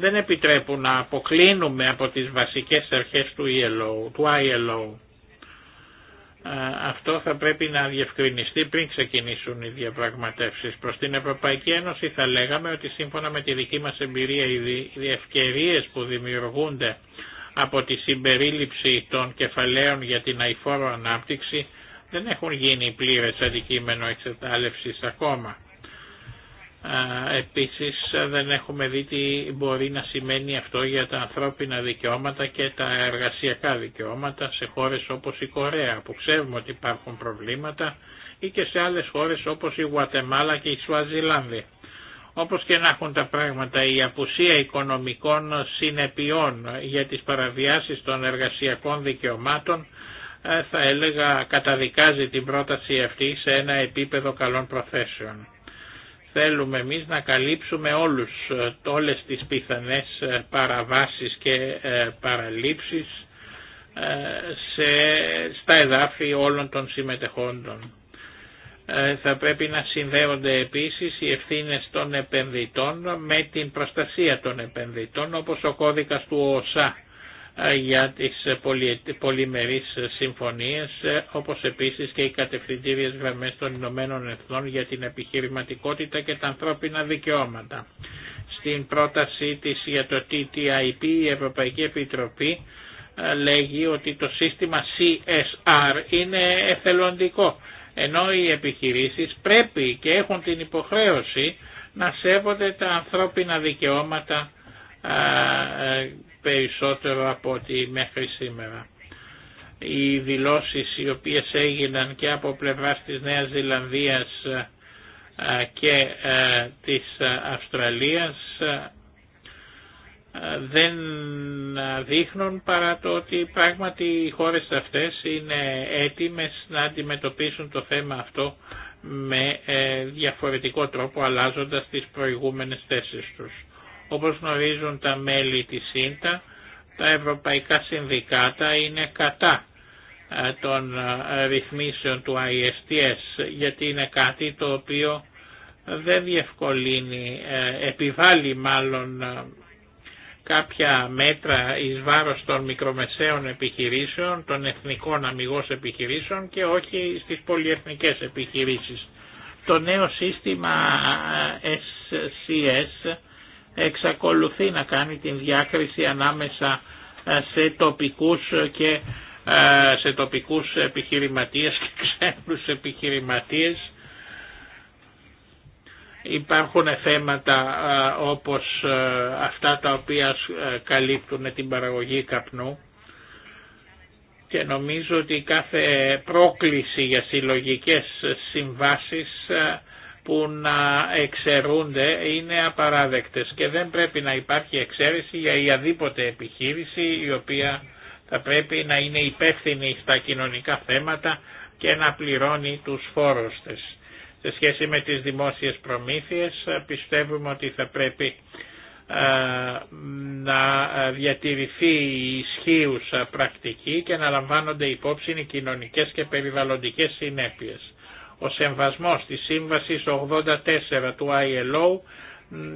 δεν επιτρέπουν να αποκλίνουμε από τις βασικές αρχές του ILO. E του ILO. Ε, αυτό θα πρέπει να διευκρινιστεί πριν ξεκινήσουν οι διαπραγματεύσεις. Προς την Ευρωπαϊκή Ένωση θα λέγαμε ότι σύμφωνα με τη δική μας εμπειρία οι ευκαιρίες που δημιουργούνται από τη συμπερίληψη των κεφαλαίων για την αηφόρο ανάπτυξη δεν έχουν γίνει πλήρες αντικείμενο εξετάλευσης ακόμα. Επίσης δεν έχουμε δει τι μπορεί να σημαίνει αυτό για τα ανθρώπινα δικαιώματα και τα εργασιακά δικαιώματα σε χώρες όπως η Κορέα που ξέρουμε ότι υπάρχουν προβλήματα ή και σε άλλες χώρες όπως η Γουατεμάλα και η Σουαζιλάνδη. Όπως και να έχουν τα πράγματα η απουσία οικονομικών συνεπειών για τις παραβιάσεις των εργασιακών δικαιωμάτων ε, θα έλεγα καταδικάζει την πρόταση αυτή σε ένα επίπεδο καλών προθέσεων. Θέλουμε εμείς να καλύψουμε όλους, ε, όλες τις πιθανές ε, παραβάσεις και ε, παραλήψεις σε, στα εδάφη όλων των συμμετεχόντων. Θα πρέπει να συνδέονται επίσης οι ευθύνες των επενδυτών με την προστασία των επενδυτών όπως ο κώδικας του ΟΣΑ ε, για τις ε, πολυμερείς ε, συμφωνίες, όπως επίσης και οι κατευθυντήριες γραμμές των Ηνωμένων Εθνών για την επιχειρηματικότητα και τα ανθρώπινα δικαιώματα. Στην πρότασή της για το TTIP η Ευρωπαϊκή Επιτροπή λέγει ότι το σύστημα CSR είναι εθελοντικό, ενώ οι επιχειρήσεις πρέπει και έχουν την υποχρέωση να σέβονται τα ανθρώπινα δικαιώματα περισσότερο από ό,τι μέχρι σήμερα. Οι δηλώσεις οι οποίες έγιναν και από πλευράς της Νέας Ζηλανδία ε, και ε, της Αυστραλίας ε, δεν δείχνουν παρά το ότι πράγματι οι χώρες αυτές είναι έτοιμες να αντιμετωπίσουν το θέμα αυτό με διαφορετικό τρόπο αλλάζοντας τις προηγούμενες θέσεις τους. Όπως γνωρίζουν τα μέλη της ΣΥΝΤΑ, τα ευρωπαϊκά συνδικάτα είναι κατά ε, των ε, ρυθμίσεων του ISTS, γιατί είναι κάτι το οποίο δεν διευκολύνει, ε, επιβάλλει μάλλον κάποια μέτρα εις βάρος των μικρομεσαίων επιχειρήσεων, των εθνικών αμυγός επιχειρήσεων και όχι στις πολυεθνικές επιχειρήσεις. Το νέο σύστημα SCS εξακολουθεί να κάνει την διάκριση ανάμεσα ε, σε τοπικούς και ε, σε τοπικούς επιχειρηματίες και ξένους επιχειρηματίες. Υπάρχουν θέματα ε, όπως αυτά τα οποία καλύπτουν την παραγωγή καπνού και νομίζω ότι κάθε πρόκληση για συλλογικές συμβάσεις που να εξαιρούνται είναι απαράδεκτες και δεν πρέπει να υπάρχει εξαίρεση για οποιαδήποτε επιχείρηση η οποία θα πρέπει να είναι υπεύθυνη στα κοινωνικά θέματα και να πληρώνει τους φόρους της. Σε σχέση με τις δημόσιες προμήθειες πιστεύουμε ότι θα πρέπει ε, να διατηρηθεί η ισχύουσα πρακτική και να λαμβάνονται υπόψη οι κοινωνικές και περιβαλλοντικές συνέπειες ο σεμβασμός της Σύμβασης 84 του ILO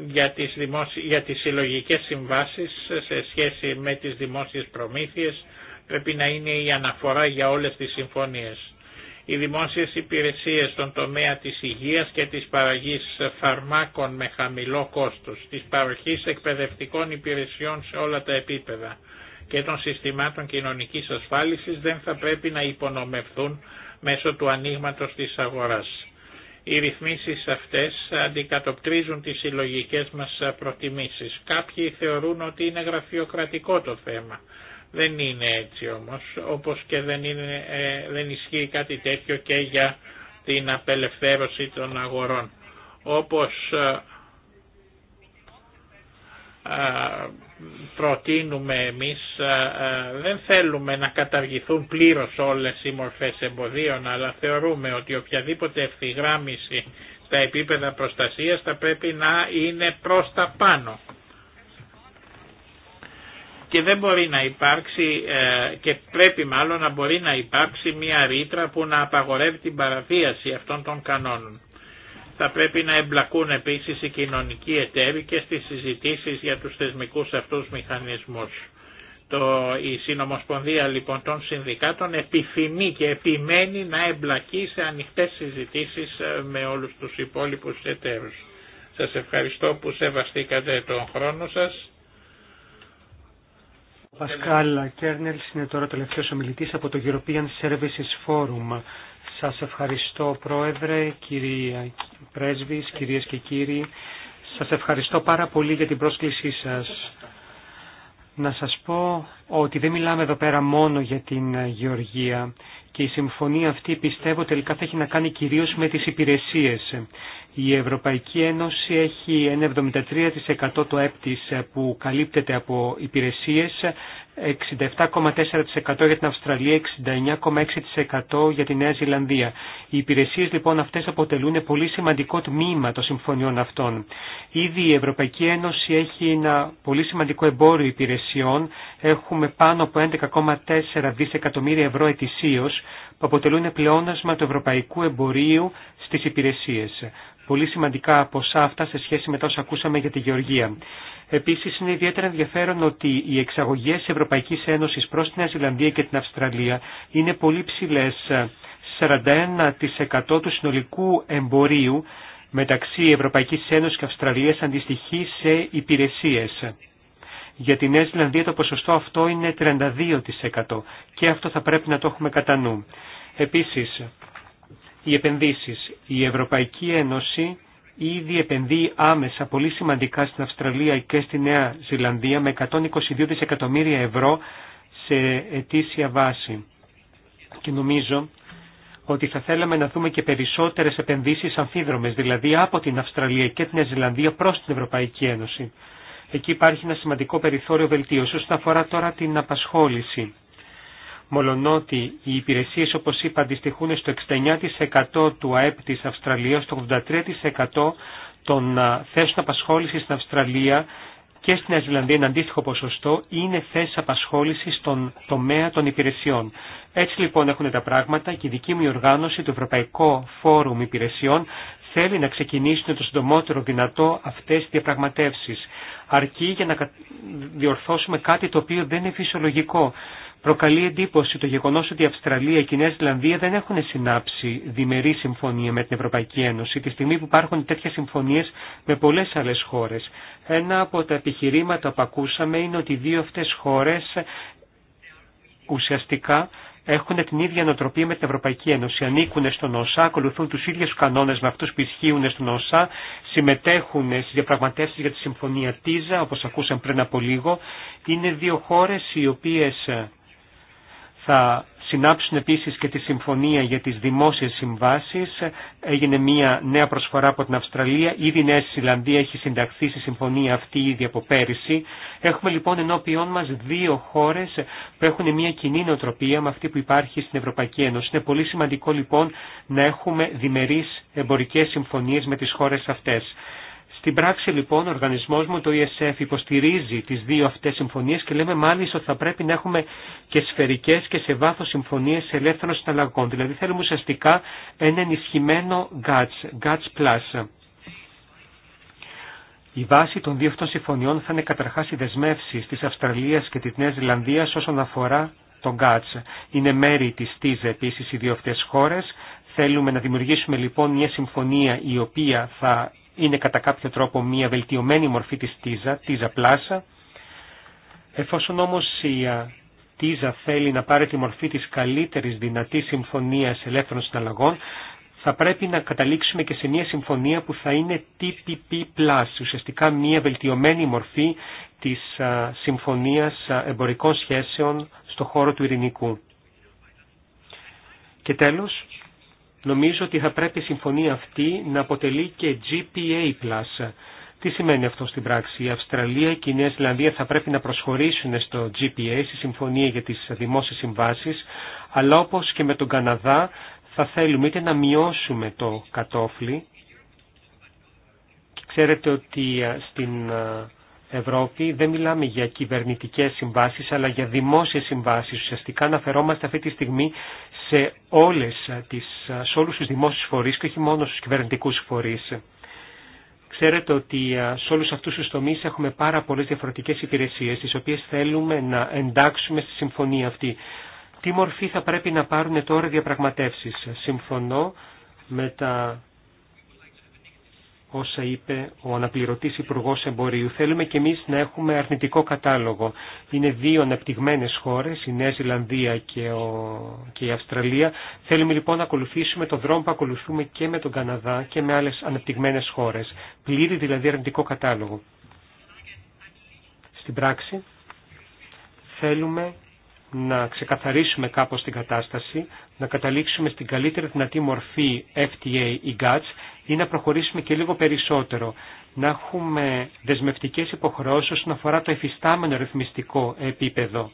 για τις, δημόσι... για τις συλλογικές συμβάσεις σε σχέση με τις δημόσιες προμήθειες πρέπει να είναι η αναφορά για όλες τις συμφωνίες. Οι δημόσιες υπηρεσίες στον τομέα της υγείας και της παραγής φαρμάκων με χαμηλό κόστος, της παροχής εκπαιδευτικών υπηρεσιών σε όλα τα επίπεδα και των συστημάτων κοινωνικής ασφάλισης δεν θα πρέπει να υπονομευθούν μέσω του ανοίγματο της αγοράς. Οι ρυθμίσεις αυτές αντικατοπτρίζουν τις συλλογικέ μας προτιμήσεις. Κάποιοι θεωρούν ότι είναι γραφειοκρατικό το θέμα. Δεν είναι έτσι όμως, όπως και δεν, είναι, ε, δεν ισχύει κάτι τέτοιο και για την απελευθέρωση των αγορών. Όπως ε, ε, προτείνουμε εμείς, ε, ε, δεν θέλουμε να καταργηθούν πλήρως όλες οι μορφές εμποδίων, αλλά θεωρούμε ότι οποιαδήποτε ευθυγράμμιση στα επίπεδα προστασίας θα πρέπει να είναι προς τα πάνω. Και δεν μπορεί να υπάρξει ε, και πρέπει μάλλον να μπορεί να υπάρξει μια ρήτρα που να απαγορεύει την παραβίαση αυτών των κανόνων. Θα πρέπει να εμπλακούν επίσης οι κοινωνικοί εταίροι και στις συζητήσεις για τους θεσμικούς αυτούς μηχανισμούς. Το, η Συνομοσπονδία λοιπόν των Συνδικάτων επιθυμεί και επιμένει να εμπλακεί σε ανοιχτές συζητήσεις ε, με όλους τους υπόλοιπους εταίρους. Σας ευχαριστώ που σεβαστήκατε τον χρόνο σας.
Ο Πασκάλ είναι τελευταίος ομιλητής από το European Services Forum. Σας ευχαριστώ Πρόεδρε, κυρία Πρέσβης, κυρίες και κύριοι. Σας ευχαριστώ πάρα πολύ για την πρόσκλησή σας. Να σας πω ότι δεν μιλάμε εδώ πέρα μόνο για την Γεωργία και η συμφωνία αυτή πιστεύω τελικά θα έχει να κάνει κυρίως με τις υπηρεσίες. Η Ευρωπαϊκή Ένωση έχει 1,73% το έπτης ε, που καλύπτεται από υπηρεσίες, 67,4% για την Αυστραλία, 69,6% για τη Νέα Ζηλανδία. Οι υπηρεσίες λοιπόν αυτές αποτελούν πολύ σημαντικό τμήμα των συμφωνιών αυτών. Ήδη η Ευρωπαϊκή Ένωση έχει ένα πολύ σημαντικό εμπόριο υπηρεσιών. Έχουμε πάνω από 11,4 δισεκατομμύρια ευρώ ετησίως που αποτελούν πλεόνασμα του ευρωπαϊκού εμπορίου στις υπηρεσίες. Πολύ σημαντικά ποσά αυτά σε σχέση με τα όσα ακούσαμε για τη Γεωργία. Επίσης είναι ιδιαίτερα ενδιαφέρον ότι οι εξαγωγές Ευρωπαϊκή Ευρωπαϊκής Ένωσης προς την Αζηλανδία και την Αυστραλία είναι πολύ ψηλές. 41% του συνολικού εμπορίου μεταξύ Ευρωπαϊκής Ένωσης και Αυστραλίας αντιστοιχεί σε υπηρεσίες. Για τη Νέα Ζηλανδία το ποσοστό αυτό είναι 32% και αυτό θα πρέπει να το έχουμε κατά νου. Επίσης, οι επενδύσεις. Η Ευρωπαϊκή Ένωση ήδη επενδύει άμεσα πολύ σημαντικά στην Αυστραλία και στη Νέα Ζηλανδία με 122 δισεκατομμύρια ευρώ σε ετήσια βάση. Και νομίζω ότι θα θέλαμε να δούμε και περισσότερες επενδύσεις αμφίδρομες, δηλαδή από την Αυστραλία και την Νέα Ζηλανδία προς την Ευρωπαϊκή Ένωση εκεί υπάρχει ένα σημαντικό περιθώριο βελτίωσης. Όσον αφορά τώρα την απασχόληση, μολονότι οι υπηρεσίες όπως είπα αντιστοιχούν στο 69% του ΑΕΠ της Αυστραλίας, στο 83% των θέσεων απασχόλησης στην Αυστραλία και στην Ζηλανδία, ένα αντίστοιχο ποσοστό είναι θέσεις απασχόληση στον τομέα των υπηρεσιών. Έτσι λοιπόν έχουν τα πράγματα και η δική μου οργάνωση, το Ευρωπαϊκό Φόρουμ Υπηρεσιών, θέλει να ξεκινήσουν το συντομότερο δυνατό αυτές τις διαπραγματεύσεις, αρκεί για να διορθώσουμε κάτι το οποίο δεν είναι φυσιολογικό. Προκαλεί εντύπωση το γεγονό ότι η Αυστραλία, και η Νέα Ζηλανδία δεν έχουν συνάψει διμερή συμφωνία με την Ευρωπαϊκή Ένωση, τη στιγμή που υπάρχουν τέτοιε συμφωνίε με πολλέ άλλε χώρε. Ένα από τα επιχειρήματα που ακούσαμε είναι ότι οι δύο αυτέ χώρε ουσιαστικά έχουν την ίδια νοοτροπία με την Ευρωπαϊκή Ένωση. Ανήκουν στον ΩΣΑ, ακολουθούν του ίδιου κανόνε με αυτού που ισχύουν στον ΩΣΑ, συμμετέχουν στι διαπραγματεύσει για τη Συμφωνία Τίζα, όπω ακούσαμε πριν από λίγο. Είναι δύο χώρε οι οποίε ε, θα συνάψουν επίσης και τη συμφωνία για τις δημόσιες συμβάσεις. Έγινε μια νέα προσφορά από την Αυστραλία. Ήδη η Νέα Συλλανδία έχει συνταχθεί στη συμφωνία αυτή ήδη από πέρυσι. Έχουμε λοιπόν ενώπιόν μας δύο χώρες που έχουν μια κοινή νοοτροπία με αυτή που υπάρχει στην Ευρωπαϊκή Ένωση. Είναι πολύ σημαντικό λοιπόν να έχουμε διμερείς εμπορικές συμφωνίες με τις χώρες αυτές. Στην πράξη λοιπόν ο οργανισμός μου, το ESF, υποστηρίζει τις δύο αυτές συμφωνίες και λέμε μάλιστα ότι θα πρέπει να έχουμε και σφαιρικές και σε βάθος συμφωνίες ελεύθερων συναλλαγών. Δηλαδή θέλουμε ουσιαστικά ένα ενισχυμένο GATS, GATS+. Plus. Η βάση των δύο αυτών συμφωνιών θα είναι καταρχάς οι δεσμεύσεις της Αυστραλίας και της Νέας Ζηλανδίας όσον αφορά τον GATS. Είναι μέρη της ΤΙΖ επίσης οι δύο αυτές χώρες. Θέλουμε να δημιουργήσουμε λοιπόν μια συμφωνία η οποία θα είναι κατά κάποιο τρόπο μια βελτιωμένη μορφή της τίζα, τίζα πλάσα. Εφόσον όμως η τίζα θέλει να πάρει τη μορφή της καλύτερης δυνατής συμφωνίας ελεύθερων συναλλαγών, θα πρέπει να καταλήξουμε και σε μια συμφωνία που θα είναι TPP+, ουσιαστικά μια βελτιωμένη μορφή της συμφωνίας εμπορικών σχέσεων στο χώρο του ειρηνικού. Και τέλος, νομίζω ότι θα πρέπει η συμφωνία αυτή να αποτελεί και GPA+. Τι σημαίνει αυτό στην πράξη. Η Αυστραλία και η Νέα Ζηλανδία θα πρέπει να προσχωρήσουν στο GPA, στη Συμφωνία για τις Δημόσιες Συμβάσεις, αλλά όπως και με τον Καναδά θα θέλουμε είτε να μειώσουμε το κατόφλι. Ξέρετε ότι ε, στην ε, Ευρώπη δεν μιλάμε για κυβερνητικές συμβάσεις αλλά για δημόσιες συμβάσεις. Ουσιαστικά αναφερόμαστε αυτή τη στιγμή σε, όλες τις, σε όλους τους δημόσιους φορείς και όχι μόνο στους κυβερνητικούς φορείς. Ξέρετε ότι ε, σε όλους αυτούς τους τομείς έχουμε πάρα πολλές διαφορετικές υπηρεσίες τις οποίες θέλουμε να εντάξουμε στη συμφωνία αυτή. Τι μορφή θα πρέπει να πάρουν τώρα διαπραγματεύσεις. Συμφωνώ με τα όσα είπε ο αναπληρωτής υπουργό Εμπορίου. Θέλουμε και εμείς να έχουμε αρνητικό κατάλογο. Είναι δύο αναπτυγμένες χώρες, η Νέα Ζηλανδία και, ο... και η Αυστραλία. Θέλουμε λοιπόν να ακολουθήσουμε τον δρόμο που ακολουθούμε και με τον Καναδά και με άλλες αναπτυγμένες χώρες. Πλήρη δηλαδή αρνητικό κατάλογο. Στην πράξη θέλουμε να ξεκαθαρίσουμε κάπως την κατάσταση, να καταλήξουμε στην καλύτερη δυνατή μορφή FTA ή GATS ή να προχωρήσουμε και λίγο περισσότερο. Να έχουμε δεσμευτικές υποχρεώσεις όσον αφορά το εφιστάμενο ρυθμιστικό επίπεδο.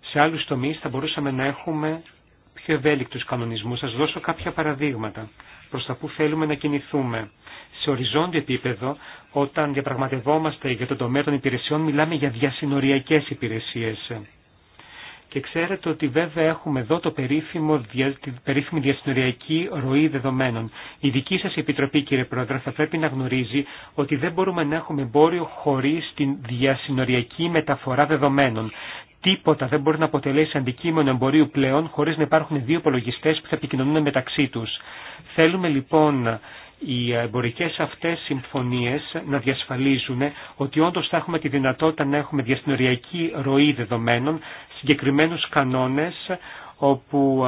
Σε άλλους τομείς θα μπορούσαμε να έχουμε πιο ευέλικτους κανονισμούς. Σας δώσω κάποια παραδείγματα προς τα που θέλουμε να κινηθούμε. Σε οριζόντιο επίπεδο, όταν διαπραγματευόμαστε για τον τομέα των υπηρεσιών, μιλάμε για διασυνοριακές υπηρεσίες. Και ξέρετε ότι βέβαια έχουμε εδώ το περίφημο, την περίφημη διασυνοριακή ροή δεδομένων. Η δική σας επιτροπή κύριε Πρόεδρε θα πρέπει να γνωρίζει ότι δεν μπορούμε να έχουμε εμπόριο χωρίς την διασυνοριακή μεταφορά δεδομένων. Τίποτα δεν μπορεί να αποτελέσει αντικείμενο εμπορίου πλέον χωρίς να υπάρχουν δύο υπολογιστέ που θα επικοινωνούν μεταξύ τους. Θέλουμε λοιπόν οι εμπορικέ αυτέ συμφωνίε να διασφαλίζουν ότι όντω θα έχουμε τη δυνατότητα να έχουμε διασυνοριακή ροή δεδομένων συγκεκριμένους κανόνες όπου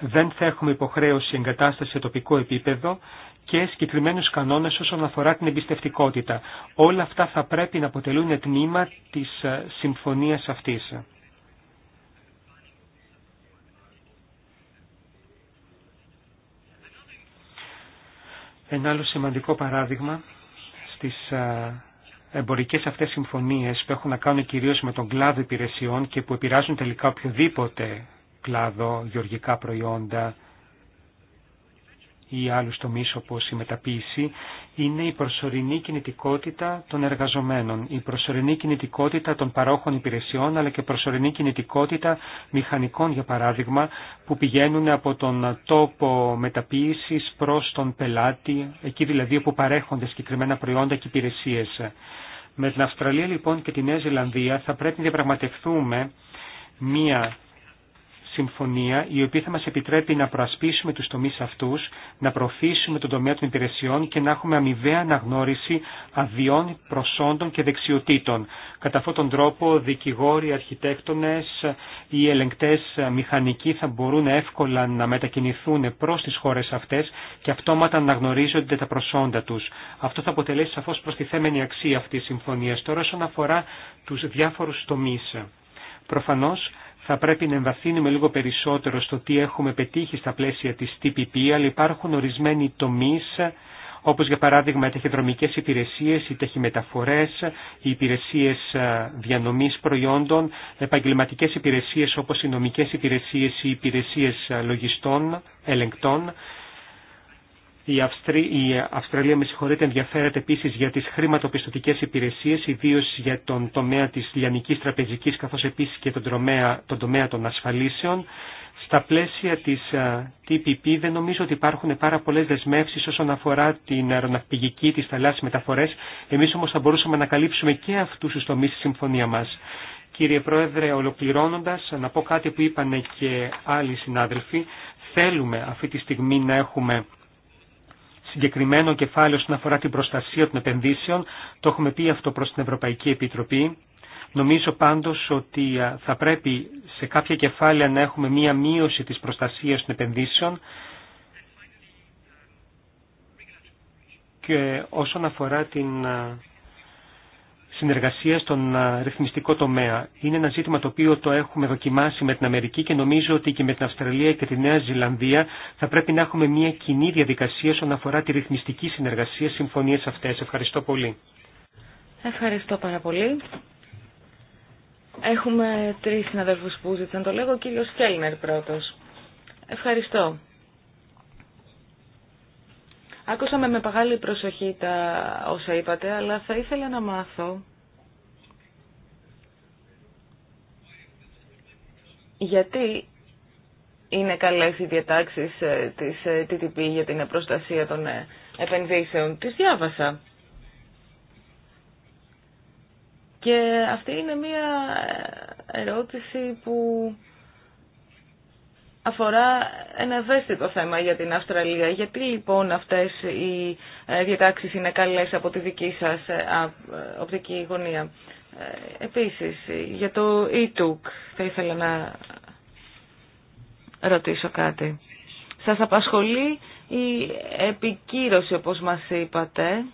δεν θα έχουμε υποχρέωση εγκατάσταση σε τοπικό επίπεδο και συγκεκριμένου κανόνες όσον αφορά την εμπιστευτικότητα. Όλα αυτά θα πρέπει να αποτελούν τμήμα της συμφωνίας αυτής. Ένα άλλο σημαντικό παράδειγμα στις εμπορικές αυτές συμφωνίες που έχουν να κάνουν κυρίως με τον κλάδο υπηρεσιών και που επηρεάζουν τελικά οποιοδήποτε κλάδο, γεωργικά προϊόντα, ή άλλους τομείς όπως η μεταποίηση είναι η προσωρινή κινητικότητα των εργαζομένων, η προσωρινή κινητικότητα των παρόχων υπηρεσιών αλλά και προσωρινή κινητικότητα μηχανικών για παράδειγμα που πηγαίνουν από τον τόπο μεταποίησης προς τον πελάτη, εκεί δηλαδή όπου παρέχονται συγκεκριμένα προϊόντα και υπηρεσίες. Με την Αυστραλία λοιπόν και τη Νέα Ζηλανδία θα πρέπει να διαπραγματευτούμε μία συμφωνία η οποία θα μας επιτρέπει να προασπίσουμε τους τομείς αυτούς, να προωθήσουμε τον τομέα των υπηρεσιών και να έχουμε αμοιβαία αναγνώριση αδειών, προσόντων και δεξιοτήτων. Κατά αυτόν τον τρόπο δικηγόροι, αρχιτέκτονες ή ελεγκτές μηχανικοί θα μπορούν εύκολα να μετακινηθούν προς τις χώρες αυτές και αυτόματα να γνωρίζονται τα προσόντα τους. Αυτό θα αποτελέσει σαφώς προστιθέμενη αξία αυτής της συμφωνίας. Τώρα όσον αφορά τους διάφορους τομείς. Προφανώς θα πρέπει να εμβαθύνουμε λίγο περισσότερο στο τι έχουμε πετύχει στα πλαίσια της TPP, αλλά υπάρχουν ορισμένοι τομείς, όπως για παράδειγμα οι ταχυδρομικές υπηρεσίες, οι ταχυμεταφορές, οι υπηρεσίες ε, διανομής προϊόντων, επαγγελματικές υπηρεσίες όπως οι νομικές υπηρεσίες, οι υπηρεσίες ε, λογιστών, ελεγκτών, η, η Αυστραλία, με συγχωρείτε, ενδιαφέρεται επίση για τι χρηματοπιστωτικέ υπηρεσίε, ιδίω για τον τομέα τη λιανική τραπεζική, καθώ επίση και τον τομέα, τον τομέα των ασφαλίσεων. Στα πλαίσια της ε, TPP δεν νομίζω ότι υπάρχουν πάρα πολλέ δεσμεύσει όσον αφορά την αεροναυπηγική, τις θαλάσσιες μεταφορέ. Εμεί όμω θα μπορούσαμε να καλύψουμε και αυτού του τομεί στη συμφωνία μα. Κύριε Πρόεδρε, ολοκληρώνοντα, να πω κάτι που είπαν και άλλοι συνάδελφοι. Θέλουμε αυτή τη στιγμή να έχουμε συγκεκριμένο κεφάλαιο όσον αφορά την προστασία των επενδύσεων. Το έχουμε πει αυτό προς την Ευρωπαϊκή Επιτροπή. Νομίζω πάντως ότι θα πρέπει σε κάποια κεφάλαια να έχουμε μία μείωση της προστασίας των επενδύσεων και όσον αφορά την συνεργασία στον ρυθμιστικό τομέα. Είναι ένα ζήτημα το οποίο το έχουμε δοκιμάσει με την Αμερική και νομίζω ότι και με την Αυστραλία και τη Νέα Ζηλανδία θα πρέπει να έχουμε μια κοινή διαδικασία όσον αφορά τη ρυθμιστική συνεργασία συμφωνίες αυτές. Ευχαριστώ πολύ.
Ευχαριστώ πάρα πολύ. Έχουμε τρεις συναδελφούς που ζήτησαν το λέγω. Ο κύριος Κέλνερ πρώτος. Ευχαριστώ. Άκουσαμε με μεγάλη προσοχή τα όσα είπατε, αλλά θα ήθελα να μάθω γιατί είναι καλές οι διατάξεις ε, της TTP ε, για την προστασία των ε, επενδύσεων. Τις διάβασα. Και αυτή είναι μία ερώτηση που αφορά ένα ευαίσθητο θέμα για την Αυστραλία. Γιατί λοιπόν αυτές οι ε, διατάξεις είναι καλές από τη δική σας ε, ε, οπτική γωνία. Επίσης, για το e θα ήθελα να ρωτήσω κάτι. Σας απασχολεί η επικύρωση όπως μας είπατε,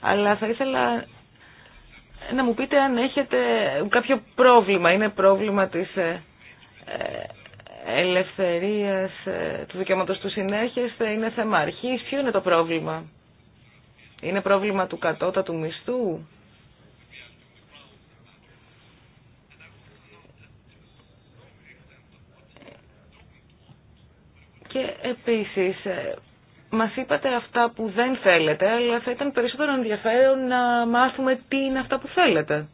αλλά θα ήθελα να μου πείτε αν έχετε κάποιο πρόβλημα. Είναι πρόβλημα της ελευθερίας, ε, του δικαιώματος του συνέχεσθε είναι θέμα αρχής. Ποιο είναι το πρόβλημα. Είναι πρόβλημα του κατώτατου μισθού. Και επίσης, ε, μας είπατε αυτά που δεν θέλετε, αλλά θα ήταν περισσότερο ενδιαφέρον να μάθουμε τι είναι αυτά που θέλετε.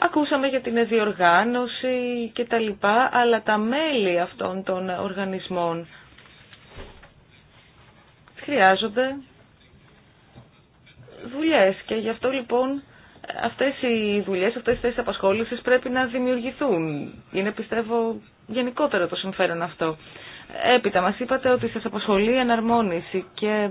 Ακούσαμε για την διοργάνωση και τα λοιπά, αλλά τα μέλη αυτών των οργανισμών χρειάζονται δουλειές και γι' αυτό λοιπόν αυτές οι δουλειές, αυτές οι θέσεις απασχόλησης πρέπει να δημιουργηθούν. Είναι πιστεύω γενικότερο το συμφέρον αυτό. Έπειτα μας είπατε ότι σας απασχολεί η εναρμόνιση και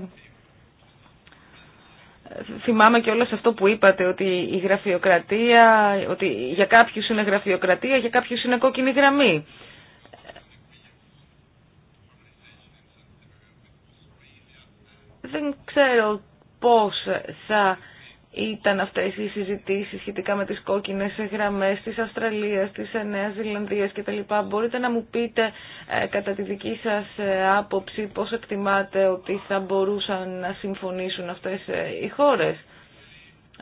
θυμάμαι και όλα σε αυτό που είπατε, ότι η γραφειοκρατία, ότι για κάποιους είναι γραφειοκρατία, για κάποιους είναι κόκκινη γραμμή. Δεν ξέρω πώς θα ήταν αυτές οι συζητήσεις σχετικά με τις κόκκινες γραμμές της Αυστραλίας, της Νέας Ζηλανδίας κτλ. Μπορείτε να μου πείτε ε, κατά τη δική σας ε, άποψη πώς εκτιμάτε ότι θα μπορούσαν να συμφωνήσουν αυτές ε, οι χώρες.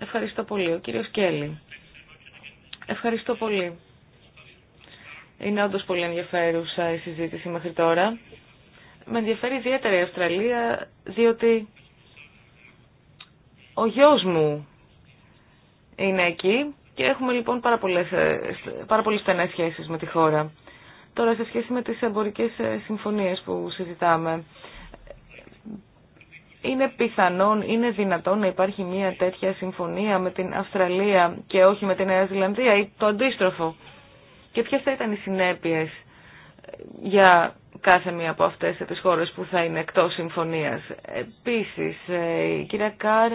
Ευχαριστώ πολύ. Ο κύριος Κέλλη. Ευχαριστώ πολύ. Είναι όντω πολύ ενδιαφέρουσα η συζήτηση μέχρι τώρα. Με ενδιαφέρει ιδιαίτερα η Αυστραλία, διότι ο γιος μου είναι εκεί και έχουμε λοιπόν πάρα, πολλές, ε, πάρα πολλές στενές σχέσεις με τη χώρα. Τώρα σε σχέση με τις εμπορικές ε, συμφωνίες που συζητάμε, είναι πιθανόν, είναι δυνατόν να υπάρχει μια τέτοια συμφωνία με την Αυστραλία και όχι με την Νέα Ζηλανδία ή το αντίστροφο. Και ποιες θα ήταν οι συνέπειες για κάθε μία από αυτές τις χώρες που θα είναι εκτός συμφωνίας. Επίσης, ε, η κυρία Καρ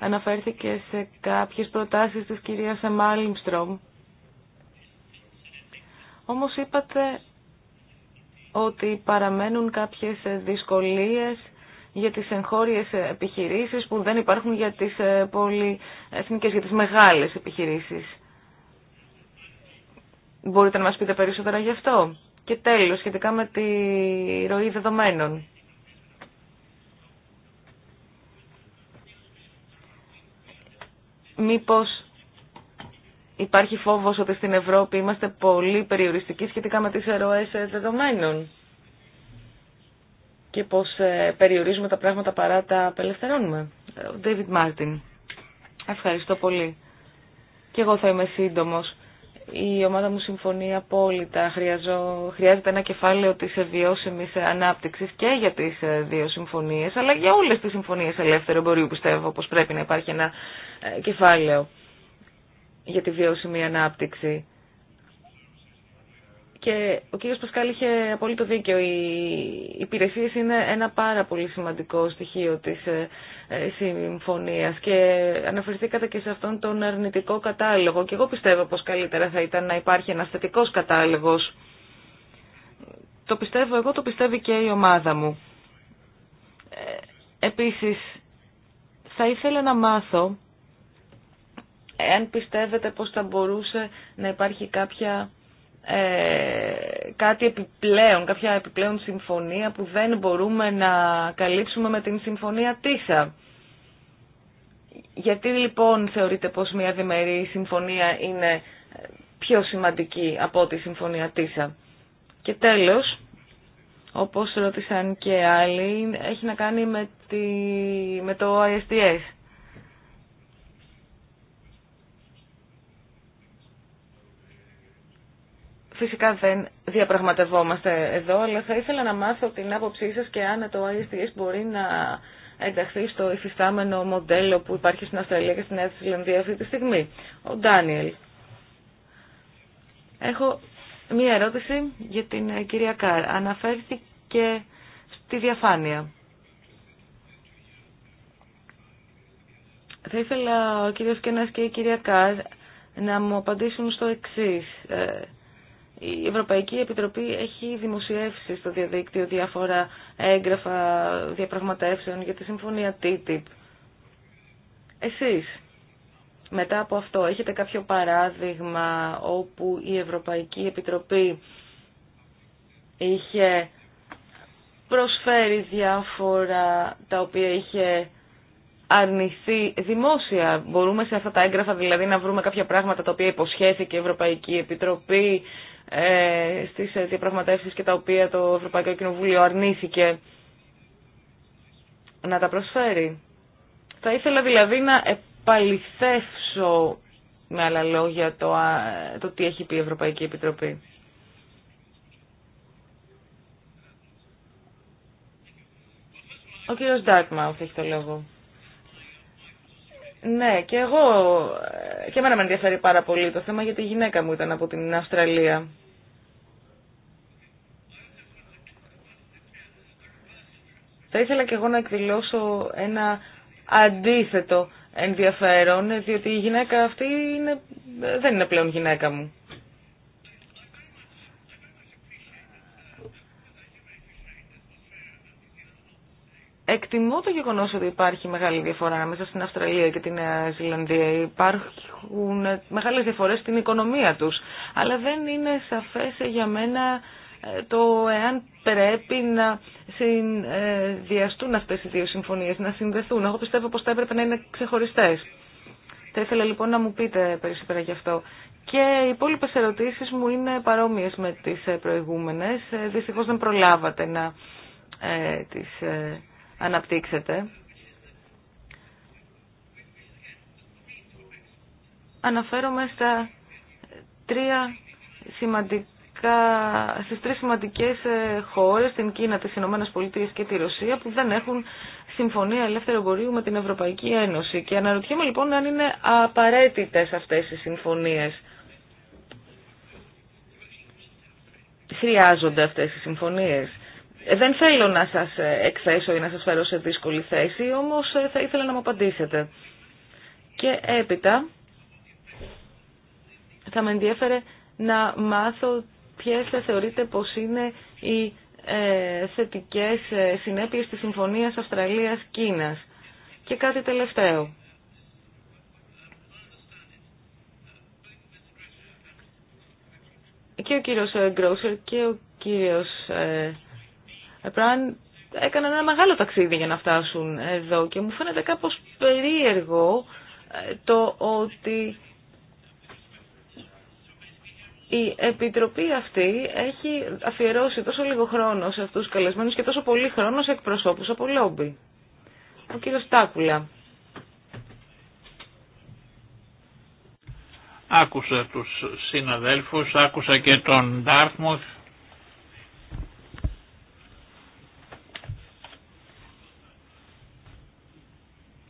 αναφέρθηκε σε κάποιες προτάσεις της κυρίας Μάλιμστρομ. Όμως είπατε ότι παραμένουν κάποιες δυσκολίες για τις εγχώριες επιχειρήσεις που δεν υπάρχουν για τις ε, πολυεθνικές, για τις μεγάλες επιχειρήσεις. Μπορείτε να μας πείτε περισσότερα γι' αυτό. Και τέλος, σχετικά με τη ροή δεδομένων. μήπως υπάρχει φόβος ότι στην Ευρώπη είμαστε πολύ περιοριστικοί σχετικά με τις ερωές ε, δεδομένων και πώς ε, περιορίζουμε τα πράγματα παρά τα απελευθερώνουμε. Ε, ο David Martin. Ευχαριστώ πολύ. Και εγώ θα είμαι σύντομος η ομάδα μου συμφωνεί απόλυτα. Χρειαζό, χρειάζεται ένα κεφάλαιο της βιώσιμης ανάπτυξης και για τις δύο συμφωνίες, αλλά για όλες τις συμφωνίες ελεύθερου εμπορίου πιστεύω πως πρέπει να υπάρχει ένα ε, κεφάλαιο για τη βιώσιμη ανάπτυξη. Και ο κύριος Πασκάλ είχε απόλυτο δίκιο. Οι υπηρεσίε είναι ένα πάρα πολύ σημαντικό στοιχείο της ε, συμφωνίας και αναφερθήκατε και σε αυτόν τον αρνητικό κατάλογο και εγώ πιστεύω πως καλύτερα θα ήταν να υπάρχει ένα θετικός κατάλογος. Το πιστεύω εγώ, το πιστεύει και η ομάδα μου. Ε, επίσης, θα ήθελα να μάθω εάν πιστεύετε πως θα μπορούσε να υπάρχει κάποια ε, κάτι επιπλέον, κάποια επιπλέον συμφωνία που δεν μπορούμε να καλύψουμε με την συμφωνία ΤΙΣΑ. Γιατί λοιπόν θεωρείτε πως μια διμερή συμφωνία είναι πιο σημαντική από τη συμφωνία ΤΙΣΑ. Και τέλος, όπως ρώτησαν και άλλοι, έχει να κάνει με, με το ISDS. Φυσικά δεν διαπραγματευόμαστε εδώ, αλλά θα ήθελα να μάθω την άποψή σας και αν το ISDS μπορεί να ενταχθεί στο υφιστάμενο μοντέλο που υπάρχει στην Αυστραλία και στην Νέα Ζηλανδία αυτή τη στιγμή. Ο Ντάνιελ. Έχω μία ερώτηση για την ε, κυρία Κάρ. Αναφέρθηκε στη διαφάνεια. Θα ήθελα ο κύριος Κένας και η κυρία Κάρ να μου απαντήσουν στο εξής. Ε, η Ευρωπαϊκή Επιτροπή έχει δημοσιεύσει στο διαδίκτυο διάφορα έγγραφα διαπραγματεύσεων για τη συμφωνία TTIP. Εσείς, μετά από αυτό, έχετε κάποιο παράδειγμα όπου η Ευρωπαϊκή Επιτροπή είχε προσφέρει διάφορα τα οποία είχε αρνηθεί δημόσια. Μπορούμε σε αυτά τα έγγραφα δηλαδή να βρούμε κάποια πράγματα τα οποία υποσχέθηκε η Ευρωπαϊκή Επιτροπή ε, στις διαπραγματεύσεις και τα οποία το Ευρωπαϊκό Κοινοβούλιο αρνήθηκε να τα προσφέρει. Θα ήθελα δηλαδή να επαληθεύσω με άλλα λόγια το, το τι έχει πει η Ευρωπαϊκή Επιτροπή. Ο κύριος Ντάρκμαουθ έχει το λόγο. Ναι, και εγώ, ε, και εμένα με ενδιαφέρει πάρα πολύ το θέμα γιατί η γυναίκα μου ήταν από την Αυστραλία. Θα ήθελα και εγώ να εκδηλώσω ένα αντίθετο ενδιαφέρον, διότι η γυναίκα αυτή είναι, δεν είναι πλέον γυναίκα μου. Εκτιμώ το γεγονό ότι υπάρχει μεγάλη διαφορά ...μέσα στην Αυστραλία και τη Νέα Ζηλανδία. Υπάρχουν μεγάλε διαφορέ στην οικονομία του. Αλλά δεν είναι σαφέ για μένα το εάν πρέπει να συνδυαστούν αυτές οι δύο συμφωνίες, να συνδεθούν. Εγώ πιστεύω πως θα έπρεπε να είναι ξεχωριστές. Θα ήθελα λοιπόν να μου πείτε περισσότερα γι' αυτό. Και οι υπόλοιπε ερωτήσει μου είναι παρόμοιε με τις προηγούμενες. Ε, Δυστυχώ δεν προλάβατε να ε, τις ε, αναπτύξετε. Αναφέρομαι στα τρία σημαντικά στις τρεις σημαντικές ε, χώρες, την Κίνα, τις Ηνωμένες Πολιτείες και τη Ρωσία, που δεν έχουν συμφωνία ελεύθερου εμπορίου με την Ευρωπαϊκή Ένωση. Και αναρωτιέμαι λοιπόν αν είναι απαραίτητες αυτές οι συμφωνίες. Χρειάζονται αυτές οι συμφωνίες. Ε, δεν θέλω να σας ε, εκθέσω ή να σας φέρω σε δύσκολη θέση, όμως θα ήθελα να μου απαντήσετε. Και έπειτα θα με ενδιέφερε να μάθω ποιες θα θεωρείτε πως είναι οι ε, θετικές ε, συνέπειες της Συμφωνίας Αυστραλίας-Κίνας. Και κάτι τελευταίο. Και ο κύριος Γκρόσερ και ο κύριος Πράν ε, έκαναν ένα μεγάλο ταξίδι για να φτάσουν εδώ και μου φαίνεται κάπως περίεργο ε, το ότι η Επιτροπή αυτή έχει αφιερώσει τόσο λίγο χρόνο σε αυτούς τους καλεσμένους και τόσο πολύ χρόνο σε εκπροσώπους από λόμπι. Ο κύριος Τάκουλα.
Άκουσα τους συναδέλφους, άκουσα και τον Ντάρθμουθ.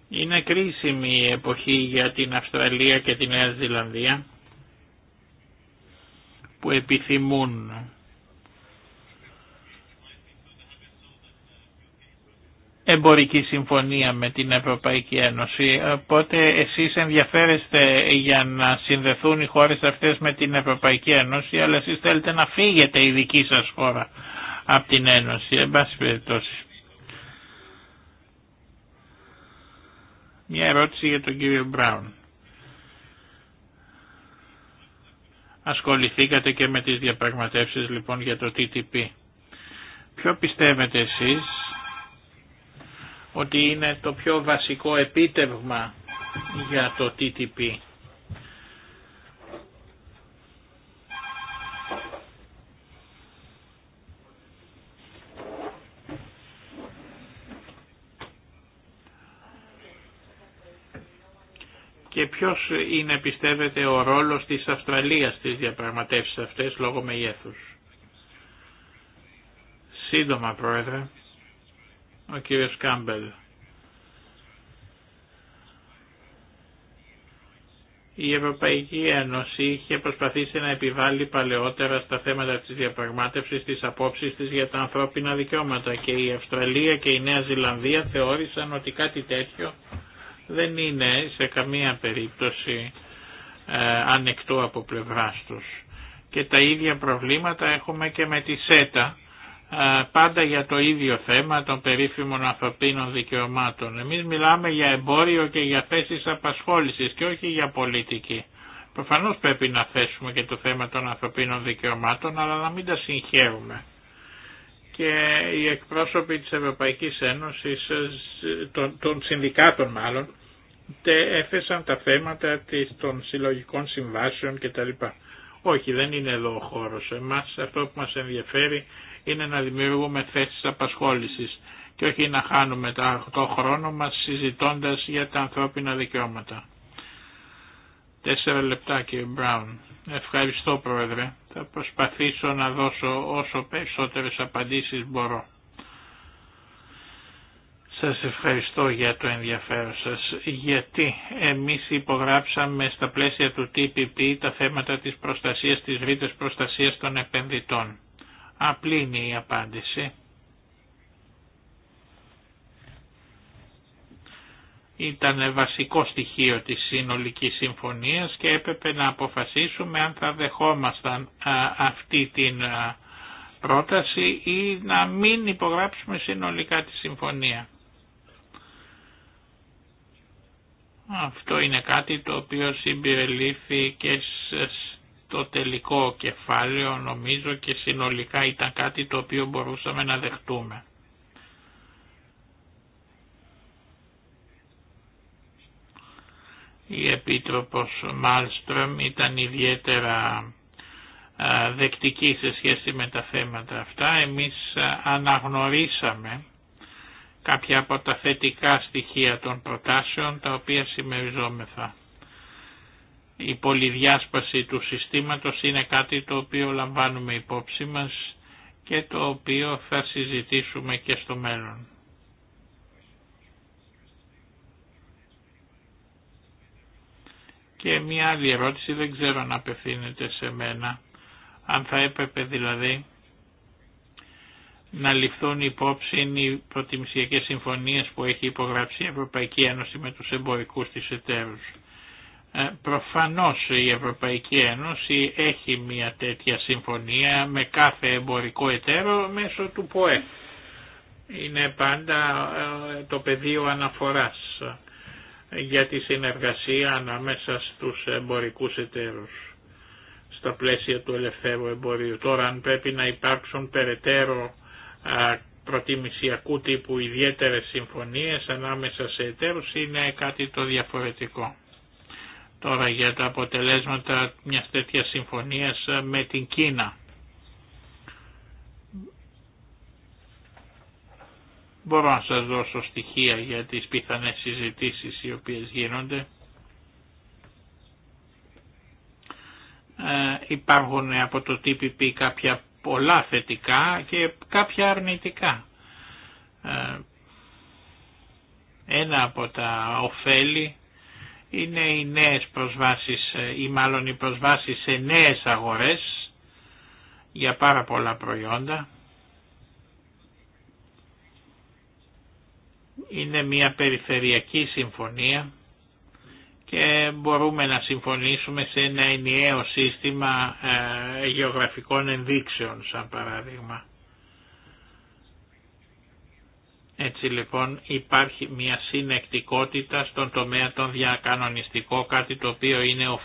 Είναι κρίσιμη η εποχή για την Αυστραλία και τη Νέα Ζηλανδία που επιθυμούν εμπορική συμφωνία με την Ευρωπαϊκή Ένωση. Οπότε εσείς ενδιαφέρεστε για να συνδεθούν οι χώρες αυτές με την Ευρωπαϊκή Ένωση, αλλά εσείς θέλετε να φύγετε η δική σας χώρα από την Ένωση, εν πάση περιπτώσει. Μια ερώτηση για τον κύριο Μπράουν. Ασχοληθήκατε και με τις διαπραγματεύσεις λοιπόν για το TTP. Ποιο πιστεύετε εσείς ότι είναι το πιο βασικό επίτευγμα για το TTP και ποιος είναι πιστεύετε ο ρόλος της Αυστραλίας στις διαπραγματεύσεις αυτές λόγω μεγέθους. Σύντομα Πρόεδρε, ο κύριος Κάμπελ. Η Ευρωπαϊκή Ένωση είχε προσπαθήσει να επιβάλλει παλαιότερα στα θέματα της διαπραγμάτευσης τις απόψεις της για τα ανθρώπινα δικαιώματα και η Αυστραλία και η Νέα Ζηλανδία θεώρησαν ότι κάτι τέτοιο δεν είναι σε καμία περίπτωση ε, ανεκτό από πλευράς τους. Και τα ίδια προβλήματα έχουμε και με τη ΣΕΤΑ, ε, πάντα για το ίδιο θέμα των περίφημων ανθρωπίνων δικαιωμάτων. Εμείς μιλάμε για εμπόριο και για θέσεις απασχόλησης και όχι για πολιτική. Προφανώς πρέπει να θέσουμε και το θέμα των ανθρωπίνων δικαιωμάτων, αλλά να μην τα συγχαίρουμε. Και οι εκπρόσωποι της Ευρωπαϊκής Ένωσης, ε, των, των συνδικάτων μάλλον, έθεσαν τα θέματα των συλλογικών συμβάσεων κτλ. Όχι, δεν είναι εδώ ο χώρος. Εμάς αυτό που μας ενδιαφέρει είναι να δημιουργούμε θέσεις απασχόλησης και όχι να χάνουμε το χρόνο μας συζητώντας για τα ανθρώπινα δικαιώματα. Τέσσερα λεπτά κύριε Μπράουν. Ευχαριστώ πρόεδρε. Θα προσπαθήσω να δώσω όσο περισσότερες απαντήσεις μπορώ. Σας ευχαριστώ για το ενδιαφέρον σας, γιατί εμείς υπογράψαμε στα πλαίσια του TPP τα θέματα της προστασίας, της ρήτες προστασίας των επενδυτών. Απλή είναι η απάντηση. Ήταν βασικό στοιχείο της συνολικής συμφωνίας και έπρεπε να αποφασίσουμε αν θα δεχόμασταν αυτή την πρόταση ή να μην υπογράψουμε συνολικά τη συμφωνία. Αυτό είναι κάτι το οποίο συμπεριλήφθη και στο τελικό κεφάλαιο νομίζω και συνολικά ήταν κάτι το οποίο μπορούσαμε να δεχτούμε. η Επίτροπος Μάλστρομ ήταν ιδιαίτερα δεκτική σε σχέση με τα θέματα αυτά. Εμείς αναγνωρίσαμε κάποια από τα θετικά στοιχεία των προτάσεων τα οποία συμμεριζόμεθα. Η πολυδιάσπαση του συστήματος είναι κάτι το οποίο λαμβάνουμε υπόψη μας και το οποίο θα συζητήσουμε και στο μέλλον. Και μια άλλη ερώτηση δεν ξέρω αν απευθύνεται σε μένα, αν θα έπρεπε δηλαδή να ληφθούν υπόψη οι προτιμησιακές συμφωνίες που έχει υπογράψει η Ευρωπαϊκή Ένωση με τους εμπορικούς της εταίρους. Ε, προφανώς η Ευρωπαϊκή Ένωση έχει μια τέτοια συμφωνία με κάθε εμπορικό εταίρο μέσω του ΠΟΕ. Είναι πάντα ε, το πεδίο αναφοράς για τη συνεργασία ανάμεσα στους εμπορικούς εταίρους στα πλαίσια του ελευθέρου εμπορίου. Τώρα αν πρέπει να υπάρξουν περαιτέρω προτιμησιακού τύπου ιδιαίτερες συμφωνίες ανάμεσα σε εταίρους είναι κάτι το διαφορετικό. Τώρα για τα αποτελέσματα μιας τέτοιας συμφωνίας με την Κίνα. Μπορώ να σας δώσω στοιχεία για τις πιθανές συζητήσεις οι οποίες γίνονται. Ε, υπάρχουν από το TPP κάποια πολλά θετικά και κάποια αρνητικά. Ε, ένα από τα ωφέλη είναι οι νέες προσβάσεις ε, ή μάλλον οι προσβάσεις σε νέες αγορές για πάρα πολλά προϊόντα. Είναι μια περιφερειακή συμφωνία και μπορούμε να συμφωνήσουμε σε ένα ενιαίο σύστημα ε, γεωγραφικών ενδείξεων σαν παράδειγμα. Έτσι λοιπόν υπάρχει μια συνεκτικότητα στον τομέα των διακανονιστικό, κάτι το οποίο είναι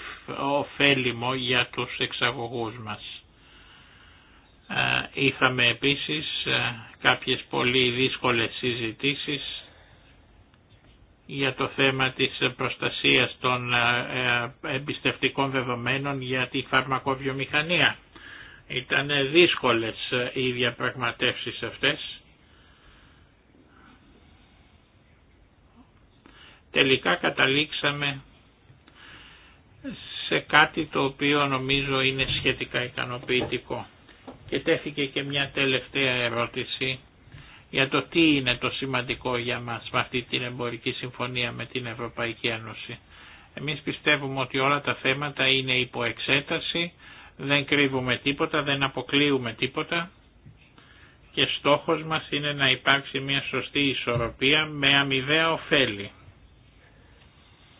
ωφέλιμο για τους εξαγωγούς μας. Ε, είχαμε επίσης ε, κάποιες πολύ δύσκολες συζητήσεις για το θέμα της προστασίας των ε, ε, εμπιστευτικών δεδομένων για τη φαρμακοβιομηχανία. Ήταν δύσκολες ε, οι διαπραγματεύσεις αυτές. Τελικά καταλήξαμε σε κάτι το οποίο νομίζω είναι σχετικά ικανοποιητικό. Και τέθηκε και μια τελευταία ερώτηση για το τι είναι το σημαντικό για μας με αυτή την εμπορική συμφωνία με την Ευρωπαϊκή Ένωση. Εμείς πιστεύουμε ότι όλα τα θέματα είναι υπό εξέταση, δεν κρύβουμε τίποτα, δεν αποκλείουμε τίποτα και στόχος μας είναι να υπάρξει μια σωστή ισορροπία με αμοιβαία ωφέλη.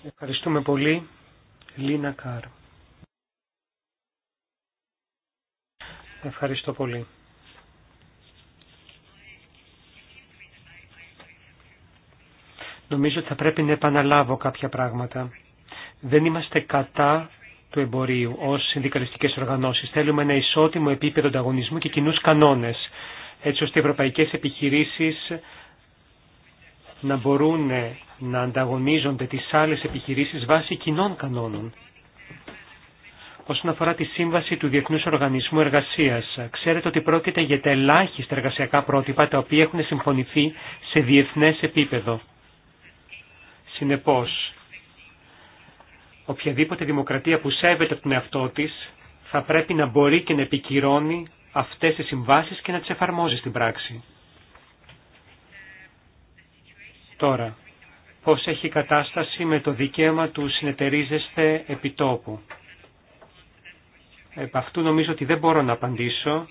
Ευχαριστούμε πολύ. Λίνα Κάρ. Ευχαριστώ πολύ. νομίζω ότι θα πρέπει να επαναλάβω κάποια πράγματα. Δεν είμαστε κατά του εμπορίου ως συνδικαλιστικές οργανώσεις. Θέλουμε ένα ισότιμο επίπεδο ανταγωνισμού και κοινού κανόνες, έτσι ώστε οι ευρωπαϊκές επιχειρήσεις να μπορούν να ανταγωνίζονται τις άλλες επιχειρήσεις βάσει κοινών κανόνων. Όσον αφορά τη σύμβαση του Διεθνούς Οργανισμού Εργασίας, ξέρετε ότι πρόκειται για τα ελάχιστα εργασιακά πρότυπα τα οποία έχουν συμφωνηθεί σε διεθνές επίπεδο. Συνεπώς, οποιαδήποτε δημοκρατία που σέβεται τον εαυτό της θα πρέπει να μπορεί και να επικυρώνει αυτές τις συμβάσεις και να τις εφαρμόζει στην πράξη. Τώρα, πώς έχει κατάσταση με το δικαίωμα του συνεταιρίζεστε επιτόπου. Επ' αυτού νομίζω ότι δεν μπορώ να απαντήσω,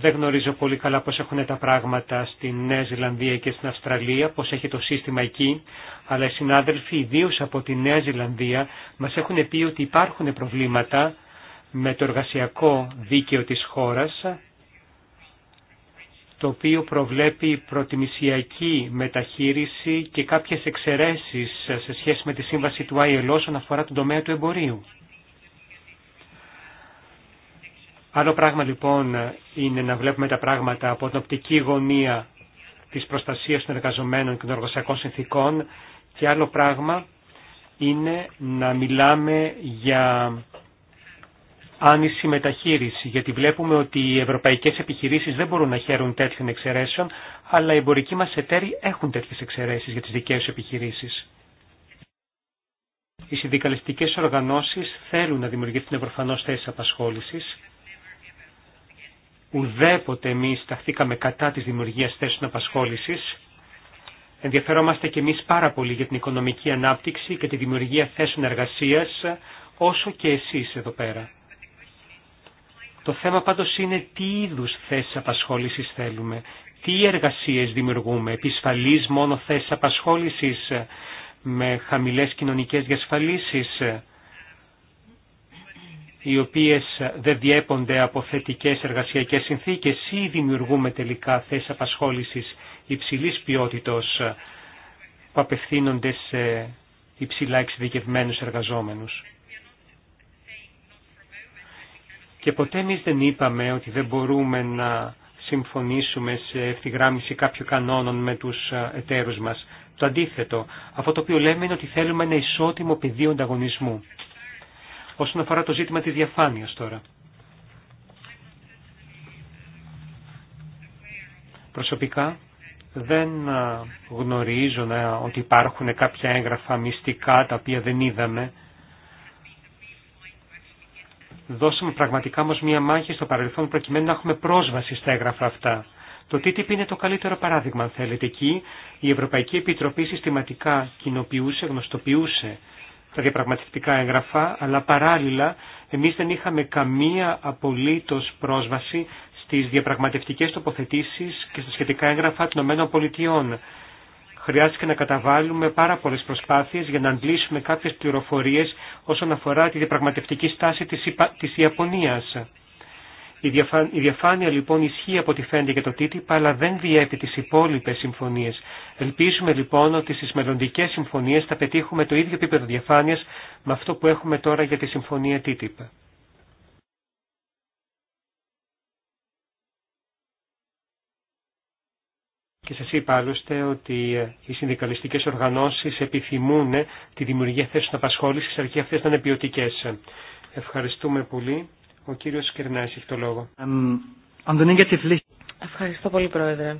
δεν γνωρίζω πολύ καλά πώς έχουν τα πράγματα στη Νέα Ζηλανδία και στην Αυστραλία, πώς έχει το σύστημα εκεί, αλλά οι συνάδελφοι, ιδίω από τη Νέα Ζηλανδία, μας έχουν πει ότι υπάρχουν προβλήματα με το εργασιακό δίκαιο της χώρας, το οποίο προβλέπει προτιμησιακή μεταχείριση και κάποιες εξαιρέσεις σε σχέση με τη σύμβαση του ILO όσον αφορά τον τομέα του εμπορίου. Άλλο πράγμα λοιπόν είναι να βλέπουμε τα πράγματα από την οπτική γωνία της προστασίας των εργαζομένων και των εργασιακών συνθήκων και άλλο πράγμα είναι να μιλάμε για άνηση μεταχείριση, γιατί βλέπουμε ότι οι ευρωπαϊκές επιχειρήσεις δεν μπορούν να χαίρουν τέτοιων εξαιρέσεων, αλλά οι εμπορικοί μας εταίροι έχουν τέτοιες εξαιρέσεις για τις δικές τους επιχειρήσεις. Οι συνδικαλιστικές οργανώσεις θέλουν να δημιουργηθούν προφανώς θέσεις απασχόλησης, Ουδέποτε εμεί ταχθήκαμε κατά τη δημιουργία θέσεων απασχόληση. Ενδιαφερόμαστε κι εμεί πάρα πολύ για την οικονομική ανάπτυξη και τη δημιουργία θέσεων εργασία, όσο και εσεί εδώ πέρα. Το θέμα πάντως είναι τι είδου θέσει απασχόληση θέλουμε, τι εργασίε δημιουργούμε, επισφαλεί μόνο θέσει απασχόληση με χαμηλέ κοινωνικέ διασφαλίσει οι οποίες δεν διέπονται από θετικές εργασιακές συνθήκες ή δημιουργούμε τελικά θέσεις απασχόλησης υψηλής ποιότητος που απευθύνονται σε υψηλά εξειδικευμένους εργαζόμενους. Και ποτέ εμεί δεν είπαμε ότι δεν μπορούμε να συμφωνήσουμε σε ευθυγράμμιση κάποιων κανόνων με τους εταίρους μας. Το αντίθετο, αυτό το οποίο λέμε είναι ότι θέλουμε ένα ισότιμο πεδίο ανταγωνισμού. Όσον αφορά το ζήτημα της διαφάνειας τώρα. Προσωπικά δεν γνωρίζω ότι υπάρχουν κάποια έγγραφα μυστικά τα οποία δεν είδαμε. Δώσαμε πραγματικά όμως μία μάχη στο παρελθόν προκειμένου να έχουμε πρόσβαση στα έγγραφα αυτά. Το TTIP είναι το καλύτερο παράδειγμα αν θέλετε. Εκεί η Ευρωπαϊκή Επιτροπή συστηματικά κοινοποιούσε, γνωστοποιούσε τα διαπραγματευτικά έγγραφα, αλλά παράλληλα εμείς δεν είχαμε καμία απολύτως πρόσβαση στις διαπραγματευτικές τοποθετήσεις και στα σχετικά έγγραφα των ΗΠΑ. Χρειάστηκε να καταβάλουμε πάρα πολλές προσπάθειες για να αντλήσουμε κάποιες πληροφορίες όσον αφορά τη διαπραγματευτική στάση της Ιαπωνίας. Η, διαφάνεια, η διαφάνεια λοιπόν ισχύει από τη Φέντη για το TTIP, αλλά δεν διέπει τις υπόλοιπες συμφωνίες. Ελπίζουμε λοιπόν ότι στις μελλοντικές συμφωνίες θα πετύχουμε το ίδιο επίπεδο διαφάνειας με αυτό που έχουμε τώρα για τη συμφωνία TTIP. Και σας είπα άλλωστε ότι ε, οι συνδικαλιστικές οργανώσεις επιθυμούν ε, τη δημιουργία θέσεων απασχόλησης αρκεί αυτές να είναι ποιοτικέ. Ευχαριστούμε πολύ. Ο κύριος Κερνάς έχει το λόγο.
Ευχαριστώ πολύ, Πρόεδρε. Ε,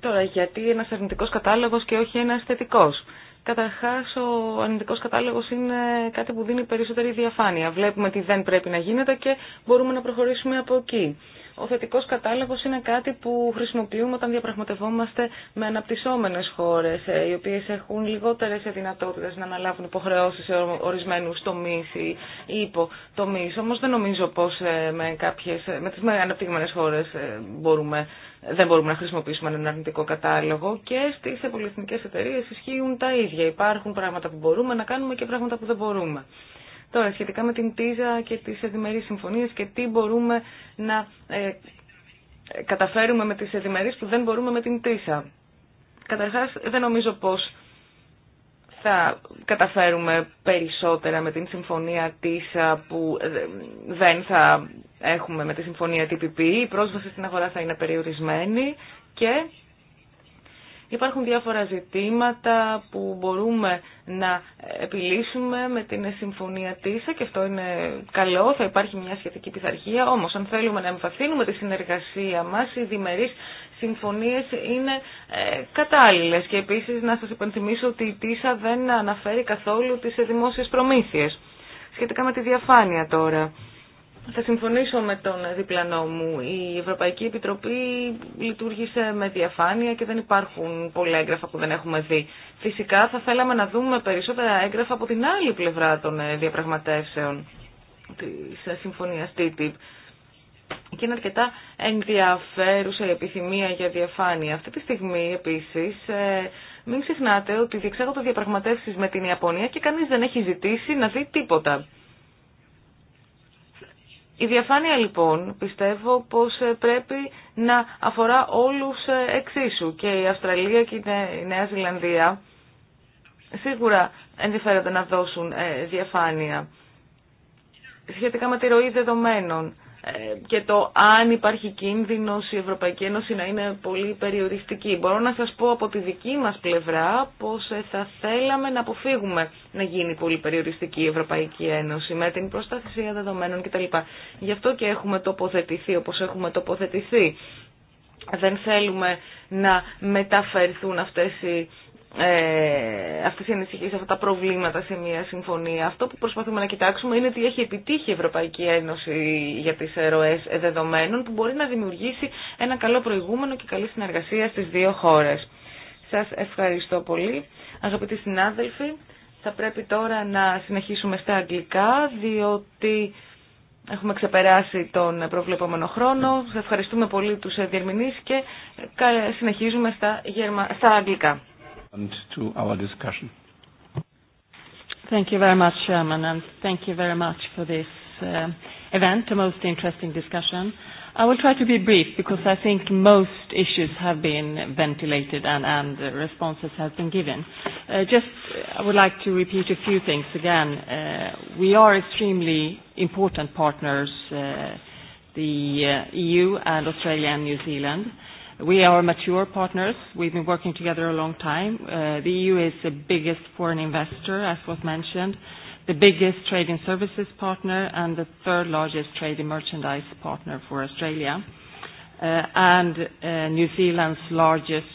τώρα, γιατί ένας αρνητικός κατάλογος και όχι ένας θετικός. Καταρχάς, ο αρνητικός κατάλογος είναι κάτι που δίνει περισσότερη διαφάνεια. Βλέπουμε τι δεν πρέπει να γίνεται και μπορούμε να προχωρήσουμε από εκεί ο θετικός κατάλογος είναι κάτι που χρησιμοποιούμε όταν διαπραγματευόμαστε με αναπτυσσόμενες χώρες, ε, οι οποίες έχουν λιγότερες δυνατότητες να αναλάβουν υποχρεώσεις σε ορισμένους τομείς ή υποτομείς. Όμως δεν νομίζω πως ε, με, κάποιες, με τις αναπτύγμενες χώρες ε, μπορούμε, δεν μπορούμε να χρησιμοποιήσουμε έναν αρνητικό κατάλογο και στι πολυεθνικέ εταιρείε ισχύουν τα ίδια. Υπάρχουν πράγματα που μπορούμε να κάνουμε και πράγματα που δεν μπορούμε. Τώρα, σχετικά με την ΤΙΖΑ και τις εδημερείς συμφωνίες και τι μπορούμε να ε, καταφέρουμε με τις εδημερείς που δεν μπορούμε με την ΤΙΖΑ. Καταρχάς, δεν νομίζω πως θα καταφέρουμε περισσότερα με την συμφωνία ΤΙΖΑ που ε, δεν θα έχουμε με τη συμφωνία TPP. Η πρόσβαση στην αγορά θα είναι περιορισμένη και Υπάρχουν διάφορα ζητήματα που μπορούμε να επιλύσουμε με την συμφωνία ΤΙΣΑ και αυτό είναι καλό, θα υπάρχει μια σχετική πειθαρχία. Όμως αν θέλουμε να εμφαθύνουμε τη συνεργασία μας, οι διμερείς συμφωνίες είναι ε, κατάλληλες. Και επίσης να σας υπενθυμίσω ότι η ΤΙΣΑ δεν αναφέρει καθόλου τις δημόσιες προμήθειες. Σχετικά με τη διαφάνεια τώρα. Θα συμφωνήσω με τον διπλανό μου. Η Ευρωπαϊκή Επιτροπή λειτουργήσε με διαφάνεια και δεν υπάρχουν πολλά έγγραφα που δεν έχουμε δει. Φυσικά θα θέλαμε να δούμε περισσότερα έγγραφα από την άλλη πλευρά των ε, διαπραγματεύσεων της ε, συμφωνίας TTIP. Και είναι αρκετά ενδιαφέρουσα η επιθυμία για διαφάνεια. Αυτή τη στιγμή επίσης ε, μην ξεχνάτε ότι διεξάγονται διαπραγματεύσεις με την Ιαπωνία και κανείς δεν έχει ζητήσει να δει τίποτα. Η διαφάνεια λοιπόν πιστεύω πως ε, πρέπει να αφορά όλους ε, εξίσου και η Αυστραλία και η Νέα Ζηλανδία σίγουρα ενδιαφέρονται να δώσουν ε, διαφάνεια σχετικά με τη ροή δεδομένων. Ε, και το αν υπάρχει κίνδυνος η Ευρωπαϊκή Ένωση να είναι πολύ περιοριστική. Μπορώ να σας πω από τη δική μας πλευρά πως ε, θα θέλαμε να αποφύγουμε να γίνει πολύ περιοριστική η Ευρωπαϊκή Ένωση με την προστασία δεδομένων κτλ. Γι' αυτό και έχουμε τοποθετηθεί όπως έχουμε τοποθετηθεί. Δεν θέλουμε να μεταφερθούν αυτές οι ε, αυτές οι ανησυχίες, αυτά τα προβλήματα σε μια συμφωνία. Αυτό που προσπαθούμε να κοιτάξουμε είναι ότι έχει επιτύχει η Ευρωπαϊκή Ένωση για τις ροές δεδομένων που μπορεί να δημιουργήσει ένα καλό προηγούμενο και καλή συνεργασία στις δύο χώρες. Σας ευχαριστώ πολύ. Αγαπητοί συνάδελφοι, θα πρέπει τώρα να συνεχίσουμε στα αγγλικά, διότι έχουμε ξεπεράσει τον προβλεπόμενο χρόνο. Σας ευχαριστούμε πολύ τους διερμηνείς και συνεχίζουμε στα, γερμα... στα αγγλικά
and to our discussion.
Thank you very much, Chairman, and thank you very much for this event, a most interesting discussion. I will try to be brief because I think most issues have been ventilated and, and responses have been given. just, I would like to repeat a few things again. we are extremely important partners, the EU and Australia and New Zealand. We are mature partners. We've been working together a long time. The EU is the biggest foreign investor, as was mentioned, the biggest trading services partner, and the third largest trading merchandise partner for Australia, and New Zealand's largest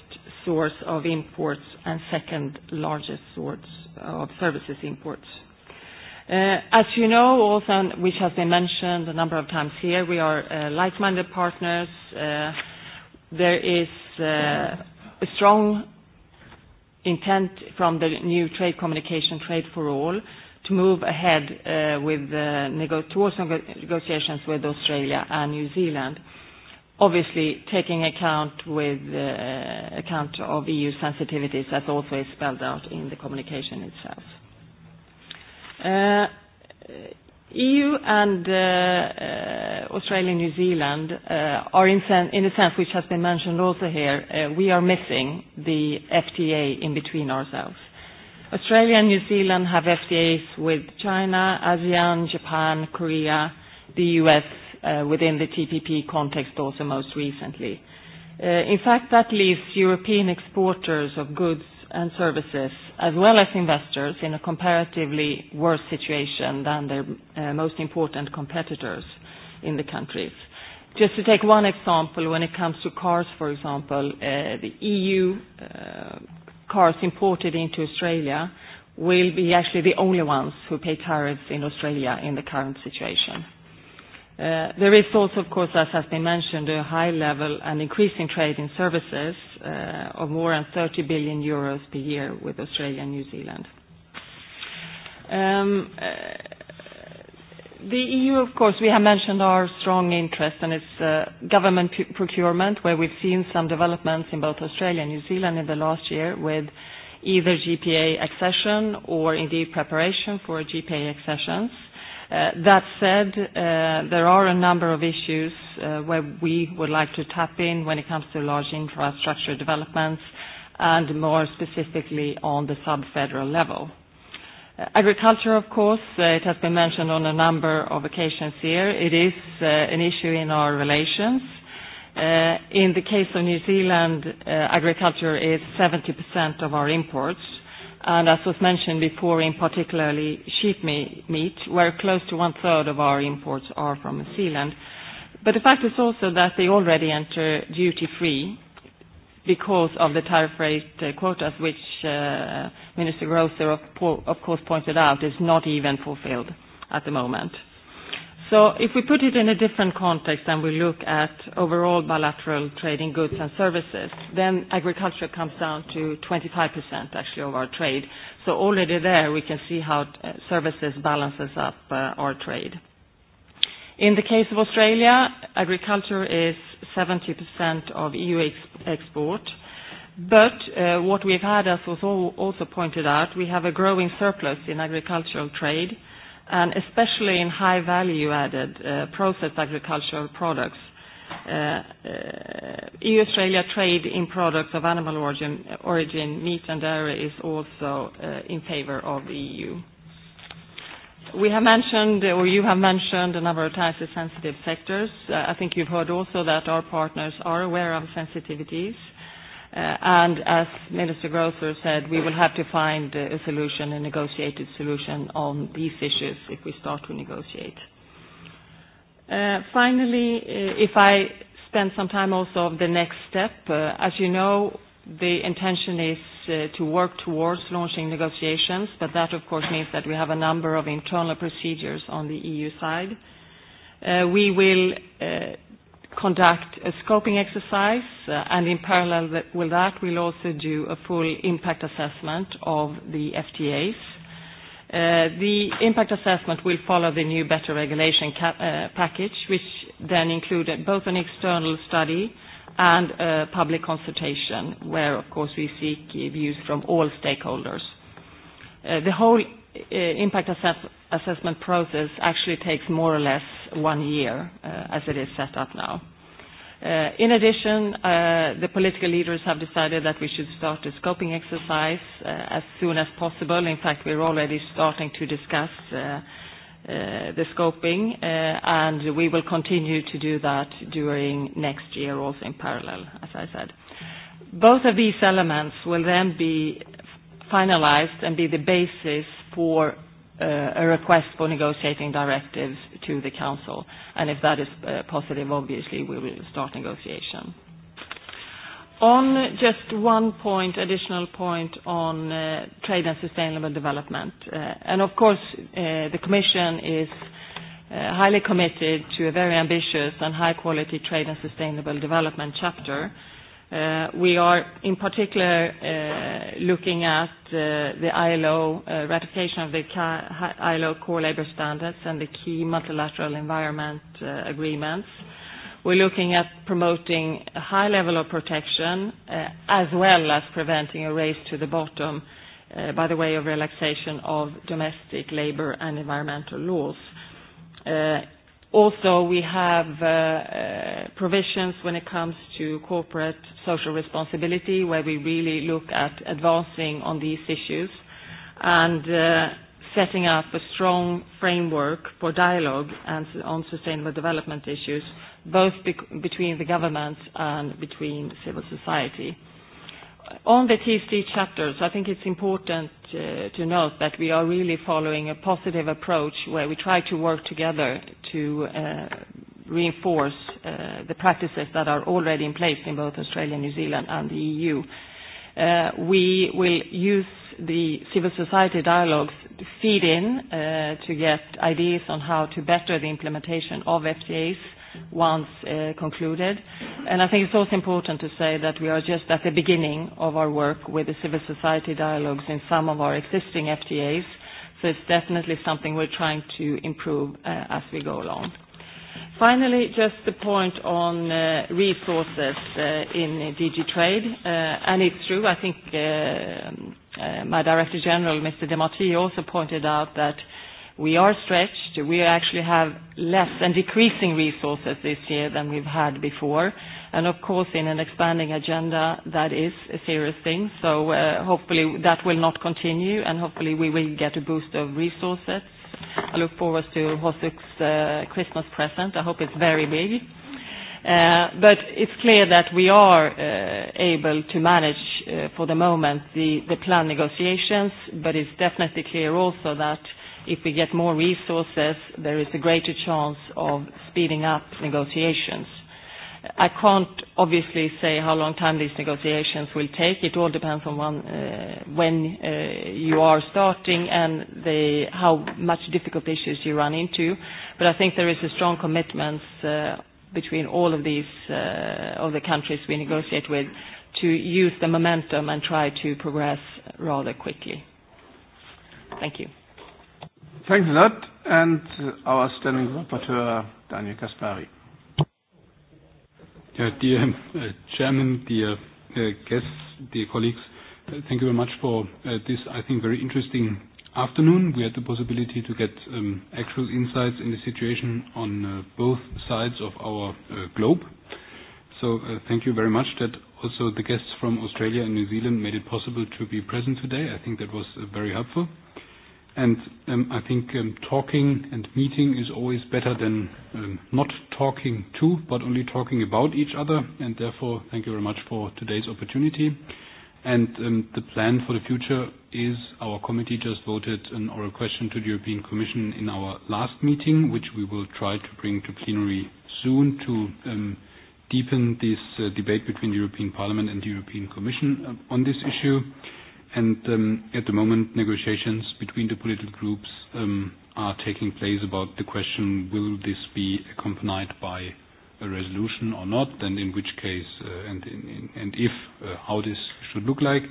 source of imports and second largest source of services imports. As you know, also, which has been mentioned a number of times here, we are like-minded partners there is a strong intent from the new trade communication, Trade for All, to move ahead with towards negotiations with Australia and New Zealand, obviously taking account with account of EU sensitivities, as also is spelled out in the communication itself. EU and Australia and New Zealand are, in a sense, which has been mentioned also here, we are missing the FTA in between ourselves. Australia and New Zealand have FTAs with China, ASEAN, Japan, Korea, the US within the TPP context also most recently. In fact, that leaves European exporters of goods and services, as well as investors, in a comparatively worse situation than their most important competitors in the countries. Just to take one example, when it comes to cars, for example, the EU cars imported into Australia will be actually the only ones who pay tariffs in Australia in the current situation. There is also, of course, as has been mentioned, a high level and increasing trade in services of more than 30 billion euros per year with Australia and New Zealand. The EU, of course, we have mentioned our strong interest in its government procurement, where we've seen some developments in both Australia and New Zealand in the last year with either GPA accession or indeed preparation for GPA accessions. That said, there are a number of issues where we would like to tap in when it comes to large infrastructure developments and more specifically on the sub-federal level. Agriculture, of course, it has been mentioned on a number of occasions here. It is an issue in our relations. In the case of New Zealand, agriculture is 70% of our imports and as was mentioned before, in particularly sheep meat, where close to one-third of our imports are from New Zealand. But the fact is also that they already enter duty-free because of the tariff rate quotas, which Minister Grosser, of course, pointed out is not even fulfilled at the moment. So if we put it in a different context and we look at overall bilateral trading goods and services, then agriculture comes down to 25% actually of our trade. So already there we can see how services balances up our trade. In the case of Australia, agriculture is 70% of EU export. But what we've had, as was also pointed out, we have a growing surplus in agricultural trade and especially in high value-added processed agricultural products. EU-Australia trade in products of animal origin, meat and dairy is also in favor of the EU. We have mentioned, or you have mentioned, a number of the sensitive sectors. I think you've heard also that our partners are aware of sensitivities. And as Minister Grosser said, we will have to find a solution, a negotiated solution on these issues if we start to negotiate. Finally, if I spend some time also on the next step, as you know, the intention is to work towards launching negotiations, but that of course means that we have a number of internal procedures on the EU side. We will conduct a scoping exercise, and in parallel with that, we'll also do a full impact assessment of the FTAs. The impact assessment will follow the new better regulation package, which then included both an external study and a public consultation, where, of course, we seek views from all stakeholders. The whole impact assessment process actually takes more or less one year as it is set up now. In addition, the political leaders have decided that we should start a scoping exercise as soon as possible. In fact, we're already starting to discuss the scoping, and we will continue to do that during next year also in parallel, as I said. Both of these elements will then be finalized and be the basis for a request for negotiating directives to the Council. And if that is positive, obviously, we will start negotiation. On just one point, additional point on trade and sustainable development. And of course, the Commission is highly committed to a very ambitious and high-quality trade and sustainable development chapter We are in particular looking at the ILO ratification of the ILO core labor standards and the key multilateral environment agreements. We're looking at promoting a high level of protection as well as preventing a race to the bottom by the way of relaxation of domestic labor and environmental laws. Also, we have provisions when it comes to corporate social responsibility, where we really look at advancing on these issues and setting up a strong framework for dialogue on sustainable development issues, both between the government and between civil society. On the TSD chapters, I think it's important to note that we are really following a positive approach where we try to work together to reinforce the practices that are already in place in both Australia, New Zealand and the EU. We will use the civil society dialogues to feed in to get ideas on how to better the implementation of FTAs once concluded. And I think it's also important to say that we are just at the beginning of our work with the civil society dialogues in some of our existing FTAs, so it's definitely something we're trying to improve as we go along. Finally, just the point on resources in DG Trade. And it's true, I think my Director General, Mr. DeMartini, also pointed out that we are stretched. We actually have less and decreasing resources this year than we've had before. And of course, in an expanding agenda, that is a serious thing. So hopefully that will not continue, and hopefully we will get a boost of resources. I look forward to Hosuk's Christmas present. I hope it's very big. But it's clear that we are able to manage for the moment the plan negotiations, but it's definitely clear also that if we get more resources, there is a greater chance of speeding up negotiations. I can't obviously say how long time these negotiations will take. It all depends on when you are starting and how much difficult issues you run into. But I think there is a strong commitment between all of these of the countries we negotiate with to use the momentum and try to progress rather quickly. Thank you.
Thanks a lot, and our standing rapporteur, Daniel Kaspari.
dear Chairman, dear guests, dear colleagues, thank you very much for this, I think, very interesting afternoon. We had the possibility to get actual insights in the situation on both sides of our globe. So thank you very much that also the guests from Australia and New Zealand made it possible to be present today. I think that was very helpful. And I think talking and meeting is always better than not talking to, but only talking about each other. And therefore, thank you very much for today's opportunity. And the plan for the future is our committee just voted an oral question to the European Commission in our last meeting, which we will try to bring to plenary soon to deepen this debate between the European Parliament and the European Commission on this issue. And at the moment, negotiations between the political groups are taking place about the question, will this be accompanied by a resolution or not, and in which case, and and if, how this should look like.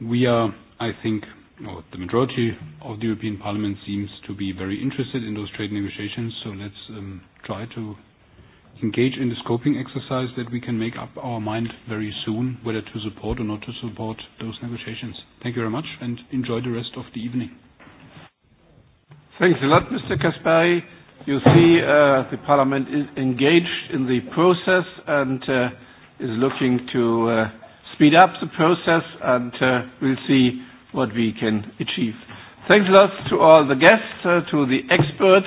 We are, I think, or the majority of the European Parliament seems to be very interested in those trade negotiations, so let's try to engage in the scoping exercise that we can make up our mind very soon whether to support or not to support those negotiations. Thank you very much and enjoy the rest of the evening. Thanks a lot, Mr.
Kaspari. You see, the Parliament is engaged in the process and is looking to speed up the process and we'll see what we can achieve. Thanks a lot to all the guests, to the experts,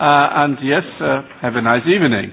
and yes, uh, have a nice evening